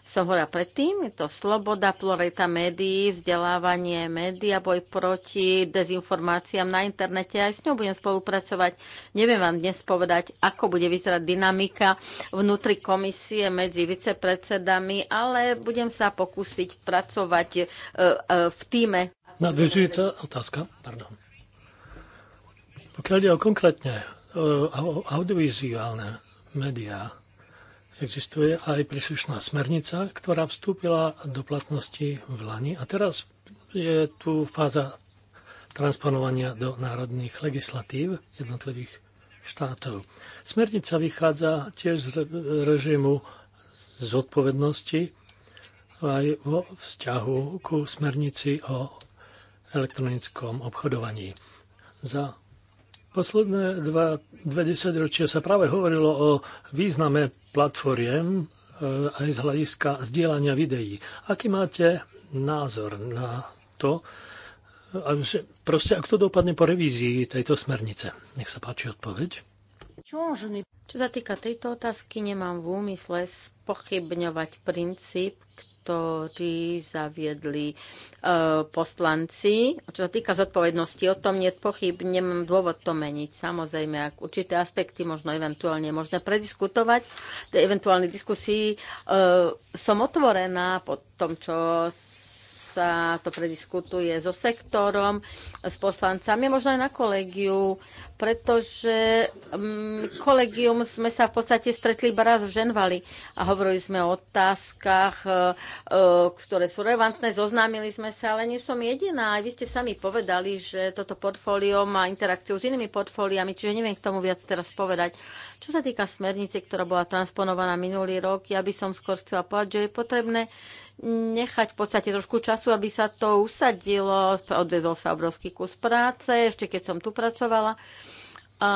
som hovorila predtým. Je to sloboda, pluralita médií, vzdelávanie médií a boj proti dezinformáciám na internete. Aj s ňou budem spolupracovať. Neviem vám dnes povedať, ako bude vyzerať dynamika vnútri komisie medzi vicepredsedami, ale budem sa pokúsiť pracovať e, e, v tým Nadvezujúca otázka. Pardon. Pokiaľ ide o konkrétne o e, audiovizuálne médiá, existuje aj príslušná smernica, ktorá vstúpila do platnosti v Lani a teraz je tu fáza transponovania do národných legislatív jednotlivých štátov. Smernica vychádza tiež z režimu zodpovednosti aj vo vzťahu ku smernici o elektronickom obchodovaní. Za posledné dva, dve desaťročia sa práve hovorilo o význame platformiem eh, aj z hľadiska zdieľania videí. Aký máte názor na to, proste ak to dopadne po revízii tejto smernice? Nech sa páči odpoveď. Čo sa týka tejto otázky, nemám v úmysle spochybňovať princíp, ktorý zaviedli e, poslanci. Čo sa týka zodpovednosti, o tom nie pochyb, nemám dôvod to meniť. Samozrejme, ak určité aspekty možno eventuálne možno prediskutovať, tej eventuálnej diskusii e, som otvorená po tom, čo sa to prediskutuje so sektorom, s poslancami, možno aj na kolegiu, pretože mm, kolegium sme sa v podstate stretli iba raz v Ženvali a hovorili sme o otázkach, e, e, ktoré sú relevantné, zoznámili sme sa, ale nie som jediná. vy ste sami povedali, že toto portfólio má interakciu s inými portfóliami, čiže neviem k tomu viac teraz povedať. Čo sa týka smernice, ktorá bola transponovaná minulý rok, ja by som skôr chcela povedať, že je potrebné nechať v podstate trošku času, aby sa to usadilo. Odvedol sa obrovský kus práce, ešte keď som tu pracovala. A,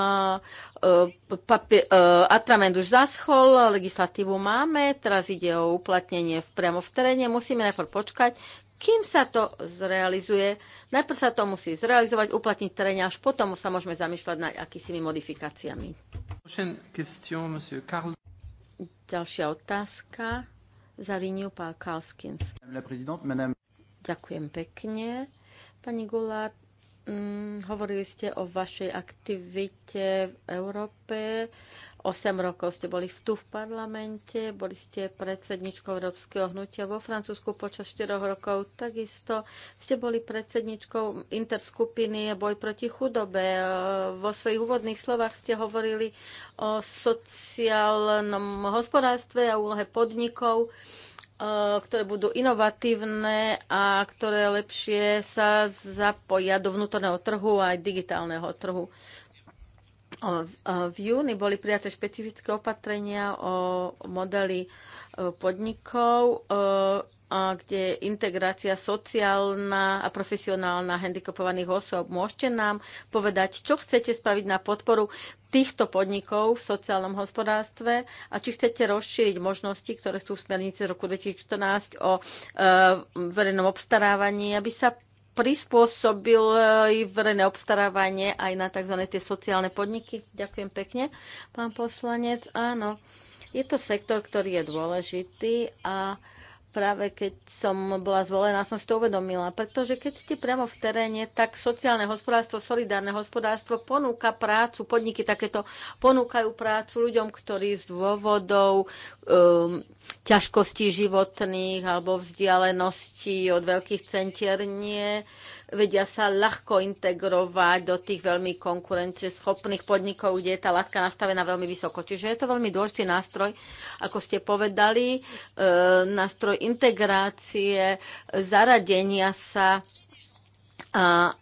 e, a, e, atrament už zaschol, legislatívu máme, teraz ide o uplatnenie v, priamo v teréne, musíme najprv počkať, kým sa to zrealizuje. Najprv sa to musí zrealizovať, uplatniť teréne, až potom sa môžeme zamýšľať nad akýsimi modifikáciami. Ďalšia otázka. Za líniu pán Kalskins. Ďakujem pekne. Pani Gula, hm, mm, hovorili ste o vašej aktivite v Európe 8 rokov ste boli tu v parlamente, boli ste predsedničkou Európskeho hnutia vo Francúzsku počas 4 rokov. Takisto ste boli predsedničkou interskupiny Boj proti chudobe. E, vo svojich úvodných slovách ste hovorili o sociálnom hospodárstve a úlohe podnikov e, ktoré budú inovatívne a ktoré lepšie sa zapoja do vnútorného trhu a aj digitálneho trhu. E, v júni boli prijaté špecifické opatrenia o modeli e, podnikov, e, kde integrácia sociálna a profesionálna handikopovaných osôb. Môžete nám povedať, čo chcete spraviť na podporu týchto podnikov v sociálnom hospodárstve a či chcete rozšíriť možnosti, ktoré sú v smernici roku 2014 o verejnom obstarávaní, aby sa E, i verejné obstarávanie aj na tzv. tie sociálne podniky. Ďakujem pekne, pán poslanec. Áno, je to sektor, ktorý je dôležitý a práve keď som bola zvolená, som si to uvedomila. Pretože keď ste priamo v teréne, tak sociálne hospodárstvo, solidárne hospodárstvo ponúka prácu, podniky takéto ponúkajú prácu ľuďom, ktorí z dôvodov um, ťažkostí životných alebo vzdialenosti od veľkých centier nie vedia sa ľahko integrovať do tých veľmi konkurenčeschopných podnikov, kde je tá látka nastavená veľmi vysoko. Čiže je to veľmi dôležitý nástroj, ako ste povedali, e, nástroj integrácie, zaradenia sa a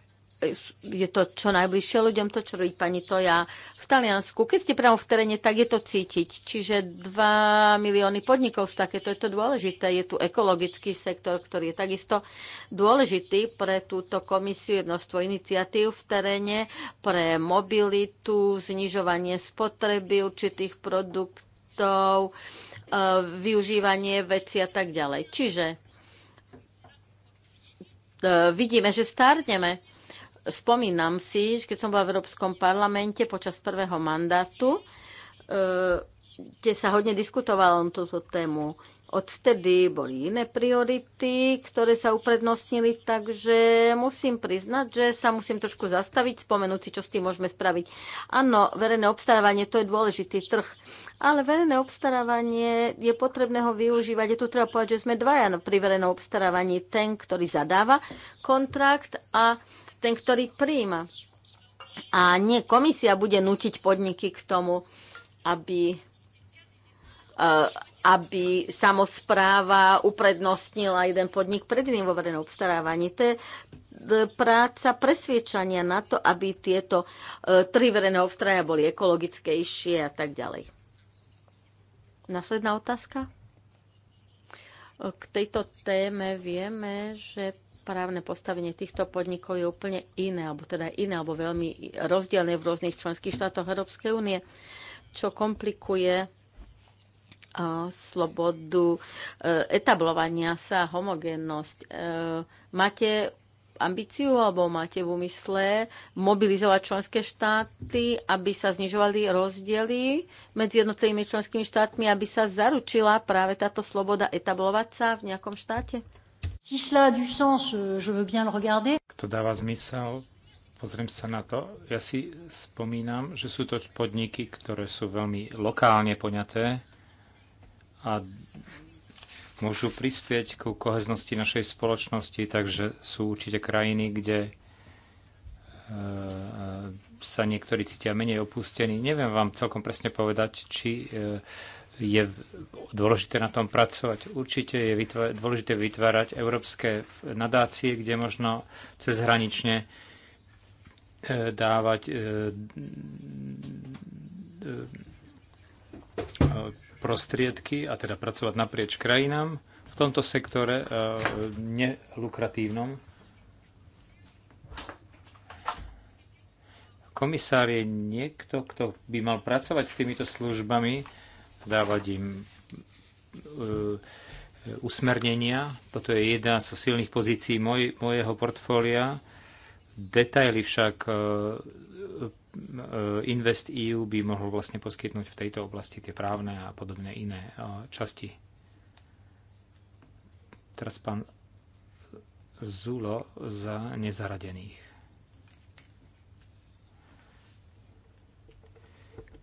je to čo najbližšie ľuďom, to, čo robí pani Toja Taliansku. Keď ste priamo v teréne, tak je to cítiť. Čiže 2 milióny podnikov sú takéto, je to dôležité. Je tu ekologický sektor, ktorý je takisto dôležitý pre túto komisiu. množstvo iniciatív v teréne pre mobilitu, znižovanie spotreby určitých produktov, e, využívanie veci a tak ďalej. Čiže e, vidíme, že stárneme spomínam si, že keď som bola v Európskom parlamente počas prvého mandátu, eh, kde sa hodne diskutovalo o túto tému. Odvtedy boli iné priority, ktoré sa uprednostnili, takže musím priznať, že sa musím trošku zastaviť, spomenúť si, čo s tým môžeme spraviť. Áno, verejné obstarávanie, to je dôležitý trh, ale verejné obstarávanie je potrebné ho využívať. Je tu treba povedať, že sme dvaja pri verejnom obstarávaní. Ten, ktorý zadáva kontrakt a ten, ktorý príjima. A nie komisia bude nutiť podniky k tomu, aby, eh, aby samozpráva uprednostnila jeden podnik pred iným vo verejnom obstarávaní. To je eh, práca presviečania na to, aby tieto eh, tri verejné obstarávania boli ekologickejšie a tak ďalej. Nasledná otázka? K tejto téme vieme, že právne postavenie týchto podnikov je úplne iné, alebo teda iné, alebo veľmi rozdielne v rôznych členských štátoch Európskej únie, čo komplikuje slobodu e, etablovania sa, homogénnosť. E, máte ambíciu alebo máte v úmysle mobilizovať členské štáty, aby sa znižovali rozdiely medzi jednotlivými členskými štátmi, aby sa zaručila práve táto sloboda etablovať sa v nejakom štáte? Si cela a du sens, euh, je veux bien le regarder. To dáva zmysel, pozriem sa na to. Ja si spomínam, že sú to podniky, ktoré sú veľmi lokálne poňaté a môžu prispieť ku koheznosti našej spoločnosti, takže sú určite krajiny, kde e, e, sa niektorí cítia menej opustení. Neviem vám celkom presne povedať, či e, je dôležité na tom pracovať. Určite je dôležité vytvárať európske nadácie, kde možno cezhranične e, dávať e, e, prostriedky a teda pracovať naprieč krajinám v tomto sektore nelukratívnom. Komisár je niekto, kto by mal pracovať s týmito službami, dávať im e, usmernenia. Toto je jedna zo silných pozícií moj, mojeho portfólia. Detaily však e, e, Invest EU by mohol vlastne poskytnúť v tejto oblasti tie právne a podobné iné časti. Teraz pán Zulo za nezaradených.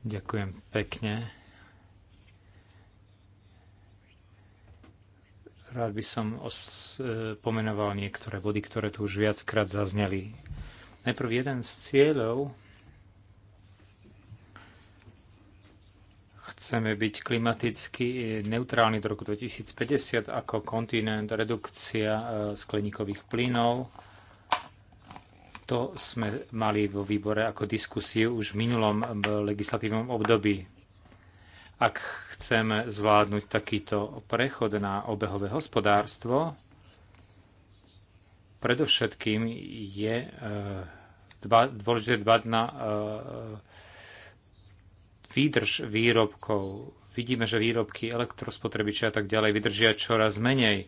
Ďakujem pekne. Rád by som e, pomenoval niektoré body, ktoré tu už viackrát zazneli. Najprv jeden z cieľov. Chceme byť klimaticky e, neutrálni do roku 2050 ako kontinent, redukcia e, skleníkových plynov. To sme mali vo výbore ako diskusiu už v minulom legislatívnom období ak chceme zvládnuť takýto prechod na obehové hospodárstvo, predovšetkým je eh, dva, dôležité dbať na eh, výdrž výrobkov. Vidíme, že výrobky elektrospotrebičia a tak ďalej vydržia čoraz menej. Eh,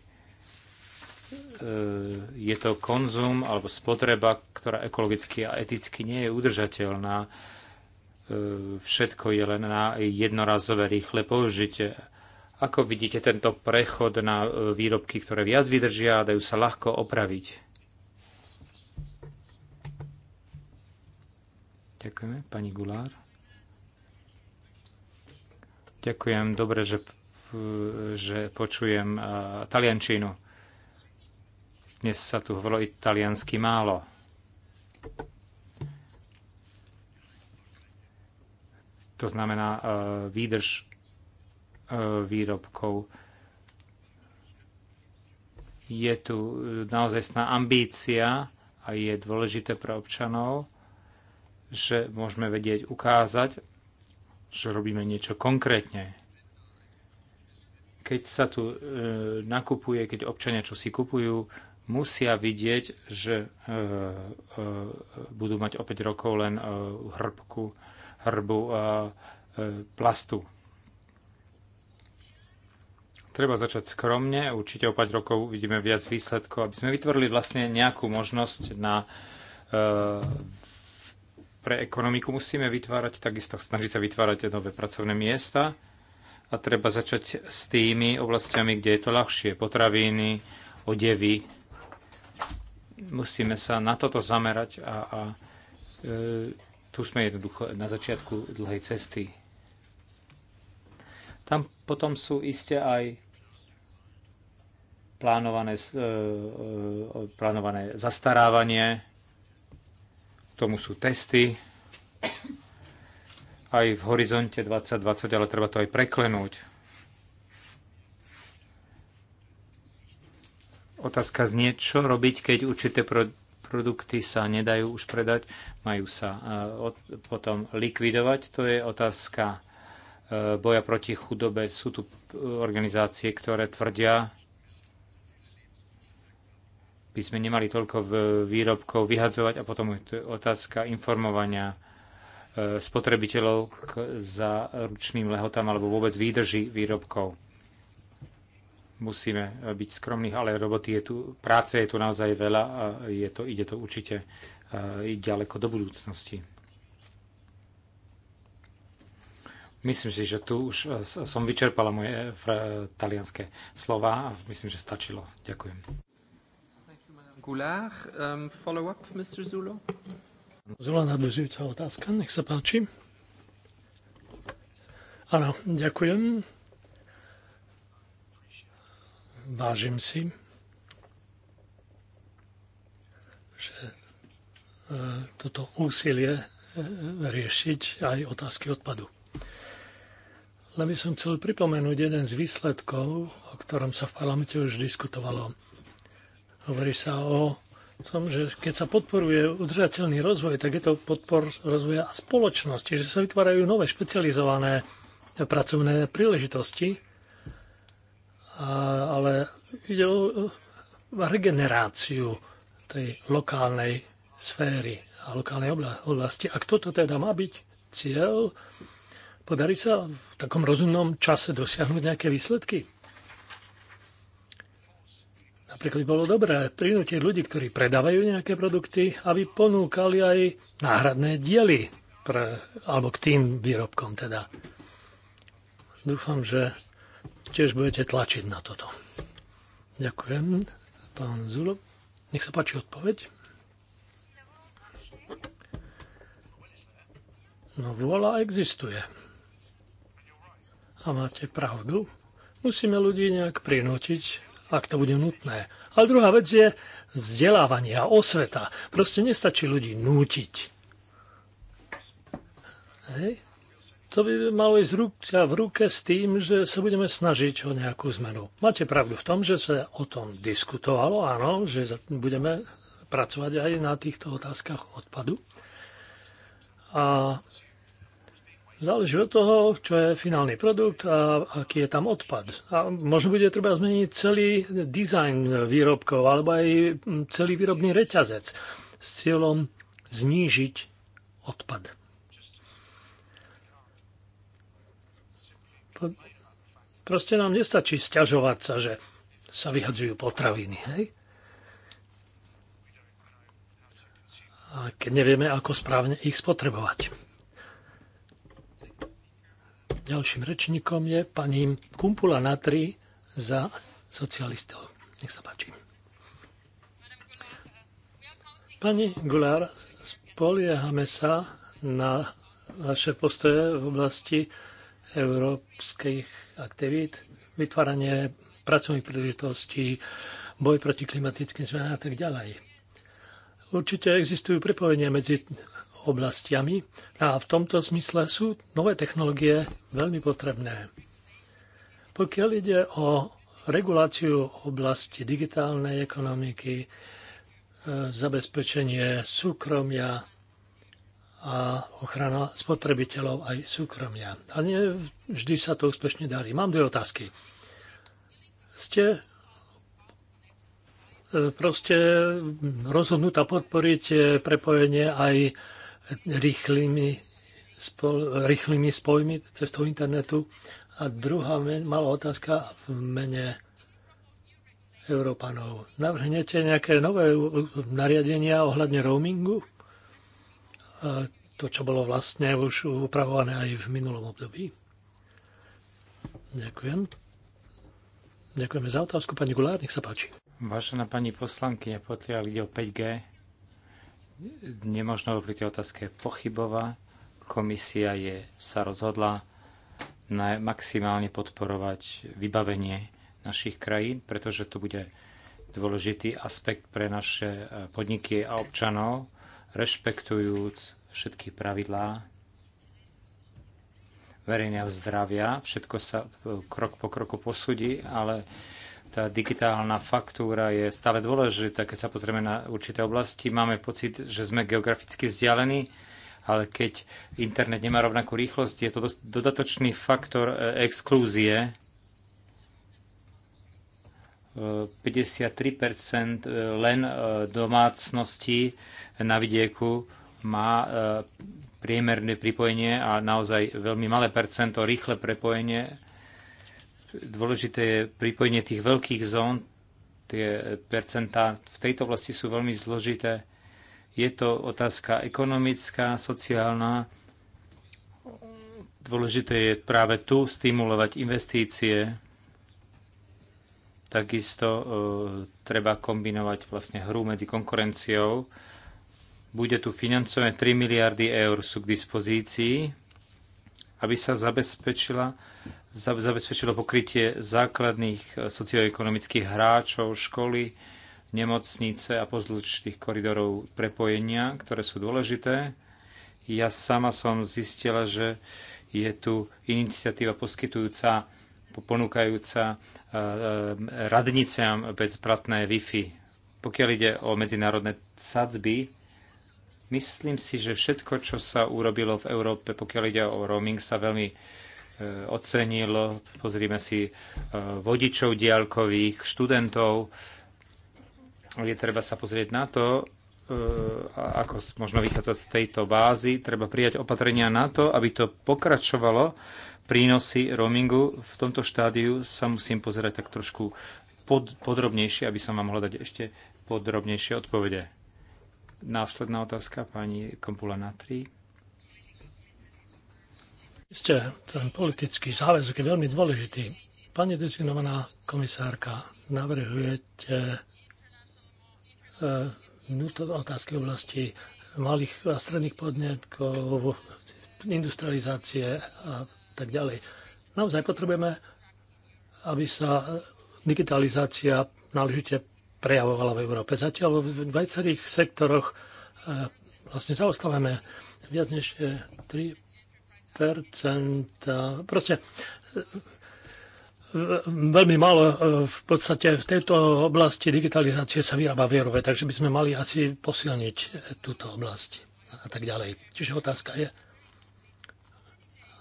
je to konzum alebo spotreba, ktorá ekologicky a eticky nie je udržateľná všetko je len na jednorazové rýchle použitie. Ako vidíte tento prechod na výrobky, ktoré viac vydržia a dajú sa ľahko opraviť? Ďakujeme. Pani Gulár. Ďakujem. Dobre, že, že počujem uh, taliančinu. Dnes sa tu hovorilo italiansky málo. to znamená e, výdrž e, výrobkov. Je tu e, naozaj ambícia a je dôležité pre občanov, že môžeme vedieť ukázať, že robíme niečo konkrétne. Keď sa tu e, nakupuje, keď občania čo si kupujú, musia vidieť, že e, e, budú mať opäť rokov len e, hrbku. E, hrbu e, plastu. Treba začať skromne, určite o 5 rokov vidíme viac výsledkov, aby sme vytvorili vlastne nejakú možnosť na, e, pre ekonomiku. Musíme vytvárať, takisto snažiť sa vytvárať nové pracovné miesta a treba začať s tými oblastiami, kde je to ľahšie. Potraviny, odevy. Musíme sa na toto zamerať a, a e, tu sme jednoducho na začiatku dlhej cesty. Tam potom sú iste aj plánované, e, e, plánované zastarávanie, k tomu sú testy, aj v horizonte 2020, ale treba to aj preklenúť. Otázka znie, čo robiť, keď určité pro- produkty sa nedajú už predať, majú sa e, od, potom likvidovať. To je otázka e, boja proti chudobe. Sú tu e, organizácie, ktoré tvrdia, by sme nemali toľko výrobkov vyhadzovať a potom je otázka informovania spotrebiteľov za ručným lehotám alebo vôbec výdrží výrobkov musíme byť skromní, ale roboty je tu, práce je tu naozaj veľa a je to, ide to určite ďaleko do budúcnosti. Myslím si, že tu už e, som vyčerpala moje e, e, talianské slova a myslím, že stačilo. Ďakujem. Um, Zula nadvezujúca otázka, nech sa páči. Áno, ďakujem vážim si, že e, toto úsilie e, riešiť aj otázky odpadu. Len by som chcel pripomenúť jeden z výsledkov, o ktorom sa v parlamente už diskutovalo. Hovorí sa o tom, že keď sa podporuje udržateľný rozvoj, tak je to podpor rozvoja spoločnosti, že sa vytvárajú nové špecializované pracovné príležitosti ale ide o regeneráciu tej lokálnej sféry a lokálnej oblasti. Ak toto teda má byť cieľ, podarí sa v takom rozumnom čase dosiahnuť nejaké výsledky? Napríklad bolo dobré prinútiť ľudí, ktorí predávajú nejaké produkty, aby ponúkali aj náhradné diely pre, alebo k tým výrobkom teda. Dúfam, že tiež budete tlačiť na toto. Ďakujem, pán Zulo. Nech sa páči odpoveď. No vôľa existuje. A máte pravdu. Musíme ľudí nejak prinútiť, ak to bude nutné. Ale druhá vec je vzdelávanie a osveta. Proste nestačí ľudí nútiť. Hej? to by malo ísť ruka v ruke s tým, že sa budeme snažiť o nejakú zmenu. Máte pravdu v tom, že sa o tom diskutovalo, áno, že budeme pracovať aj na týchto otázkach odpadu. A záleží od toho, čo je finálny produkt a aký je tam odpad. A možno bude treba zmeniť celý dizajn výrobkov alebo aj celý výrobný reťazec s cieľom znížiť odpad. Proste nám nestačí sťažovať sa, že sa vyhadzujú potraviny, hej? A keď nevieme, ako správne ich spotrebovať. Ďalším rečníkom je pani Kumpula Natri za socialistov. Nech sa páči. Pani Gulár, spoliehame sa na vaše postoje v oblasti európskych aktivít, vytváranie pracovných príležitostí, boj proti klimatickým zmenám a tak ďalej. Určite existujú prepojenia medzi oblastiami a v tomto zmysle sú nové technológie veľmi potrebné. Pokiaľ ide o reguláciu oblasti digitálnej ekonomiky, e, zabezpečenie súkromia a ochrana spotrebiteľov aj súkromia. A nie vždy sa to úspešne darí. Mám dve otázky. Ste e, proste rozhodnutá podporiť e, prepojenie aj rýchlymi, spol, rýchlymi spojmi cez toho internetu. A druhá malá otázka v mene Európanov. Navrhnete nejaké nové nariadenia ohľadne roamingu? to, čo bolo vlastne už upravované aj v minulom období. Ďakujem. Ďakujeme za otázku. Pani Gulár, nech sa páči. Vážená pani poslankyňa, pokiaľ ide o 5G, nemožno pri tej otázke pochybova. Komisia je, sa rozhodla na maximálne podporovať vybavenie našich krajín, pretože to bude dôležitý aspekt pre naše podniky a občanov rešpektujúc všetky pravidlá verejného zdravia. Všetko sa krok po kroku posudí, ale tá digitálna faktúra je stále dôležitá. Keď sa pozrieme na určité oblasti, máme pocit, že sme geograficky vzdialení, ale keď internet nemá rovnakú rýchlosť, je to dodatočný faktor e, exklúzie. 53% e, e, len domácností na vidieku má e, priemerné pripojenie a naozaj veľmi malé percento, rýchle prepojenie. Dôležité je pripojenie tých veľkých zón. Tie percentá v tejto oblasti sú veľmi zložité. Je to otázka ekonomická, sociálna. Dôležité je práve tu stimulovať investície. Takisto e, treba kombinovať vlastne hru medzi konkurenciou bude tu financované 3 miliardy eur sú k dispozícii, aby sa zabezpečila, zabezpečilo pokrytie základných e, socioekonomických hráčov, školy, nemocnice a pozdĺčných koridorov prepojenia, ktoré sú dôležité. Ja sama som zistila, že je tu iniciatíva poskytujúca, ponúkajúca e, e, radniciam bezplatné Wi-Fi. Pokiaľ ide o medzinárodné sadzby, Myslím si, že všetko, čo sa urobilo v Európe, pokiaľ ide o roaming, sa veľmi e, ocenilo. Pozrime si e, vodičov diaľkových, študentov. Je treba sa pozrieť na to, e, ako možno vychádzať z tejto bázy. Treba prijať opatrenia na to, aby to pokračovalo. Prínosy roamingu v tomto štádiu sa musím pozerať tak trošku pod, podrobnejšie, aby som vám mohla dať ešte podrobnejšie odpovede. Následná otázka pani Kompula Natri. Ste, ten politický záväzok je veľmi dôležitý. Pani dezinovaná komisárka, navrhujete e, otázky oblasti malých a stredných podnetkov, industrializácie a tak ďalej. Naozaj potrebujeme, aby sa digitalizácia náležite prejavovala v Európe. Zatiaľ v viacerých sektoroch eh, vlastne zaostávame viac než 3 eh, Proste eh, veľmi málo v podstate v tejto oblasti digitalizácie sa vyrába v Európe, takže by sme mali asi posilniť túto oblasť a tak ďalej. Čiže otázka je,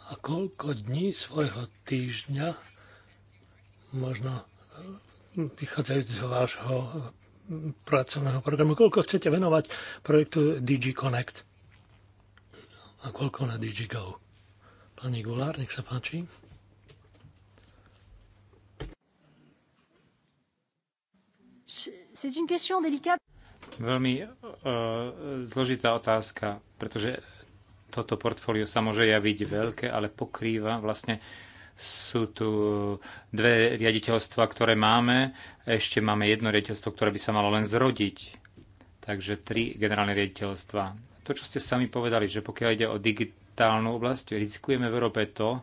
a koľko dní svojho týždňa možno vychádzajúc z vášho pracovného programu, koľko chcete venovať projektu DigiConnect Connect a koľko na DigiGo? Pani Gulár, nech sa páči. Veľmi uh, zložitá otázka, pretože toto portfólio sa môže javiť veľké, ale pokrýva vlastne uh, sú tu dve riaditeľstva, ktoré máme. Ešte máme jedno riaditeľstvo, ktoré by sa malo len zrodiť. Takže tri generálne riaditeľstva. To, čo ste sami povedali, že pokiaľ ide o digitálnu oblasť, rizikujeme v Európe to,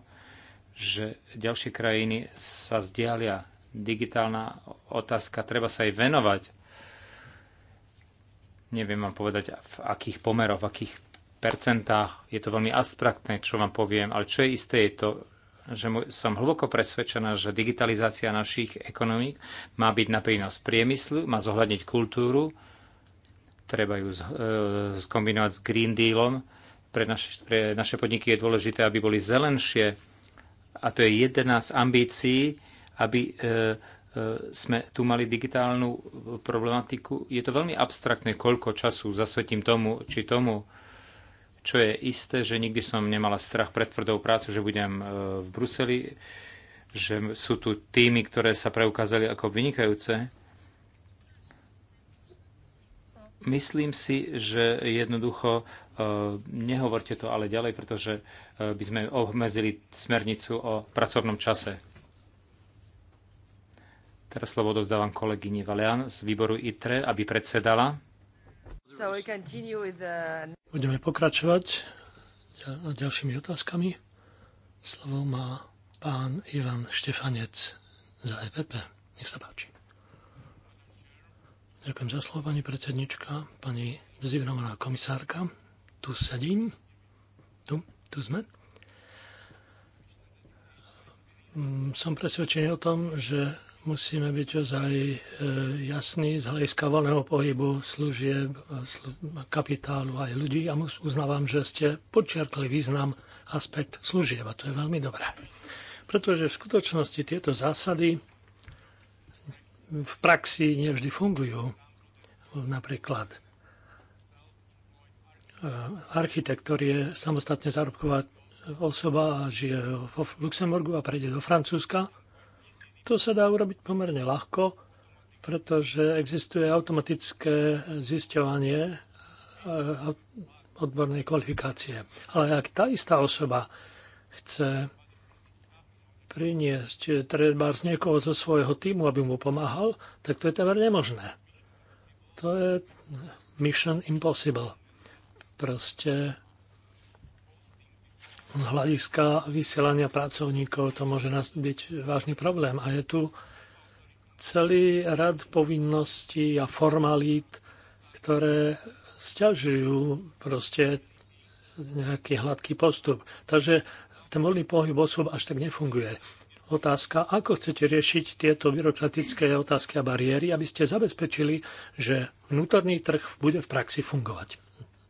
že ďalšie krajiny sa zdialia. Digitálna otázka, treba sa jej venovať. Neviem vám povedať, v akých pomeroch, v akých percentách. Je to veľmi abstraktné, čo vám poviem, ale čo je isté, je to, že som hlboko presvedčená, že digitalizácia našich ekonomík má byť na prínos priemyslu, má zohľadniť kultúru, treba ju e, skombinovať s Green Dealom. Pre naše, pre naše podniky je dôležité, aby boli zelenšie. A to je jedna z ambícií, aby e, e, sme tu mali digitálnu problematiku. Je to veľmi abstraktné, koľko času zasvetím tomu či tomu čo je isté, že nikdy som nemala strach pred tvrdou prácu, že budem e, v Bruseli, že sú tu týmy, ktoré sa preukázali ako vynikajúce. Myslím si, že jednoducho e, nehovorte to ale ďalej, pretože e, by sme obmedzili smernicu o pracovnom čase. Teraz slovo dozdávam kolegyni Valian z výboru ITRE, aby predsedala. Budeme pokračovať ďalšími otázkami. Slovo má pán Ivan Štefanec za EPP. Nech sa páči. Ďakujem za slovo, pani predsednička, pani dezignovaná komisárka. Tu sedím. Tu, tu sme. Mm, som presvedčený o tom, že musíme byť ozaj e, jasní z hľadiska voľného pohybu služieb, e, kapitálu aj ľudí a uznávam, že ste podčiarkli význam aspekt služieb a to je veľmi dobré. Pretože v skutočnosti tieto zásady v praxi nevždy fungujú. Napríklad e, architekt, ktorý je samostatne zárobková osoba a žije v Luxemburgu a prejde do Francúzska, to sa dá urobiť pomerne ľahko, pretože existuje automatické zisťovanie eh, odbornej kvalifikácie. Ale ak tá istá osoba chce priniesť treba z niekoho zo svojho týmu, aby mu pomáhal, tak to je teda nemožné. To je mission impossible. Proste z hľadiska vysielania pracovníkov to môže byť vážny problém. A je tu celý rad povinností a formalít, ktoré sťažujú proste nejaký hladký postup. Takže ten voľný pohyb osôb až tak nefunguje. Otázka, ako chcete riešiť tieto byrokratické otázky a bariéry, aby ste zabezpečili, že vnútorný trh bude v praxi fungovať?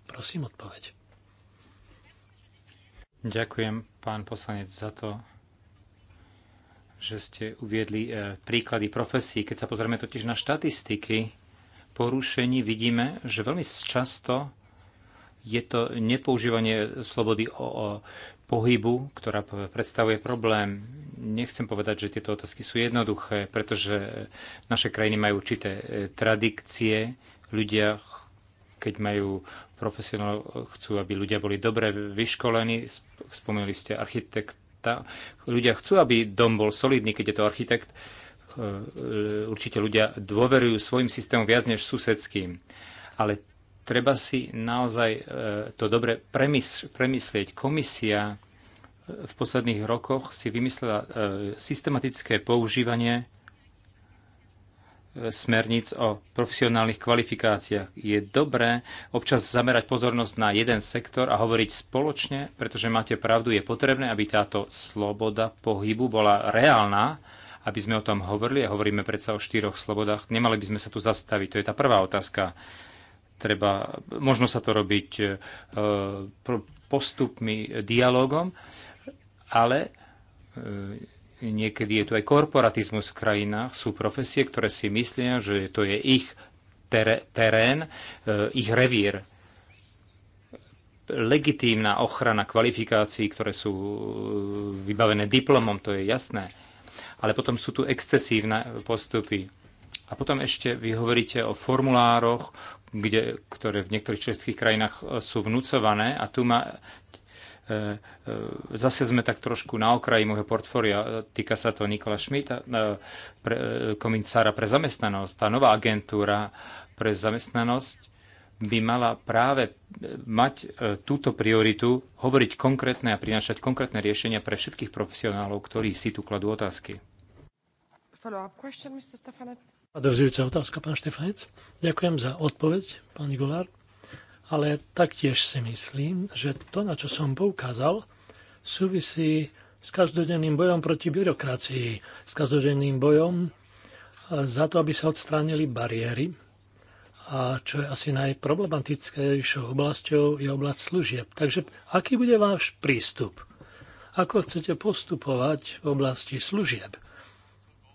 Prosím, odpoveď. Ďakujem, pán poslanec, za to, že ste uviedli e, príklady profesí. Keď sa pozrieme totiž na štatistiky porušení, vidíme, že veľmi často je to nepoužívanie slobody o, o pohybu, ktorá predstavuje problém. Nechcem povedať, že tieto otázky sú jednoduché, pretože naše krajiny majú určité e, tradície. Ľudia, keď majú profesionál, chcú, aby ľudia boli dobre vyškolení, spomenuli ste architekta. Ľudia chcú, aby dom bol solidný, keď je to architekt. E, určite ľudia dôverujú svojim systémom viac než susedským. Ale treba si naozaj e, to dobre premyslieť. Komisia e, v posledných rokoch si vymyslela systematické používanie smerníc o profesionálnych kvalifikáciách. Je dobré občas zamerať pozornosť na jeden sektor a hovoriť spoločne, pretože máte pravdu, je potrebné, aby táto sloboda pohybu bola reálna, aby sme o tom hovorili a hovoríme predsa o štyroch slobodách. Nemali by sme sa tu zastaviť, to je tá prvá otázka. Treba, možno sa to robiť e, postupmi, dialogom, ale e, Niekedy je tu aj korporatizmus v krajinách. Sú profesie, ktoré si myslia, že to je ich terén, e, ich revír. Legitímna ochrana kvalifikácií, ktoré sú e, vybavené diplomom, to je jasné. Ale potom sú tu excesívne postupy. A potom ešte vy hovoríte o formulároch, kde, ktoré v niektorých českých krajinách e, sú vnúcované a tu ma E, e, zase sme tak trošku na okraji môjho portfória. Týka sa to Nikola Šmita, e, pre, komisára pre zamestnanosť. Tá nová agentúra pre zamestnanosť by mala práve mať túto prioritu, hovoriť konkrétne a prinášať konkrétne riešenia pre všetkých profesionálov, ktorí si tu kladú otázky. Question, otázka, pán Štefanec. Ďakujem za odpoveď, pán Golár ale taktiež si myslím, že to, na čo som poukázal, súvisí s každodenným bojom proti byrokracii, s každodenným bojom e, za to, aby sa odstránili bariéry. A čo je asi najproblematickejšou oblasťou, je oblasť služieb. Takže aký bude váš prístup? Ako chcete postupovať v oblasti služieb?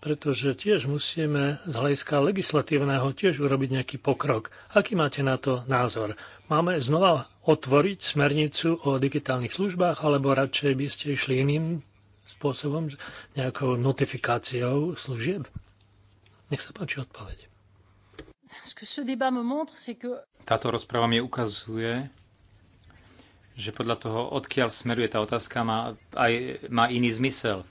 Pretože tiež musíme z hľadiska legislatívneho tiež urobiť nejaký pokrok. Aký máte na to názor? Máme znova otvoriť smernicu o digitálnych službách, alebo radšej by ste išli iným spôsobom, nejakou notifikáciou služieb? Nech sa páči odpoveď. Táto rozpráva mi ukazuje, že podľa toho, odkiaľ smeruje tá otázka, má, aj, má iný zmysel.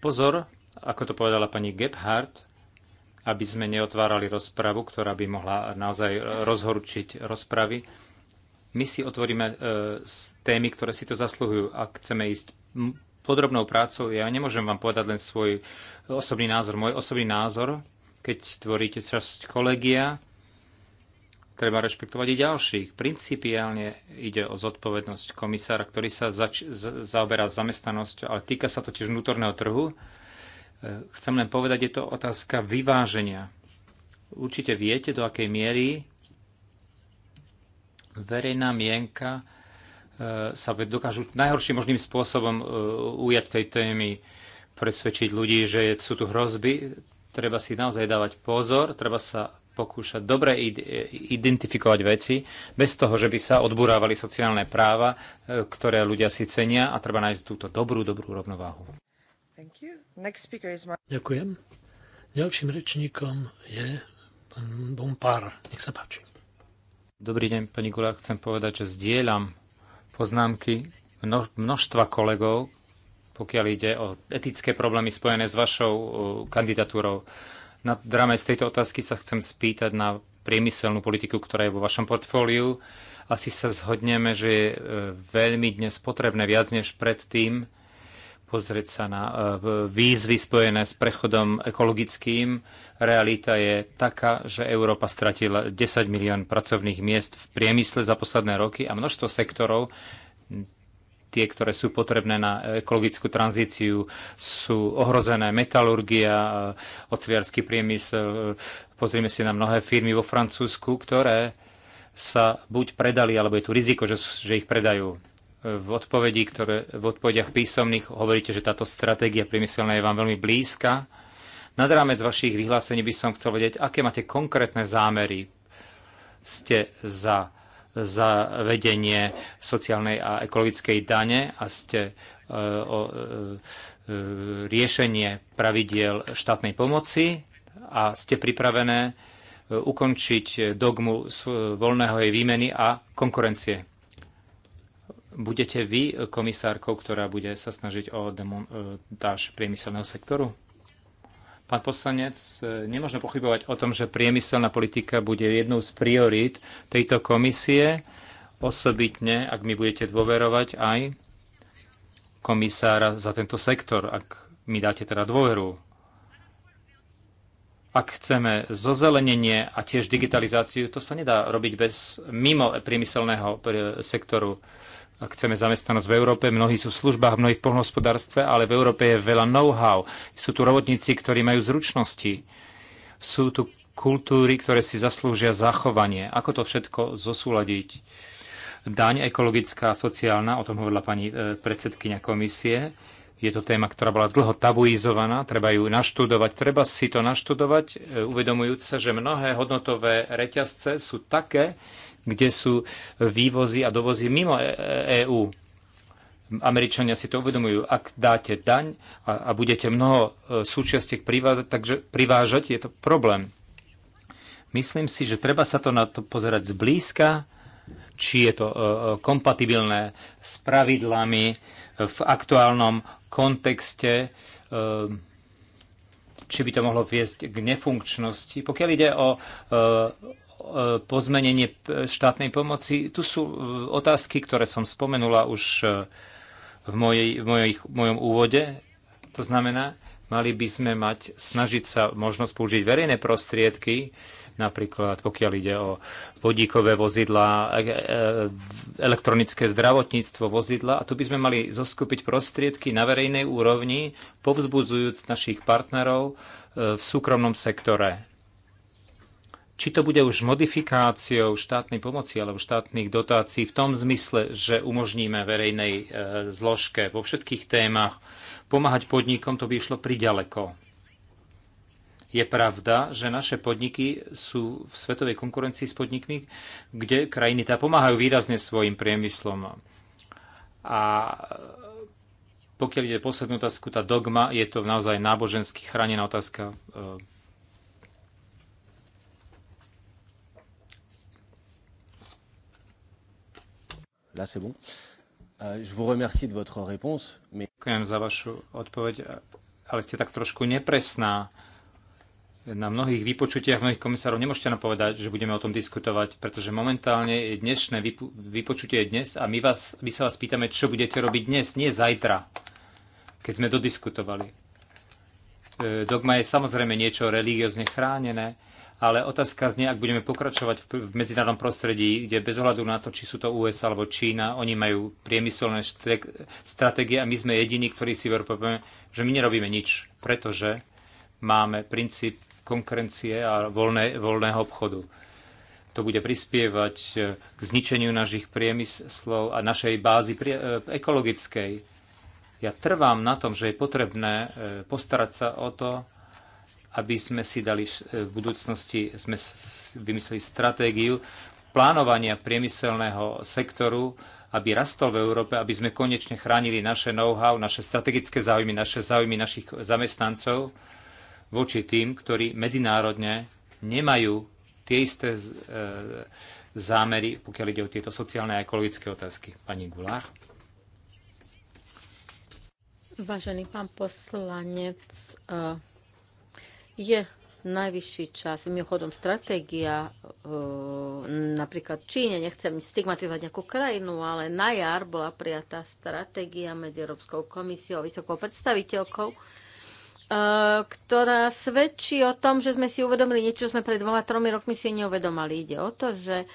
Pozor, ako to povedala pani Gebhardt, aby sme neotvárali rozpravu, ktorá by mohla naozaj rozhorčiť rozpravy my si otvoríme e, témy, ktoré si to zasluhujú. a chceme ísť podrobnou prácou, ja nemôžem vám povedať len svoj osobný názor. Môj osobný názor, keď tvoríte časť kolegia, treba rešpektovať i ďalších. Principiálne ide o zodpovednosť komisára, ktorý sa zač- z- zaoberá zamestnanosťou, ale týka sa to tiež vnútorného trhu. E, chcem len povedať, je to otázka vyváženia. Určite viete, do akej miery verejná mienka e, sa dokážu najhorším možným spôsobom e, ujať tej témy, presvedčiť ľudí, že sú tu hrozby. Treba si naozaj dávať pozor, treba sa pokúšať dobre identifikovať veci, bez toho, že by sa odburávali sociálne práva, e, ktoré ľudia si cenia a treba nájsť túto dobrú, dobrú rovnováhu. Ďakujem. Ďalším rečníkom je pán Bompár. Nech sa páči. Dobrý deň, pani Gula. Chcem povedať, že zdieľam poznámky množstva kolegov, pokiaľ ide o etické problémy spojené s vašou uh, kandidatúrou. Na z tejto otázky sa chcem spýtať na priemyselnú politiku, ktorá je vo vašom portfóliu. Asi sa zhodneme, že je uh, veľmi dnes potrebné viac než predtým pozrieť sa na e, výzvy spojené s prechodom ekologickým. Realita je taká, že Európa stratila 10 milión pracovných miest v priemysle za posledné roky a množstvo sektorov, tie, ktoré sú potrebné na ekologickú tranzíciu, sú ohrozené. Metalurgia, e, oceliarský priemysel, e, pozrieme si na mnohé firmy vo Francúzsku, ktoré sa buď predali, alebo je tu riziko, že, že ich predajú v, odpovedi, ktoré, v odpovediach písomných hovoríte, že táto stratégia priemyselná je vám veľmi blízka. Nad rámec vašich vyhlásení by som chcel vedieť, aké máte konkrétne zámery ste za zavedenie sociálnej a ekologickej dane a ste uh, o uh, riešenie pravidiel štátnej pomoci a ste pripravené ukončiť dogmu voľného jej výmeny a konkurencie budete vy komisárkou, ktorá bude sa snažiť o demontáž priemyselného sektoru? Pán poslanec, nemôžno pochybovať o tom, že priemyselná politika bude jednou z priorít tejto komisie, osobitne, ak mi budete dôverovať aj komisára za tento sektor, ak mi dáte teda dôveru. Ak chceme zozelenenie a tiež digitalizáciu, to sa nedá robiť bez mimo priemyselného sektoru ak chceme zamestnanosť v Európe, mnohí sú v službách, mnohí v poľnohospodárstve, ale v Európe je veľa know-how. Sú tu robotníci, ktorí majú zručnosti. Sú tu kultúry, ktoré si zaslúžia zachovanie. Ako to všetko zosúľadiť? Daň ekologická, sociálna, o tom hovorila pani e, predsedkynia komisie. Je to téma, ktorá bola dlho tabuizovaná, treba ju naštudovať, treba si to naštudovať, e, uvedomujúc sa, že mnohé hodnotové reťazce sú také, kde sú vývozy a dovozy mimo EÚ. E- e- e Američania si to uvedomujú. Ak dáte daň a, a budete mnoho súčiastiek privážať, takže privážať je to problém. Myslím si, že treba sa to na to pozerať zblízka, či je to kompatibilné s pravidlami v aktuálnom kontexte, či by to mohlo viesť k nefunkčnosti. Pokiaľ ide o E, pozmenenie štátnej pomoci. Tu sú e, otázky, ktoré som spomenula už e, v, mojej, v mojej, v mojom úvode. To znamená, mali by sme mať, snažiť sa možnosť použiť verejné prostriedky, napríklad pokiaľ ide o vodíkové vozidla, elektronické zdravotníctvo vozidla. A tu by sme mali zoskupiť prostriedky na verejnej úrovni, povzbudzujúc našich partnerov v súkromnom sektore či to bude už modifikáciou štátnej pomoci alebo štátnych dotácií v tom zmysle, že umožníme verejnej e, zložke vo všetkých témach pomáhať podnikom, to by išlo priďaleko. Je pravda, že naše podniky sú v svetovej konkurencii s podnikmi, kde krajiny tá pomáhajú výrazne svojim priemyslom. A pokiaľ ide poslednú otázku, tá dogma, je to naozaj náboženský chránená otázka e, Là, c'est bon. Euh, je vous remercie de votre réponse. Mais... Ďakujem za vašu odpoveď, ale ste tak trošku nepresná. Na mnohých vypočutiach mnohých komisárov nemôžete nám povedať, že budeme o tom diskutovať, pretože momentálne je dnešné vypo- vypočutie dnes a my, vás, my sa vás pýtame, čo budete robiť dnes, nie zajtra, keď sme dodiskutovali. E, dogma je samozrejme niečo religiózne chránené, ale otázka znie, ak budeme pokračovať v medzinárodnom prostredí, kde bez ohľadu na to, či sú to USA alebo Čína, oni majú priemyselné stratégie a my sme jediní, ktorí si v Európe povieme, že my nerobíme nič, pretože máme princíp konkurencie a voľné, voľného obchodu. To bude prispievať eh, k zničeniu našich priemyslov a našej bázy eh, ekologickej. Ja trvám na tom, že je potrebné eh, postarať sa o to, aby sme si dali eh, v budúcnosti, sme vymysleli stratégiu plánovania priemyselného sektoru, aby rastol v Európe, aby sme konečne chránili naše know-how, naše strategické záujmy, naše záujmy našich zamestnancov voči tým, ktorí medzinárodne nemajú tie isté eh, zámery, pokiaľ ide o tieto sociálne a ekologické otázky. Pani Gulách. Vážený pán poslanec, eh, je najvyšší čas. Mimochodom, stratégia e, napríklad Číne, nechcem stigmatizovať nejakú krajinu, ale na jar bola prijatá stratégia medzi Európskou komisiou a vysokou predstaviteľkou, e, ktorá svedčí o tom, že sme si uvedomili niečo, čo sme pred dvoma, tromi rokmi si neuvedomali. Ide o to, že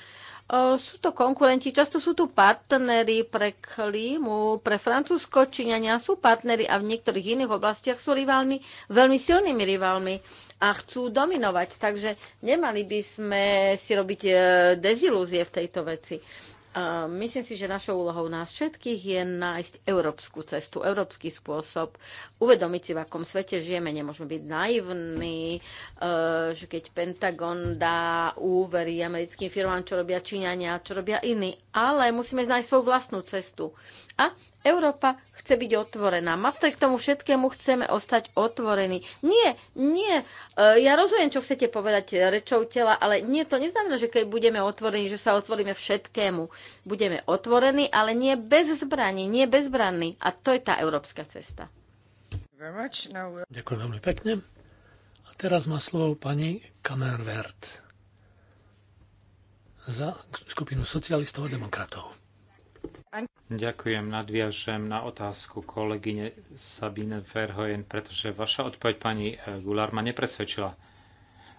sú to konkurenti, často sú tu partnery pre klímu, pre Francúzsko, Číňania sú partnery a v niektorých iných oblastiach sú rivalmi, veľmi silnými rivalmi a chcú dominovať. Takže nemali by sme si robiť e, dezilúzie v tejto veci. Myslím si, že našou úlohou nás všetkých je nájsť európsku cestu, európsky spôsob, uvedomiť si, v akom svete žijeme. Nemôžeme byť naivní, e, že keď Pentagon dá úvery americkým firmám, čo robia Číňania, čo robia iní, ale musíme nájsť svoju vlastnú cestu. A Európa chce byť otvorená. Napriek tomu všetkému chceme ostať otvorení. Nie, nie. E, ja rozumiem, čo chcete povedať rečou tela, ale nie, to neznamená, že keď budeme otvorení, že sa otvoríme všetkému. Budeme otvorení, ale nie bez zbraní, nie bezbranní. A to je tá európska cesta. Ďakujem veľmi pekne. A teraz má slovo pani Kamervert za skupinu socialistov a demokratov. Ďakujem, nadviažem na otázku kolegyne Sabine Verhojen, pretože vaša odpoveď pani eh, Gulár ma nepresvedčila.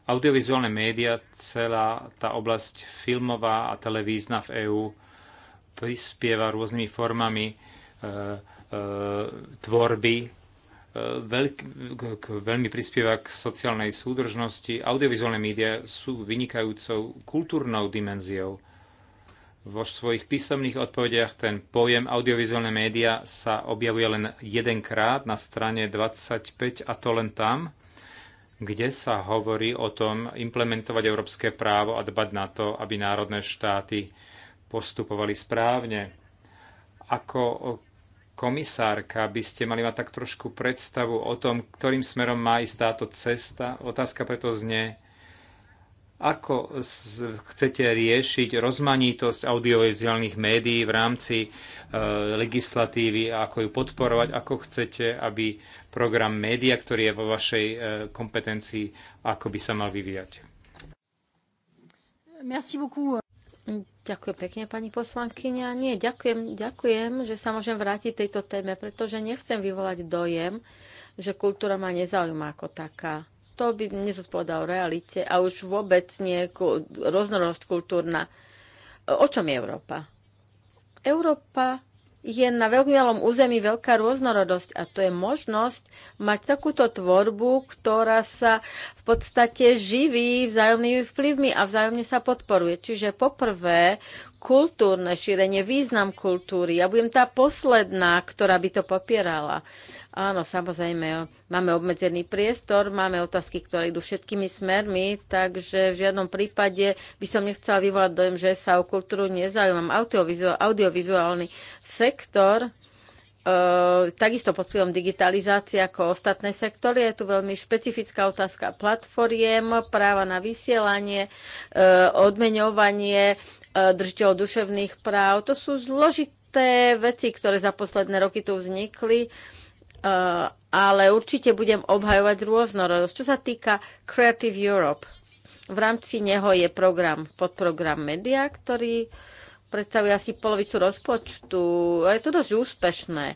Audiovizuálne média, celá tá oblasť filmová a televízna v EÚ prispieva rôznymi formami e, e, tvorby, e, veľk, k, veľmi prispieva k sociálnej súdržnosti. Audiovizuálne médiá sú vynikajúcou kultúrnou dimenziou vo svojich písomných odpovediach ten pojem audiovizuálne média sa objavuje len jedenkrát na strane 25 a to len tam, kde sa hovorí o tom implementovať európske právo a dbať na to, aby národné štáty postupovali správne. Ako komisárka by ste mali mať tak trošku predstavu o tom, ktorým smerom má ísť táto cesta. Otázka preto znie, ako chcete riešiť rozmanitosť audiovizuálnych médií v rámci e, legislatívy a ako ju podporovať? Ako chcete, aby program média, ktorý je vo vašej e, kompetencii, ako by sa mal vyvíjať? Merci beaucoup. Ďakujem pekne, pani poslankyňa. Nie, ďakujem, ďakujem, že sa môžem vrátiť tejto téme, pretože nechcem vyvolať dojem, že kultúra ma nezaujíma ako taká to by nezodpovedalo realite a už vôbec nie roznorodnosť kultúrna. O čom je Európa? Európa je na veľmi malom území veľká rôznorodosť a to je možnosť mať takúto tvorbu, ktorá sa v podstate živí vzájomnými vplyvmi a vzájomne sa podporuje. Čiže poprvé, kultúrne šírenie, význam kultúry. Ja budem tá posledná, ktorá by to popierala. Áno, samozrejme, máme obmedzený priestor, máme otázky, ktoré idú všetkými smermi, takže v žiadnom prípade by som nechcela vyvolať dojem, že sa o kultúru nezaujímam. audiovizuálny sektor, Uh, takisto pod vplyvom digitalizácie ako ostatné sektory. Je tu veľmi špecifická otázka platformiem, práva na vysielanie, uh, odmeňovanie, Eh, držiteľov duševných práv. To sú zložité veci, ktoré za posledné roky tu vznikli, eh, ale určite budem obhajovať rôznorodosť. Čo sa týka Creative Europe, v rámci neho je program, podprogram Media, ktorý predstavuje asi polovicu rozpočtu. Je to dosť úspešné.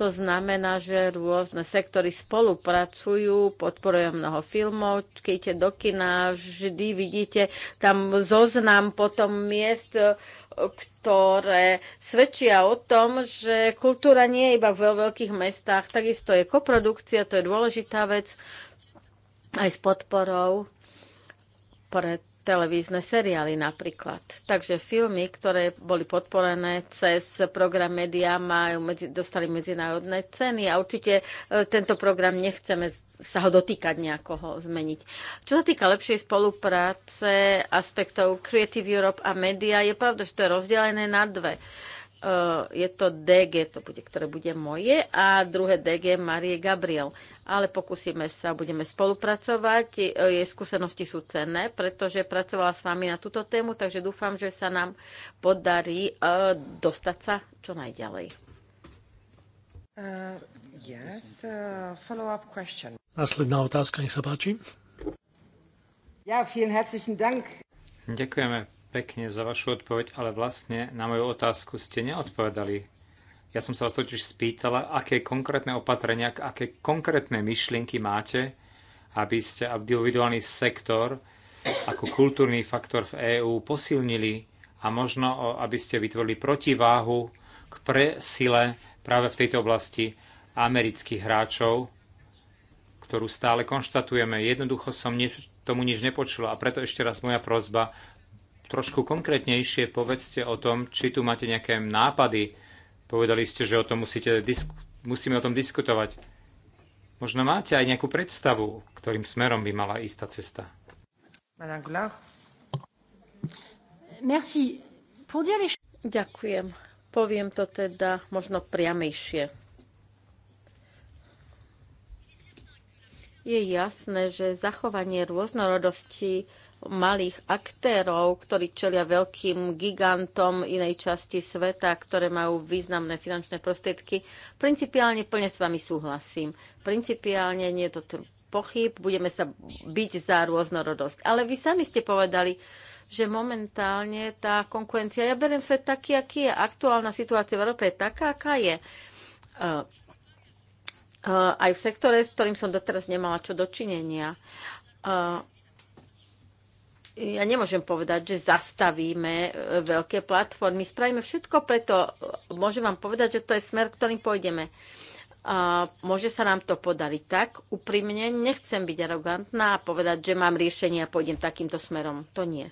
To znamená, že rôzne sektory spolupracujú, podporujú mnoho filmov, keď do kina vždy vidíte tam zoznam potom miest, e, ktoré svedčia o tom, že kultúra nie je iba vo veľkých mestách. Takisto je koprodukcia, to je dôležitá vec aj s podporou, pred televízne seriály napríklad. Takže filmy, ktoré boli podporené cez program Media, majú medzi, dostali medzinárodné ceny a určite e, tento program nechceme sa ho dotýkať nejakoho zmeniť. Čo sa týka lepšej spolupráce aspektov Creative Europe a Media, je pravda, že to je rozdelené na dve. Eh, je to DG, to bude, ktoré bude moje, a druhé DG Marie Gabriel. Ale pokúsime sa, budeme spolupracovať. Eh, jej skúsenosti sú cenné, pretože pracovala s vami na túto tému, takže dúfam, že sa nám podarí eh, dostať sa čo najďalej. Uh, yes, uh, Následná otázka, nech sa páči. Ja, vielen herzlichen Dank. Ďakujeme pekne za vašu odpoveď, ale vlastne na moju otázku ste neodpovedali. Ja som sa vás totiž spýtala, aké konkrétne opatrenia, aké konkrétne myšlienky máte, aby ste individuálny sektor ako kultúrny faktor v EÚ posilnili a možno, aby ste vytvorili protiváhu k presile práve v tejto oblasti amerických hráčov, ktorú stále konštatujeme. Jednoducho som tomu nič nepočula a preto ešte raz moja prozba, trošku konkrétnejšie povedzte o tom, či tu máte nejaké nápady. Povedali ste, že o tom musíte musíme o tom diskutovať. Možno máte aj nejakú predstavu, ktorým smerom by mala ísť tá cesta. Merci. Ďakujem. Poviem to teda možno priamejšie. Je jasné, že zachovanie rôznorodosti malých aktérov, ktorí čelia veľkým gigantom inej časti sveta, ktoré majú významné finančné prostriedky. Principiálne plne s vami súhlasím. Principiálne nie je to pochyb, budeme sa byť za rôznorodosť. Ale vy sami ste povedali, že momentálne tá konkurencia, ja beriem svet taký, aký je. Aktuálna situácia v Európe je taká, aká je. Uh, uh, aj v sektore, s ktorým som doteraz nemala čo dočinenia. Uh, ja nemôžem povedať, že zastavíme e, veľké platformy. Spravíme všetko preto. Môžem vám povedať, že to je smer, ktorým pôjdeme. A môže sa nám to podariť tak. Úprimne nechcem byť arogantná a povedať, že mám riešenie a pôjdem takýmto smerom. To nie.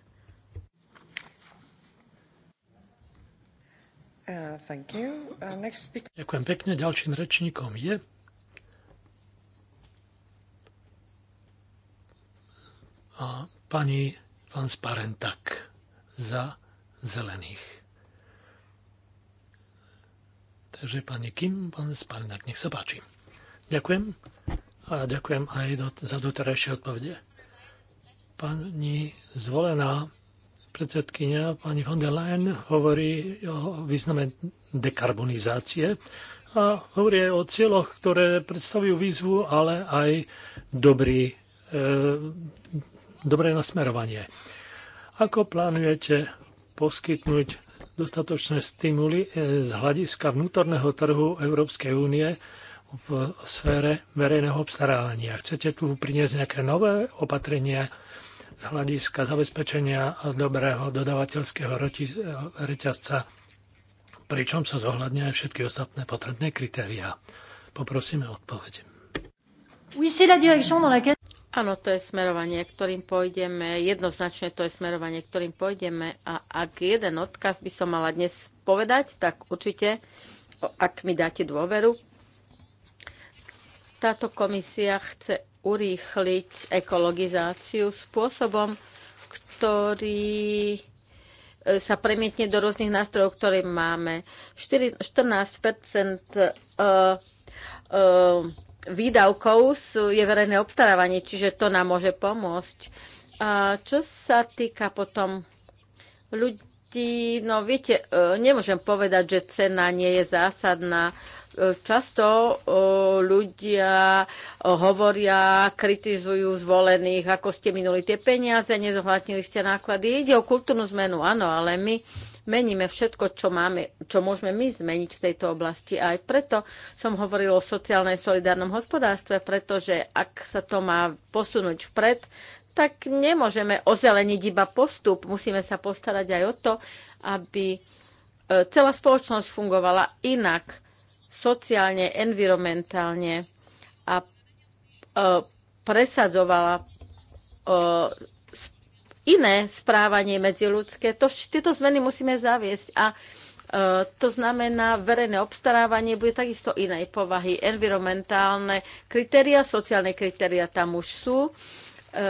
Uh, uh, next... Ďakujem pekne. Ďalším rečníkom je pani Transparentak za zelených. Takže pani Kim, pán Spalinak, nech sa páči. Ďakujem a ďakujem aj do, za doterajšie odpovede. Pani zvolená predsedkynia, pani von der Leyen, hovorí o význame dekarbonizácie a hovorí aj o cieľoch, ktoré predstavujú výzvu, ale aj dobrý, e, dobré nasmerovanie. Ako plánujete poskytnúť dostatočné stimuly e, z hľadiska vnútorného trhu Európskej únie v sfére verejného obstarávania. Chcete tu priniesť nejaké nové opatrenia z hľadiska zabezpečenia dobrého dodavateľského e, reťazca, pričom sa zohľadňujú aj všetky ostatné potrebné kritériá. Poprosíme odpoveď. Oui, c'est la direction dans laquelle... Áno, to je smerovanie, ktorým pôjdeme, jednoznačne to je smerovanie, ktorým pôjdeme a ak jeden odkaz by som mala dnes povedať, tak určite, ak mi dáte dôveru, táto komisia chce urýchliť ekologizáciu spôsobom, ktorý e, sa premietne do rôznych nástrojov, ktoré máme. 14 uh, uh, výdavkov sú, je verejné obstarávanie, čiže to nám môže pomôcť. A čo sa týka potom ľudí, no viete, e, nemôžem povedať, že cena nie je zásadná. E, často e, ľudia hovoria, kritizujú zvolených, ako ste minuli tie peniaze, nezohľadnili ste náklady. Ide o kultúrnu zmenu, áno, ale my meníme všetko, čo máme, čo môžeme my zmeniť v tejto oblasti. A aj preto som hovoril o sociálnej solidárnom hospodárstve, pretože ak sa to má posunúť vpred, tak nemôžeme ozeleniť iba postup. Musíme sa postarať aj o to, aby e, celá spoločnosť fungovala inak, sociálne, environmentálne a e, presadzovala e, iné správanie medziludské. To, tieto zmeny musíme zaviesť a e, to znamená, verejné obstarávanie bude takisto inej povahy. Environmentálne kritéria, sociálne kritéria tam už sú. E, e,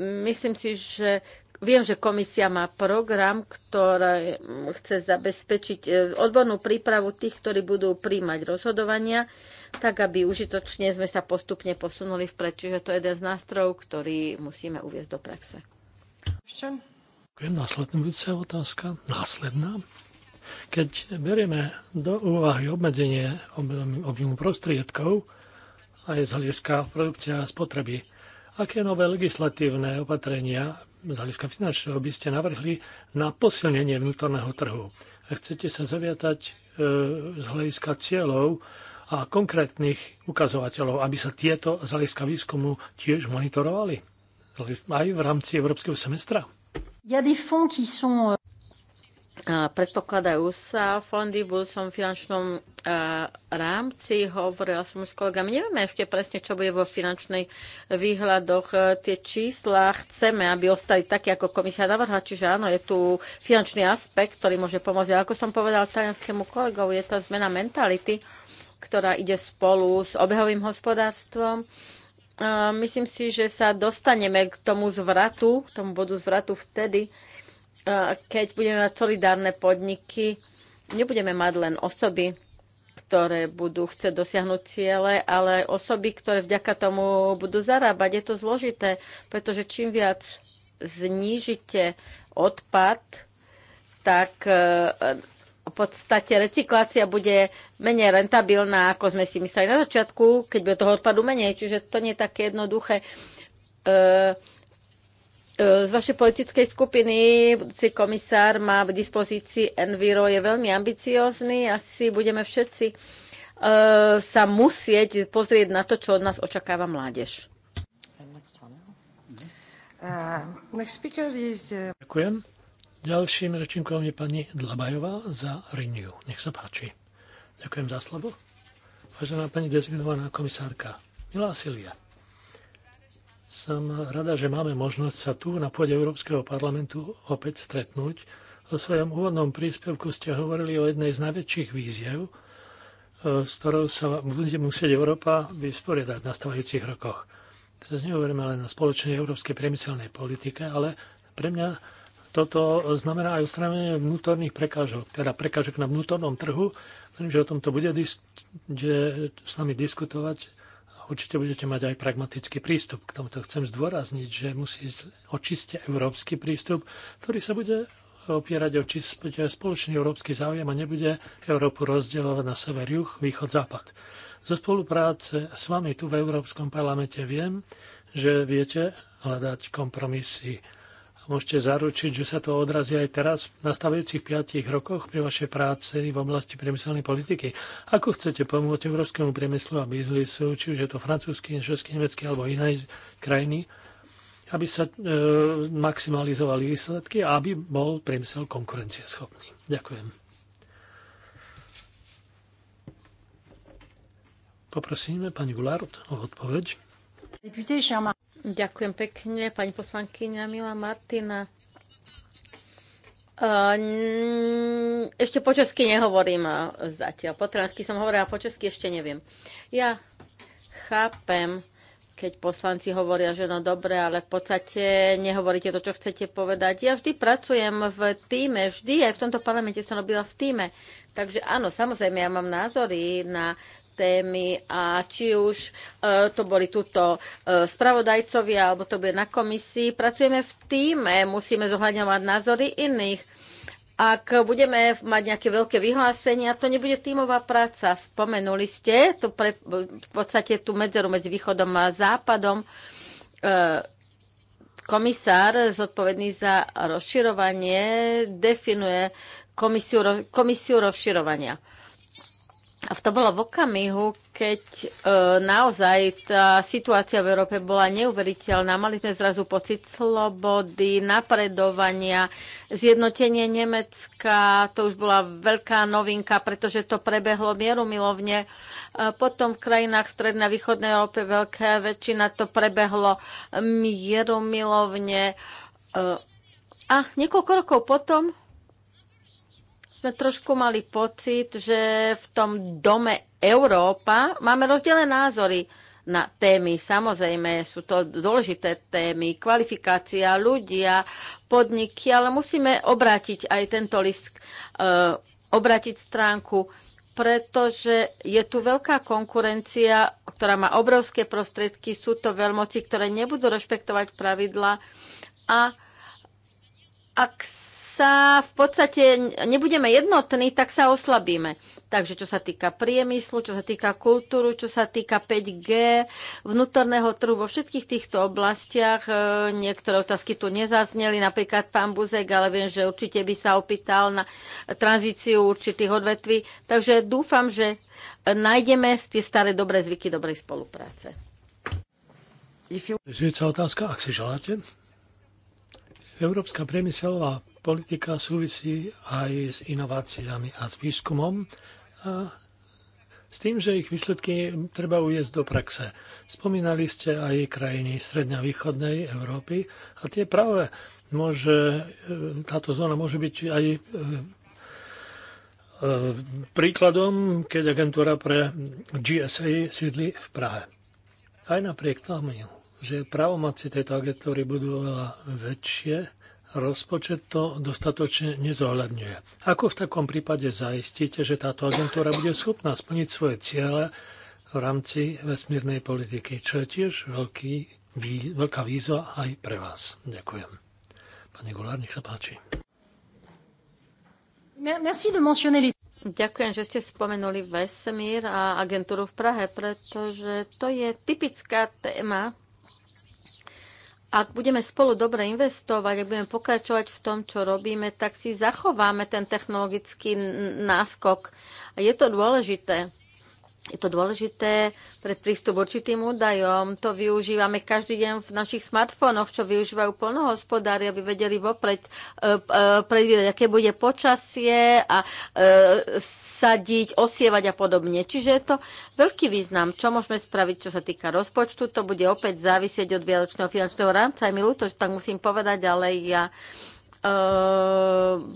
myslím si, že Viem, že komisia má program, ktorý mm, chce zabezpečiť e, odbornú prípravu tých, ktorí budú príjmať rozhodovania, tak aby užitočne sme sa postupne posunuli vpred. Čiže to je jeden z nástrojov, ktorý musíme uviezť do praxe. Ďakujem. Následujúca otázka. Následná. Keď berieme do úvahy obmedzenie objemu prostriedkov aj z hľadiska produkcia a spotreby, aké nové legislatívne opatrenia z hľadiska finančného by ste navrhli na posilnenie vnútorného trhu? A chcete sa zaviatať e, z hľadiska cieľov a konkrétnych ukazovateľov, aby sa tieto z hľadiska výskumu tiež monitorovali? Aj v rámci európskeho semestra? Il y a des fonds qui sont Predpokladajú sa fondy v budúcom finančnom rámci, hovorila som už s kolegami. Nevieme ešte presne, čo bude vo finančnej výhľadoch. E, tie čísla chceme, aby ostali také, ako komisia navrhla. Čiže áno, je tu finančný aspekt, ktorý môže pomôcť. ako som povedal talianskému kolegovi, je tá zmena mentality, ktorá ide spolu s obehovým hospodárstvom e, myslím si, že sa dostaneme k tomu zvratu, k tomu bodu zvratu vtedy, keď budeme mať solidárne podniky, nebudeme mať len osoby, ktoré budú chcieť dosiahnuť ciele, ale osoby, ktoré vďaka tomu budú zarábať. Je to zložité, pretože čím viac znížite odpad, tak e, v podstate recyklácia bude menej rentabilná, ako sme si mysleli na začiatku, keď bude toho odpadu menej. Čiže to nie je také jednoduché. E z vašej politickej skupiny budúci komisár má v dispozícii Enviro, je veľmi ambiciózny, asi budeme všetci uh, sa musieť pozrieť na to, čo od nás očakáva mládež. Ďakujem. Ďalším rečníkom je pani Dlabajová za Renew. Nech sa páči. Ďakujem za slovo. Vážená pani dezignovaná komisárka, milá Silvia som rada, že máme možnosť sa tu na pôde Európskeho parlamentu opäť stretnúť. O svojom úvodnom príspevku ste hovorili o jednej z najväčších víziev, e, s ktorou sa bude musieť Európa vysporiadať v nastávajúcich rokoch. Teraz nehovoríme len o spoločnej európskej priemyselnej politike, ale pre mňa toto znamená aj ustranenie vnútorných prekážok, teda prekážok na vnútornom trhu. Verím, že o tomto bude dis- s nami diskutovať určite budete mať aj pragmatický prístup. K tomuto chcem zdôrazniť, že musí ísť o čiste európsky prístup, ktorý sa bude opierať o čiste spoločný európsky záujem a nebude Európu rozdielovať na sever, juh, východ, západ. Zo spolupráce s vami tu v Európskom parlamente viem, že viete hľadať kompromisy môžete zaručiť, že sa to odrazí aj teraz v nastavujúcich 5 rokoch pri vašej práci v oblasti priemyselnej politiky. Ako chcete pomôcť európskemu priemyslu a biznisu, či už je to francúzsky, český, nemecký alebo iné krajiny, aby sa e, maximalizovali výsledky a aby bol priemysel konkurencieschopný. Ďakujem. Poprosíme pani Gulárd o odpoveď. Ďakujem pekne, pani poslankyňa Mila Martina. Mm, ešte po česky nehovorím zatiaľ. Po transky som hovorila, po česky ešte neviem. Ja chápem, keď poslanci hovoria, že no dobre, ale v podstate nehovoríte to, čo chcete povedať. Ja vždy pracujem v týme, vždy aj v tomto parlamente som robila v týme. Takže áno, samozrejme, ja mám názory na témy a či už e, to boli tuto e, spravodajcovia alebo to bude na komisii, pracujeme v týme, musíme zohľadňovať názory iných. Ak budeme mať nejaké veľké vyhlásenia, to nebude tímová práca. Spomenuli ste to pre, v podstate tú medzeru medzi východom a západom. E, komisár zodpovedný za rozširovanie definuje komisiu, komisiu rozširovania a to bolo v okamihu, keď e, naozaj tá situácia v Európe bola neuveriteľná. Mali sme zrazu pocit slobody, napredovania, zjednotenie Nemecka. To už bola veľká novinka, pretože to prebehlo mierumilovne. E, potom v krajinách Strednej a Východnej Európe veľká väčšina to prebehlo mierumilovne. E, a niekoľko rokov potom sme trošku mali pocit, že v tom dome Európa máme rozdelené názory na témy. Samozrejme, sú to dôležité témy, kvalifikácia, ľudia, podniky, ale musíme obrátiť aj tento list, uh, obrátiť stránku, pretože je tu veľká konkurencia, ktorá má obrovské prostriedky, sú to veľmoci, ktoré nebudú rešpektovať pravidla a ak sa v podstate nebudeme jednotní, tak sa oslabíme. Takže čo sa týka priemyslu, čo sa týka kultúru, čo sa týka 5G, vnútorného trhu vo všetkých týchto oblastiach, e, niektoré otázky tu nezazneli, napríklad pán Buzek, ale viem, že určite by sa opýtal na tranzíciu určitých odvetví. Takže dúfam, že nájdeme tie staré dobré zvyky dobrej spolupráce. Zvieca otázka, ak si želáte. Európska priemyselová politika súvisí aj s inováciami a s výskumom a s tým, že ich výsledky treba uviezť do praxe. Spomínali ste aj krajiny stredňa východnej Európy a tie práve môže, táto zóna môže byť aj e, e, príkladom, keď agentúra pre GSA sídli v Prahe. Aj napriek tomu, že právomoci tejto agentúry budú oveľa väčšie, rozpočet to dostatočne nezohľadňuje. Ako v takom prípade zaistíte, že táto agentúra bude schopná splniť svoje ciele v rámci vesmírnej politiky, čo je tiež veľký, vý, veľká výzva aj pre vás. Ďakujem. Pani Gulár, nech sa páči. Merci de mentionner les... Ďakujem, že ste spomenuli vesmír a agentúru v Prahe, pretože to je typická téma ak budeme spolu dobre investovať, ak budeme pokračovať v tom, čo robíme, tak si zachováme ten technologický náskok. Je to dôležité. Je to dôležité pre prístup určitým údajom. To využívame každý deň v našich smartfónoch, čo využívajú polnohospodári, aby vedeli vopred e, e, predvídať, aké bude počasie a e, sadiť, osievať a podobne. Čiže je to veľký význam. Čo môžeme spraviť, čo sa týka rozpočtu, to bude opäť závisieť od vianočného finančného rámca. Je mi ľúto, že tak musím povedať, ale ja Ehm,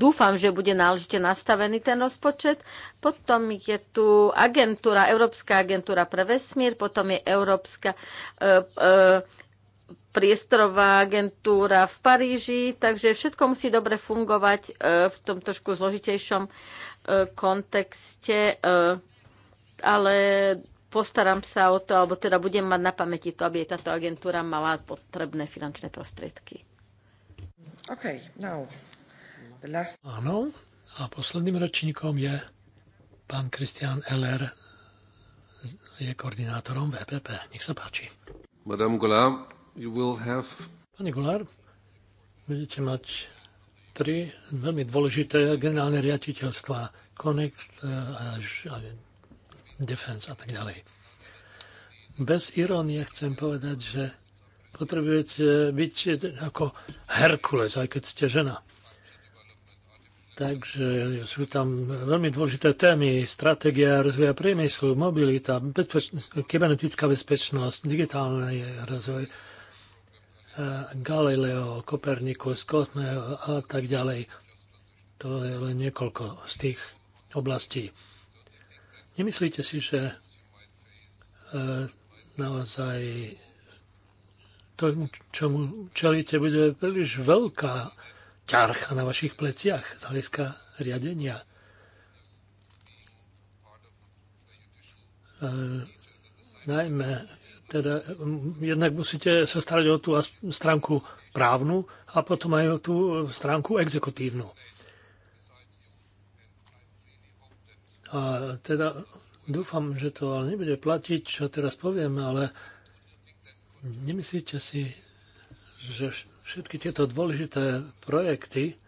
dúfam, že bude náležite nastavený ten rozpočet. Potom je tu agentúra, Európska agentúra pre vesmír, potom je Európska ehm, e, priestorová agentúra v Paríži, takže všetko musí dobre fungovať e, v tom trošku zložitejšom e, kontexte, ale postaram sa o to, alebo teda budem mať na pamäti to, aby táto agentúra mala potrebné finančné prostriedky. Okay, now the last... Áno, a posledným ročníkom je pán Kristian Eller, je koordinátorom VPP. Nech sa páči. Madame Goulard, you will have... Pani Goulard, budete mať tri veľmi dôležité generálne riaditeľstva Connect e, až, až, Defense a tak ďalej. Bez irónie chcem povedať, že potrebujete byť ako Herkules, aj keď ste žena. Takže sú tam veľmi dôležité témy, stratégia rozvoja priemyslu, mobilita, bezpečnosť, kybernetická bezpečnosť, digitálny rozvoj, e, Galileo, Kopernikus, Kosme a tak ďalej. To je len niekoľko z tých oblastí. Nemyslíte si, že e, naozaj to, čomu čelíte, bude príliš veľká ťarcha na vašich pleciach z hľadiska riadenia. E, najmä, teda, jednak musíte sa starať o tú stránku právnu a potom aj o tú stránku exekutívnu. A teda dúfam, že to ale nebude platiť, čo teraz poviem, ale Nemyslíte si, že všetky tieto dôležité projekty,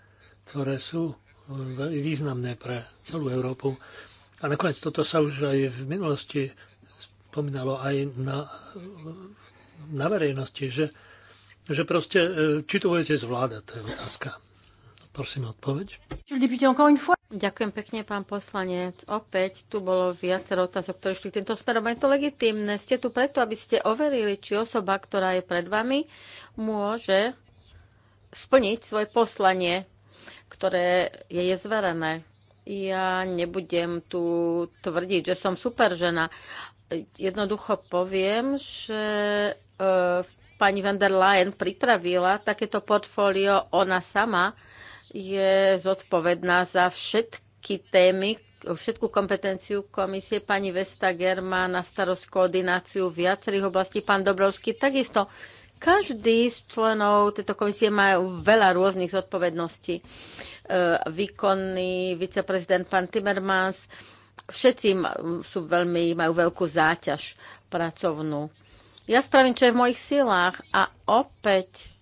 ktoré sú e, veľmi významné pre celú Európu, a nakoniec toto sa už aj v minulosti spomínalo aj na, na verejnosti, že, že proste, e, či to budete zvládať, to je otázka. Prosím odpoveď. Ďakujem pekne, pán poslanec. Opäť tu bolo viacero otázok, ktoré šli týmto smerom. Je to legitimné. Ste tu preto, aby ste overili, či osoba, ktorá je pred vami, môže splniť svoje poslanie, ktoré je jej zverené. Ja nebudem tu tvrdiť, že som super žena. Jednoducho poviem, že e, pani van der Leyen pripravila takéto portfólio ona sama, je zodpovedná za všetky témy, všetku kompetenciu komisie. Pani Vestager má na starost koordináciu viacerých oblastí. Pán Dobrovský takisto. Každý z členov tejto komisie má veľa rôznych zodpovedností. E, výkonný viceprezident pán Timmermans, všetci sú veľmi, majú veľkú záťaž pracovnú. Ja spravím, čo je v mojich silách a opäť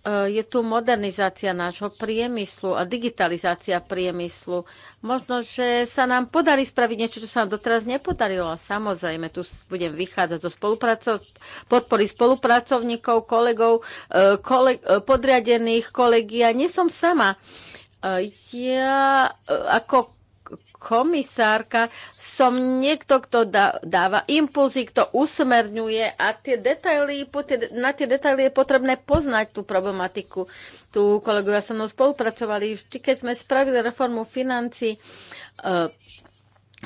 Eh, je tu modernizácia nášho priemyslu a digitalizácia priemyslu. Možno, že sa nám podarí spraviť niečo, čo sa nám doteraz nepodarilo. samozrejme, tu budem vychádzať zo spolupracov, podpory spolupracovníkov, kolegov, eh, kole, eh, podriadených kolegia. Nie som sama. Ja ako komisárka som niekto, kto dá, dáva impulzy, kto usmerňuje a tie detaily, na tie detaily je potrebné poznať tú problematiku. Tu kolegovia so mnou spolupracovali, vždy keď sme spravili reformu financí, eh,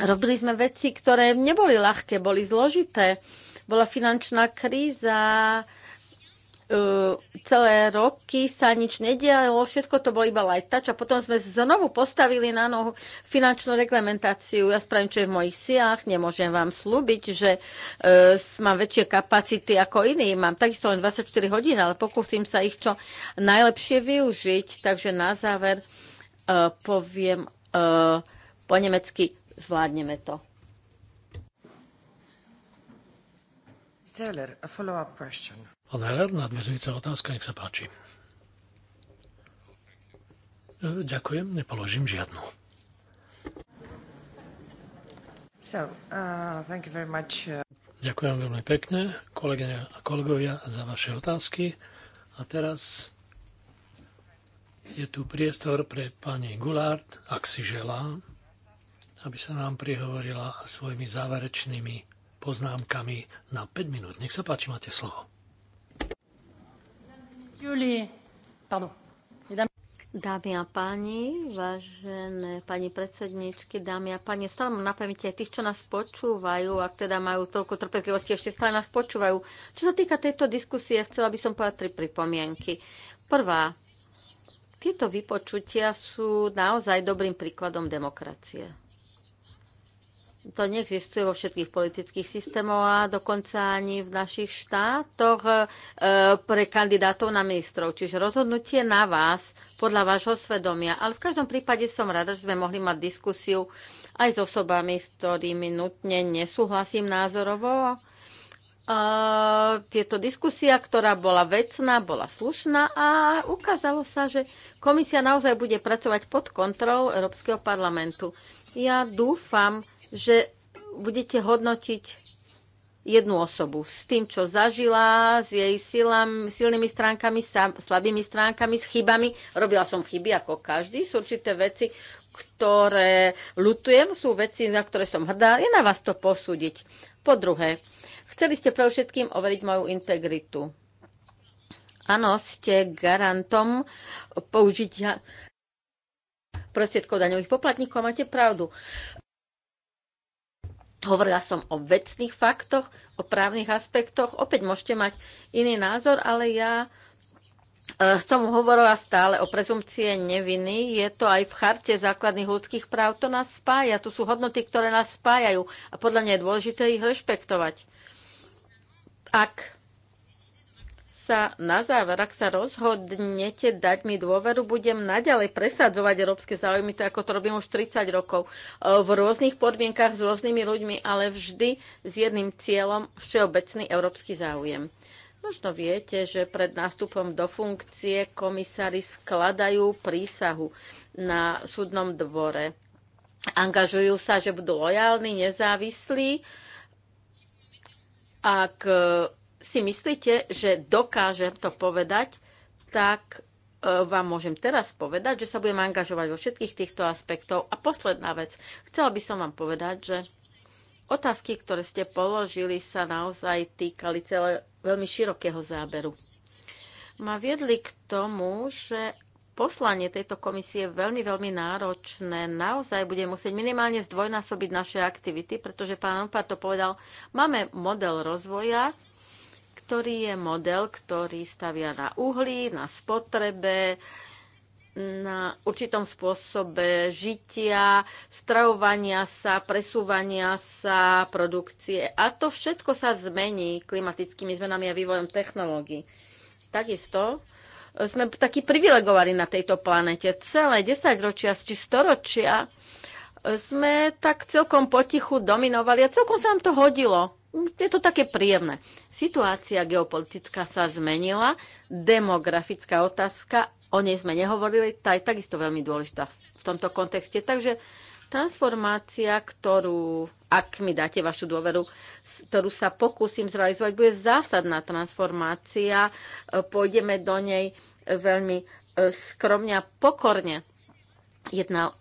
robili sme veci, ktoré neboli ľahké, boli zložité. Bola finančná kríza, celé roky sa nič nedialo, všetko to bol iba lajtač a potom sme znovu postavili na nohu finančnú reglementáciu. Ja spravím, čo je v mojich silách, nemôžem vám slúbiť, že uh, mám väčšie kapacity ako iní. Mám takisto len 24 hodín, ale pokúsim sa ich čo najlepšie využiť. Takže na záver uh, poviem uh, po nemecky, zvládneme to. Zeller, a follow-up question. Pán Heller, nadvezujúca otázka, nech sa páči. E, ďakujem, nepoložím žiadnu. So, uh, thank you very much. Uh, ďakujem veľmi pekne, kolegyne a kolegovia, za vaše otázky. A teraz je tu priestor pre pani Gulard, ak si želá, aby sa nám prihovorila svojimi záverečnými poznámkami na 5 minút. Nech sa páči, máte slovo. Dámy a páni, vážené pani predsedničky, dámy a páni, stále mám na pamäti aj tých, čo nás počúvajú, ak teda majú toľko trpezlivosti, ešte stále nás počúvajú. Čo sa týka tejto diskusie, chcela by som povedať tri pripomienky. Prvá, tieto vypočutia sú naozaj dobrým príkladom demokracie to neexistuje vo všetkých politických systémoch a dokonca ani v našich štátoch e, pre kandidátov na ministrov. Čiže rozhodnutie na vás podľa vášho svedomia. Ale v každom prípade som rada, že sme mohli mať diskusiu aj s osobami, s ktorými nutne nesúhlasím názorovo. Uh, tieto diskusia, ktorá bola vecná, bola slušná a ukázalo sa, že komisia naozaj bude pracovať pod kontrolou Európskeho parlamentu. Ja dúfam, že budete hodnotiť jednu osobu s tým, čo zažila, s jej silám, silnými stránkami, slabými stránkami, s chybami. Robila som chyby ako každý, sú určité veci, ktoré lutujem, sú veci, na ktoré som hrdá. Je na vás to posúdiť. Po druhé, chceli ste pre všetkým overiť moju integritu. Áno, ste garantom použitia prostriedkov daňových poplatníkov. Máte pravdu. Hovorila som o vecných faktoch, o právnych aspektoch. Opäť môžete mať iný názor, ale ja e, som hovorila stále o prezumcie neviny. Je to aj v charte základných ľudských práv. To nás spája. To sú hodnoty, ktoré nás spájajú. A podľa mňa je dôležité ich rešpektovať. Ak sa na záver, ak sa rozhodnete dať mi dôveru, budem naďalej presadzovať európske záujmy, tak ako to robím už 30 rokov, e, v rôznych podmienkach s rôznymi ľuďmi, ale vždy s jedným cieľom všeobecný európsky záujem. Možno viete, že pred nástupom do funkcie komisári skladajú prísahu na súdnom dvore. Angažujú sa, že budú lojálni, nezávislí. Ak si myslíte, že dokážem to povedať, tak e, vám môžem teraz povedať, že sa budem angažovať vo všetkých týchto aspektov. A posledná vec. Chcela by som vám povedať, že otázky, ktoré ste položili, sa naozaj týkali celé veľmi širokého záberu. Ma viedli k tomu, že poslanie tejto komisie je veľmi, veľmi náročné. Naozaj bude musieť minimálne zdvojnásobiť naše aktivity, pretože pán Rupa to povedal, máme model rozvoja, ktorý je model, ktorý stavia na uhlí, na spotrebe, na určitom spôsobe žitia, stravovania sa, presúvania sa, produkcie. A to všetko sa zmení klimatickými zmenami a vývojom technológií. Takisto e, sme takí privilegovali na tejto planete. Celé 10 ročia či 100 ročia e, sme tak celkom potichu dominovali a celkom sa nám to hodilo je to také príjemné. Situácia geopolitická sa zmenila, demografická otázka, o nej sme nehovorili, tá je takisto veľmi dôležitá v tomto kontexte. Takže transformácia, ktorú, ak mi dáte vašu dôveru, ktorú sa pokúsim zrealizovať, bude zásadná transformácia. E, pôjdeme do nej e, veľmi e, skromne a pokorne. Jedna,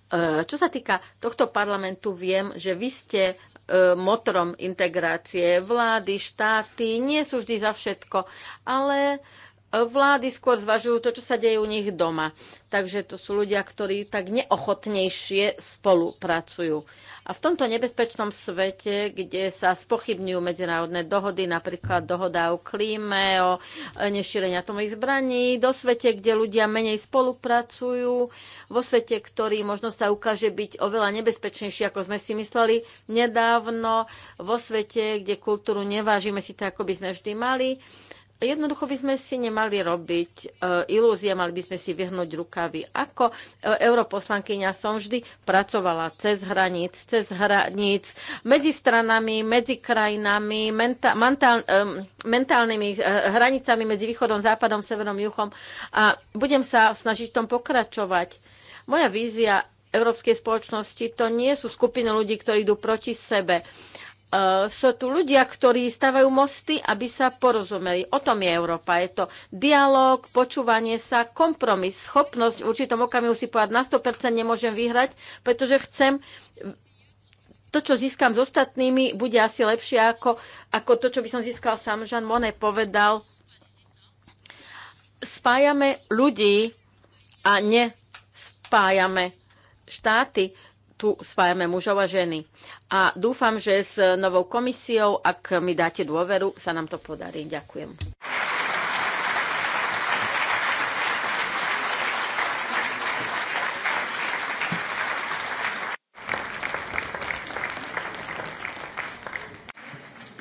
čo sa týka tohto parlamentu, viem, že vy ste E, motorom integrácie. Vlády, štáty nie sú vždy za všetko, ale vlády skôr zvažujú to, čo sa deje u nich doma. Takže to sú ľudia, ktorí tak neochotnejšie spolupracujú. A v tomto nebezpečnom svete, kde sa spochybňujú medzinárodné dohody, napríklad dohoda o klíme, o nešírení atomových zbraní, do svete, kde ľudia menej spolupracujú, vo svete, ktorý možno sa ukáže byť oveľa nebezpečnejší, ako sme si mysleli nedávno, vo svete, kde kultúru nevážime si tak, ako by sme vždy mali, Jednoducho by sme si nemali robiť e, ilúzie, mali by sme si vyhnúť rukavy. Ako e, europoslankyňa som vždy pracovala cez hraníc, cez hraníc, medzi stranami, medzi krajinami, mentál, e, mentálnymi e, hranicami medzi východom, západom, severom, juchom a budem sa snažiť v tom pokračovať. Moja vízia európskej spoločnosti to nie sú skupiny ľudí, ktorí idú proti sebe. Uh, E, sú tu ľudia, ktorí stavajú mosty, aby sa porozumeli. O tom je Európa. Je to dialog, počúvanie sa, kompromis, schopnosť v určitom okamihu si povedať, na 100% nemôžem vyhrať, pretože chcem to, čo získam s ostatnými, bude asi lepšie ako, ako to, čo by som získal sám. Jean Monnet povedal, spájame ľudí a nespájame štáty tu spájame mužov a ženy. A dúfam, že s novou komisiou, ak mi dáte dôveru, sa nám to podarí. Ďakujem.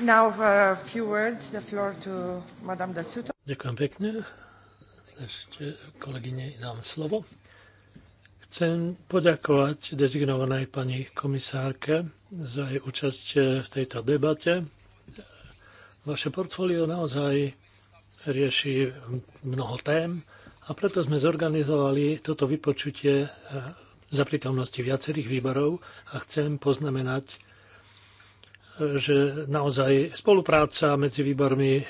Now a uh, few words, the floor to Madame Dasuto. Ďakujem pekne. Ešte kolegyne dám slovo. Chcem poďakovať dezignovanej pani komisárke za jej účasť eh, v tejto debate. Vaše portfólio naozaj rieši mnoho tém a preto sme zorganizovali toto vypočutie eh, za prítomnosti viacerých výborov a chcem poznamenať, eh, že naozaj spolupráca medzi výbormi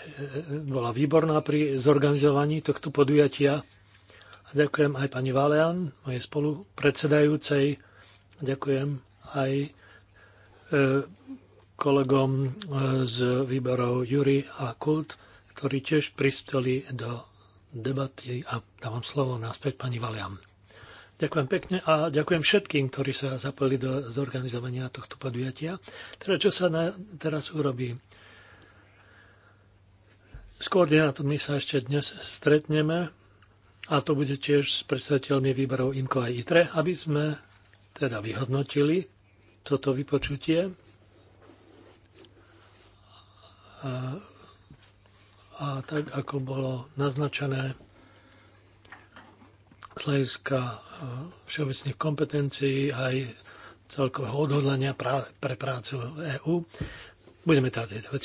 bola výborná pri zorganizovaní tohto podujatia a ďakujem aj pani Valean, mojej spolupredsedajúcej. A ďakujem aj e, kolegom e, z výborov Jury a Kult, ktorí tiež prispeli do debaty a dávam slovo náspäť pani Valiam. Ďakujem pekne a ďakujem všetkým, ktorí sa zapojili do zorganizovania tohto podujatia. Teda čo sa na, teraz urobí? S koordinátormi sa ešte dnes stretneme a to bude tiež s predstaviteľmi výberov IMCO a ITRE, aby sme teda vyhodnotili toto vypočutie a, a tak, ako bolo naznačené z hľadiska e, všeobecných kompetencií aj celkového odhodlania pre prácu EÚ. Budeme teda tieto veci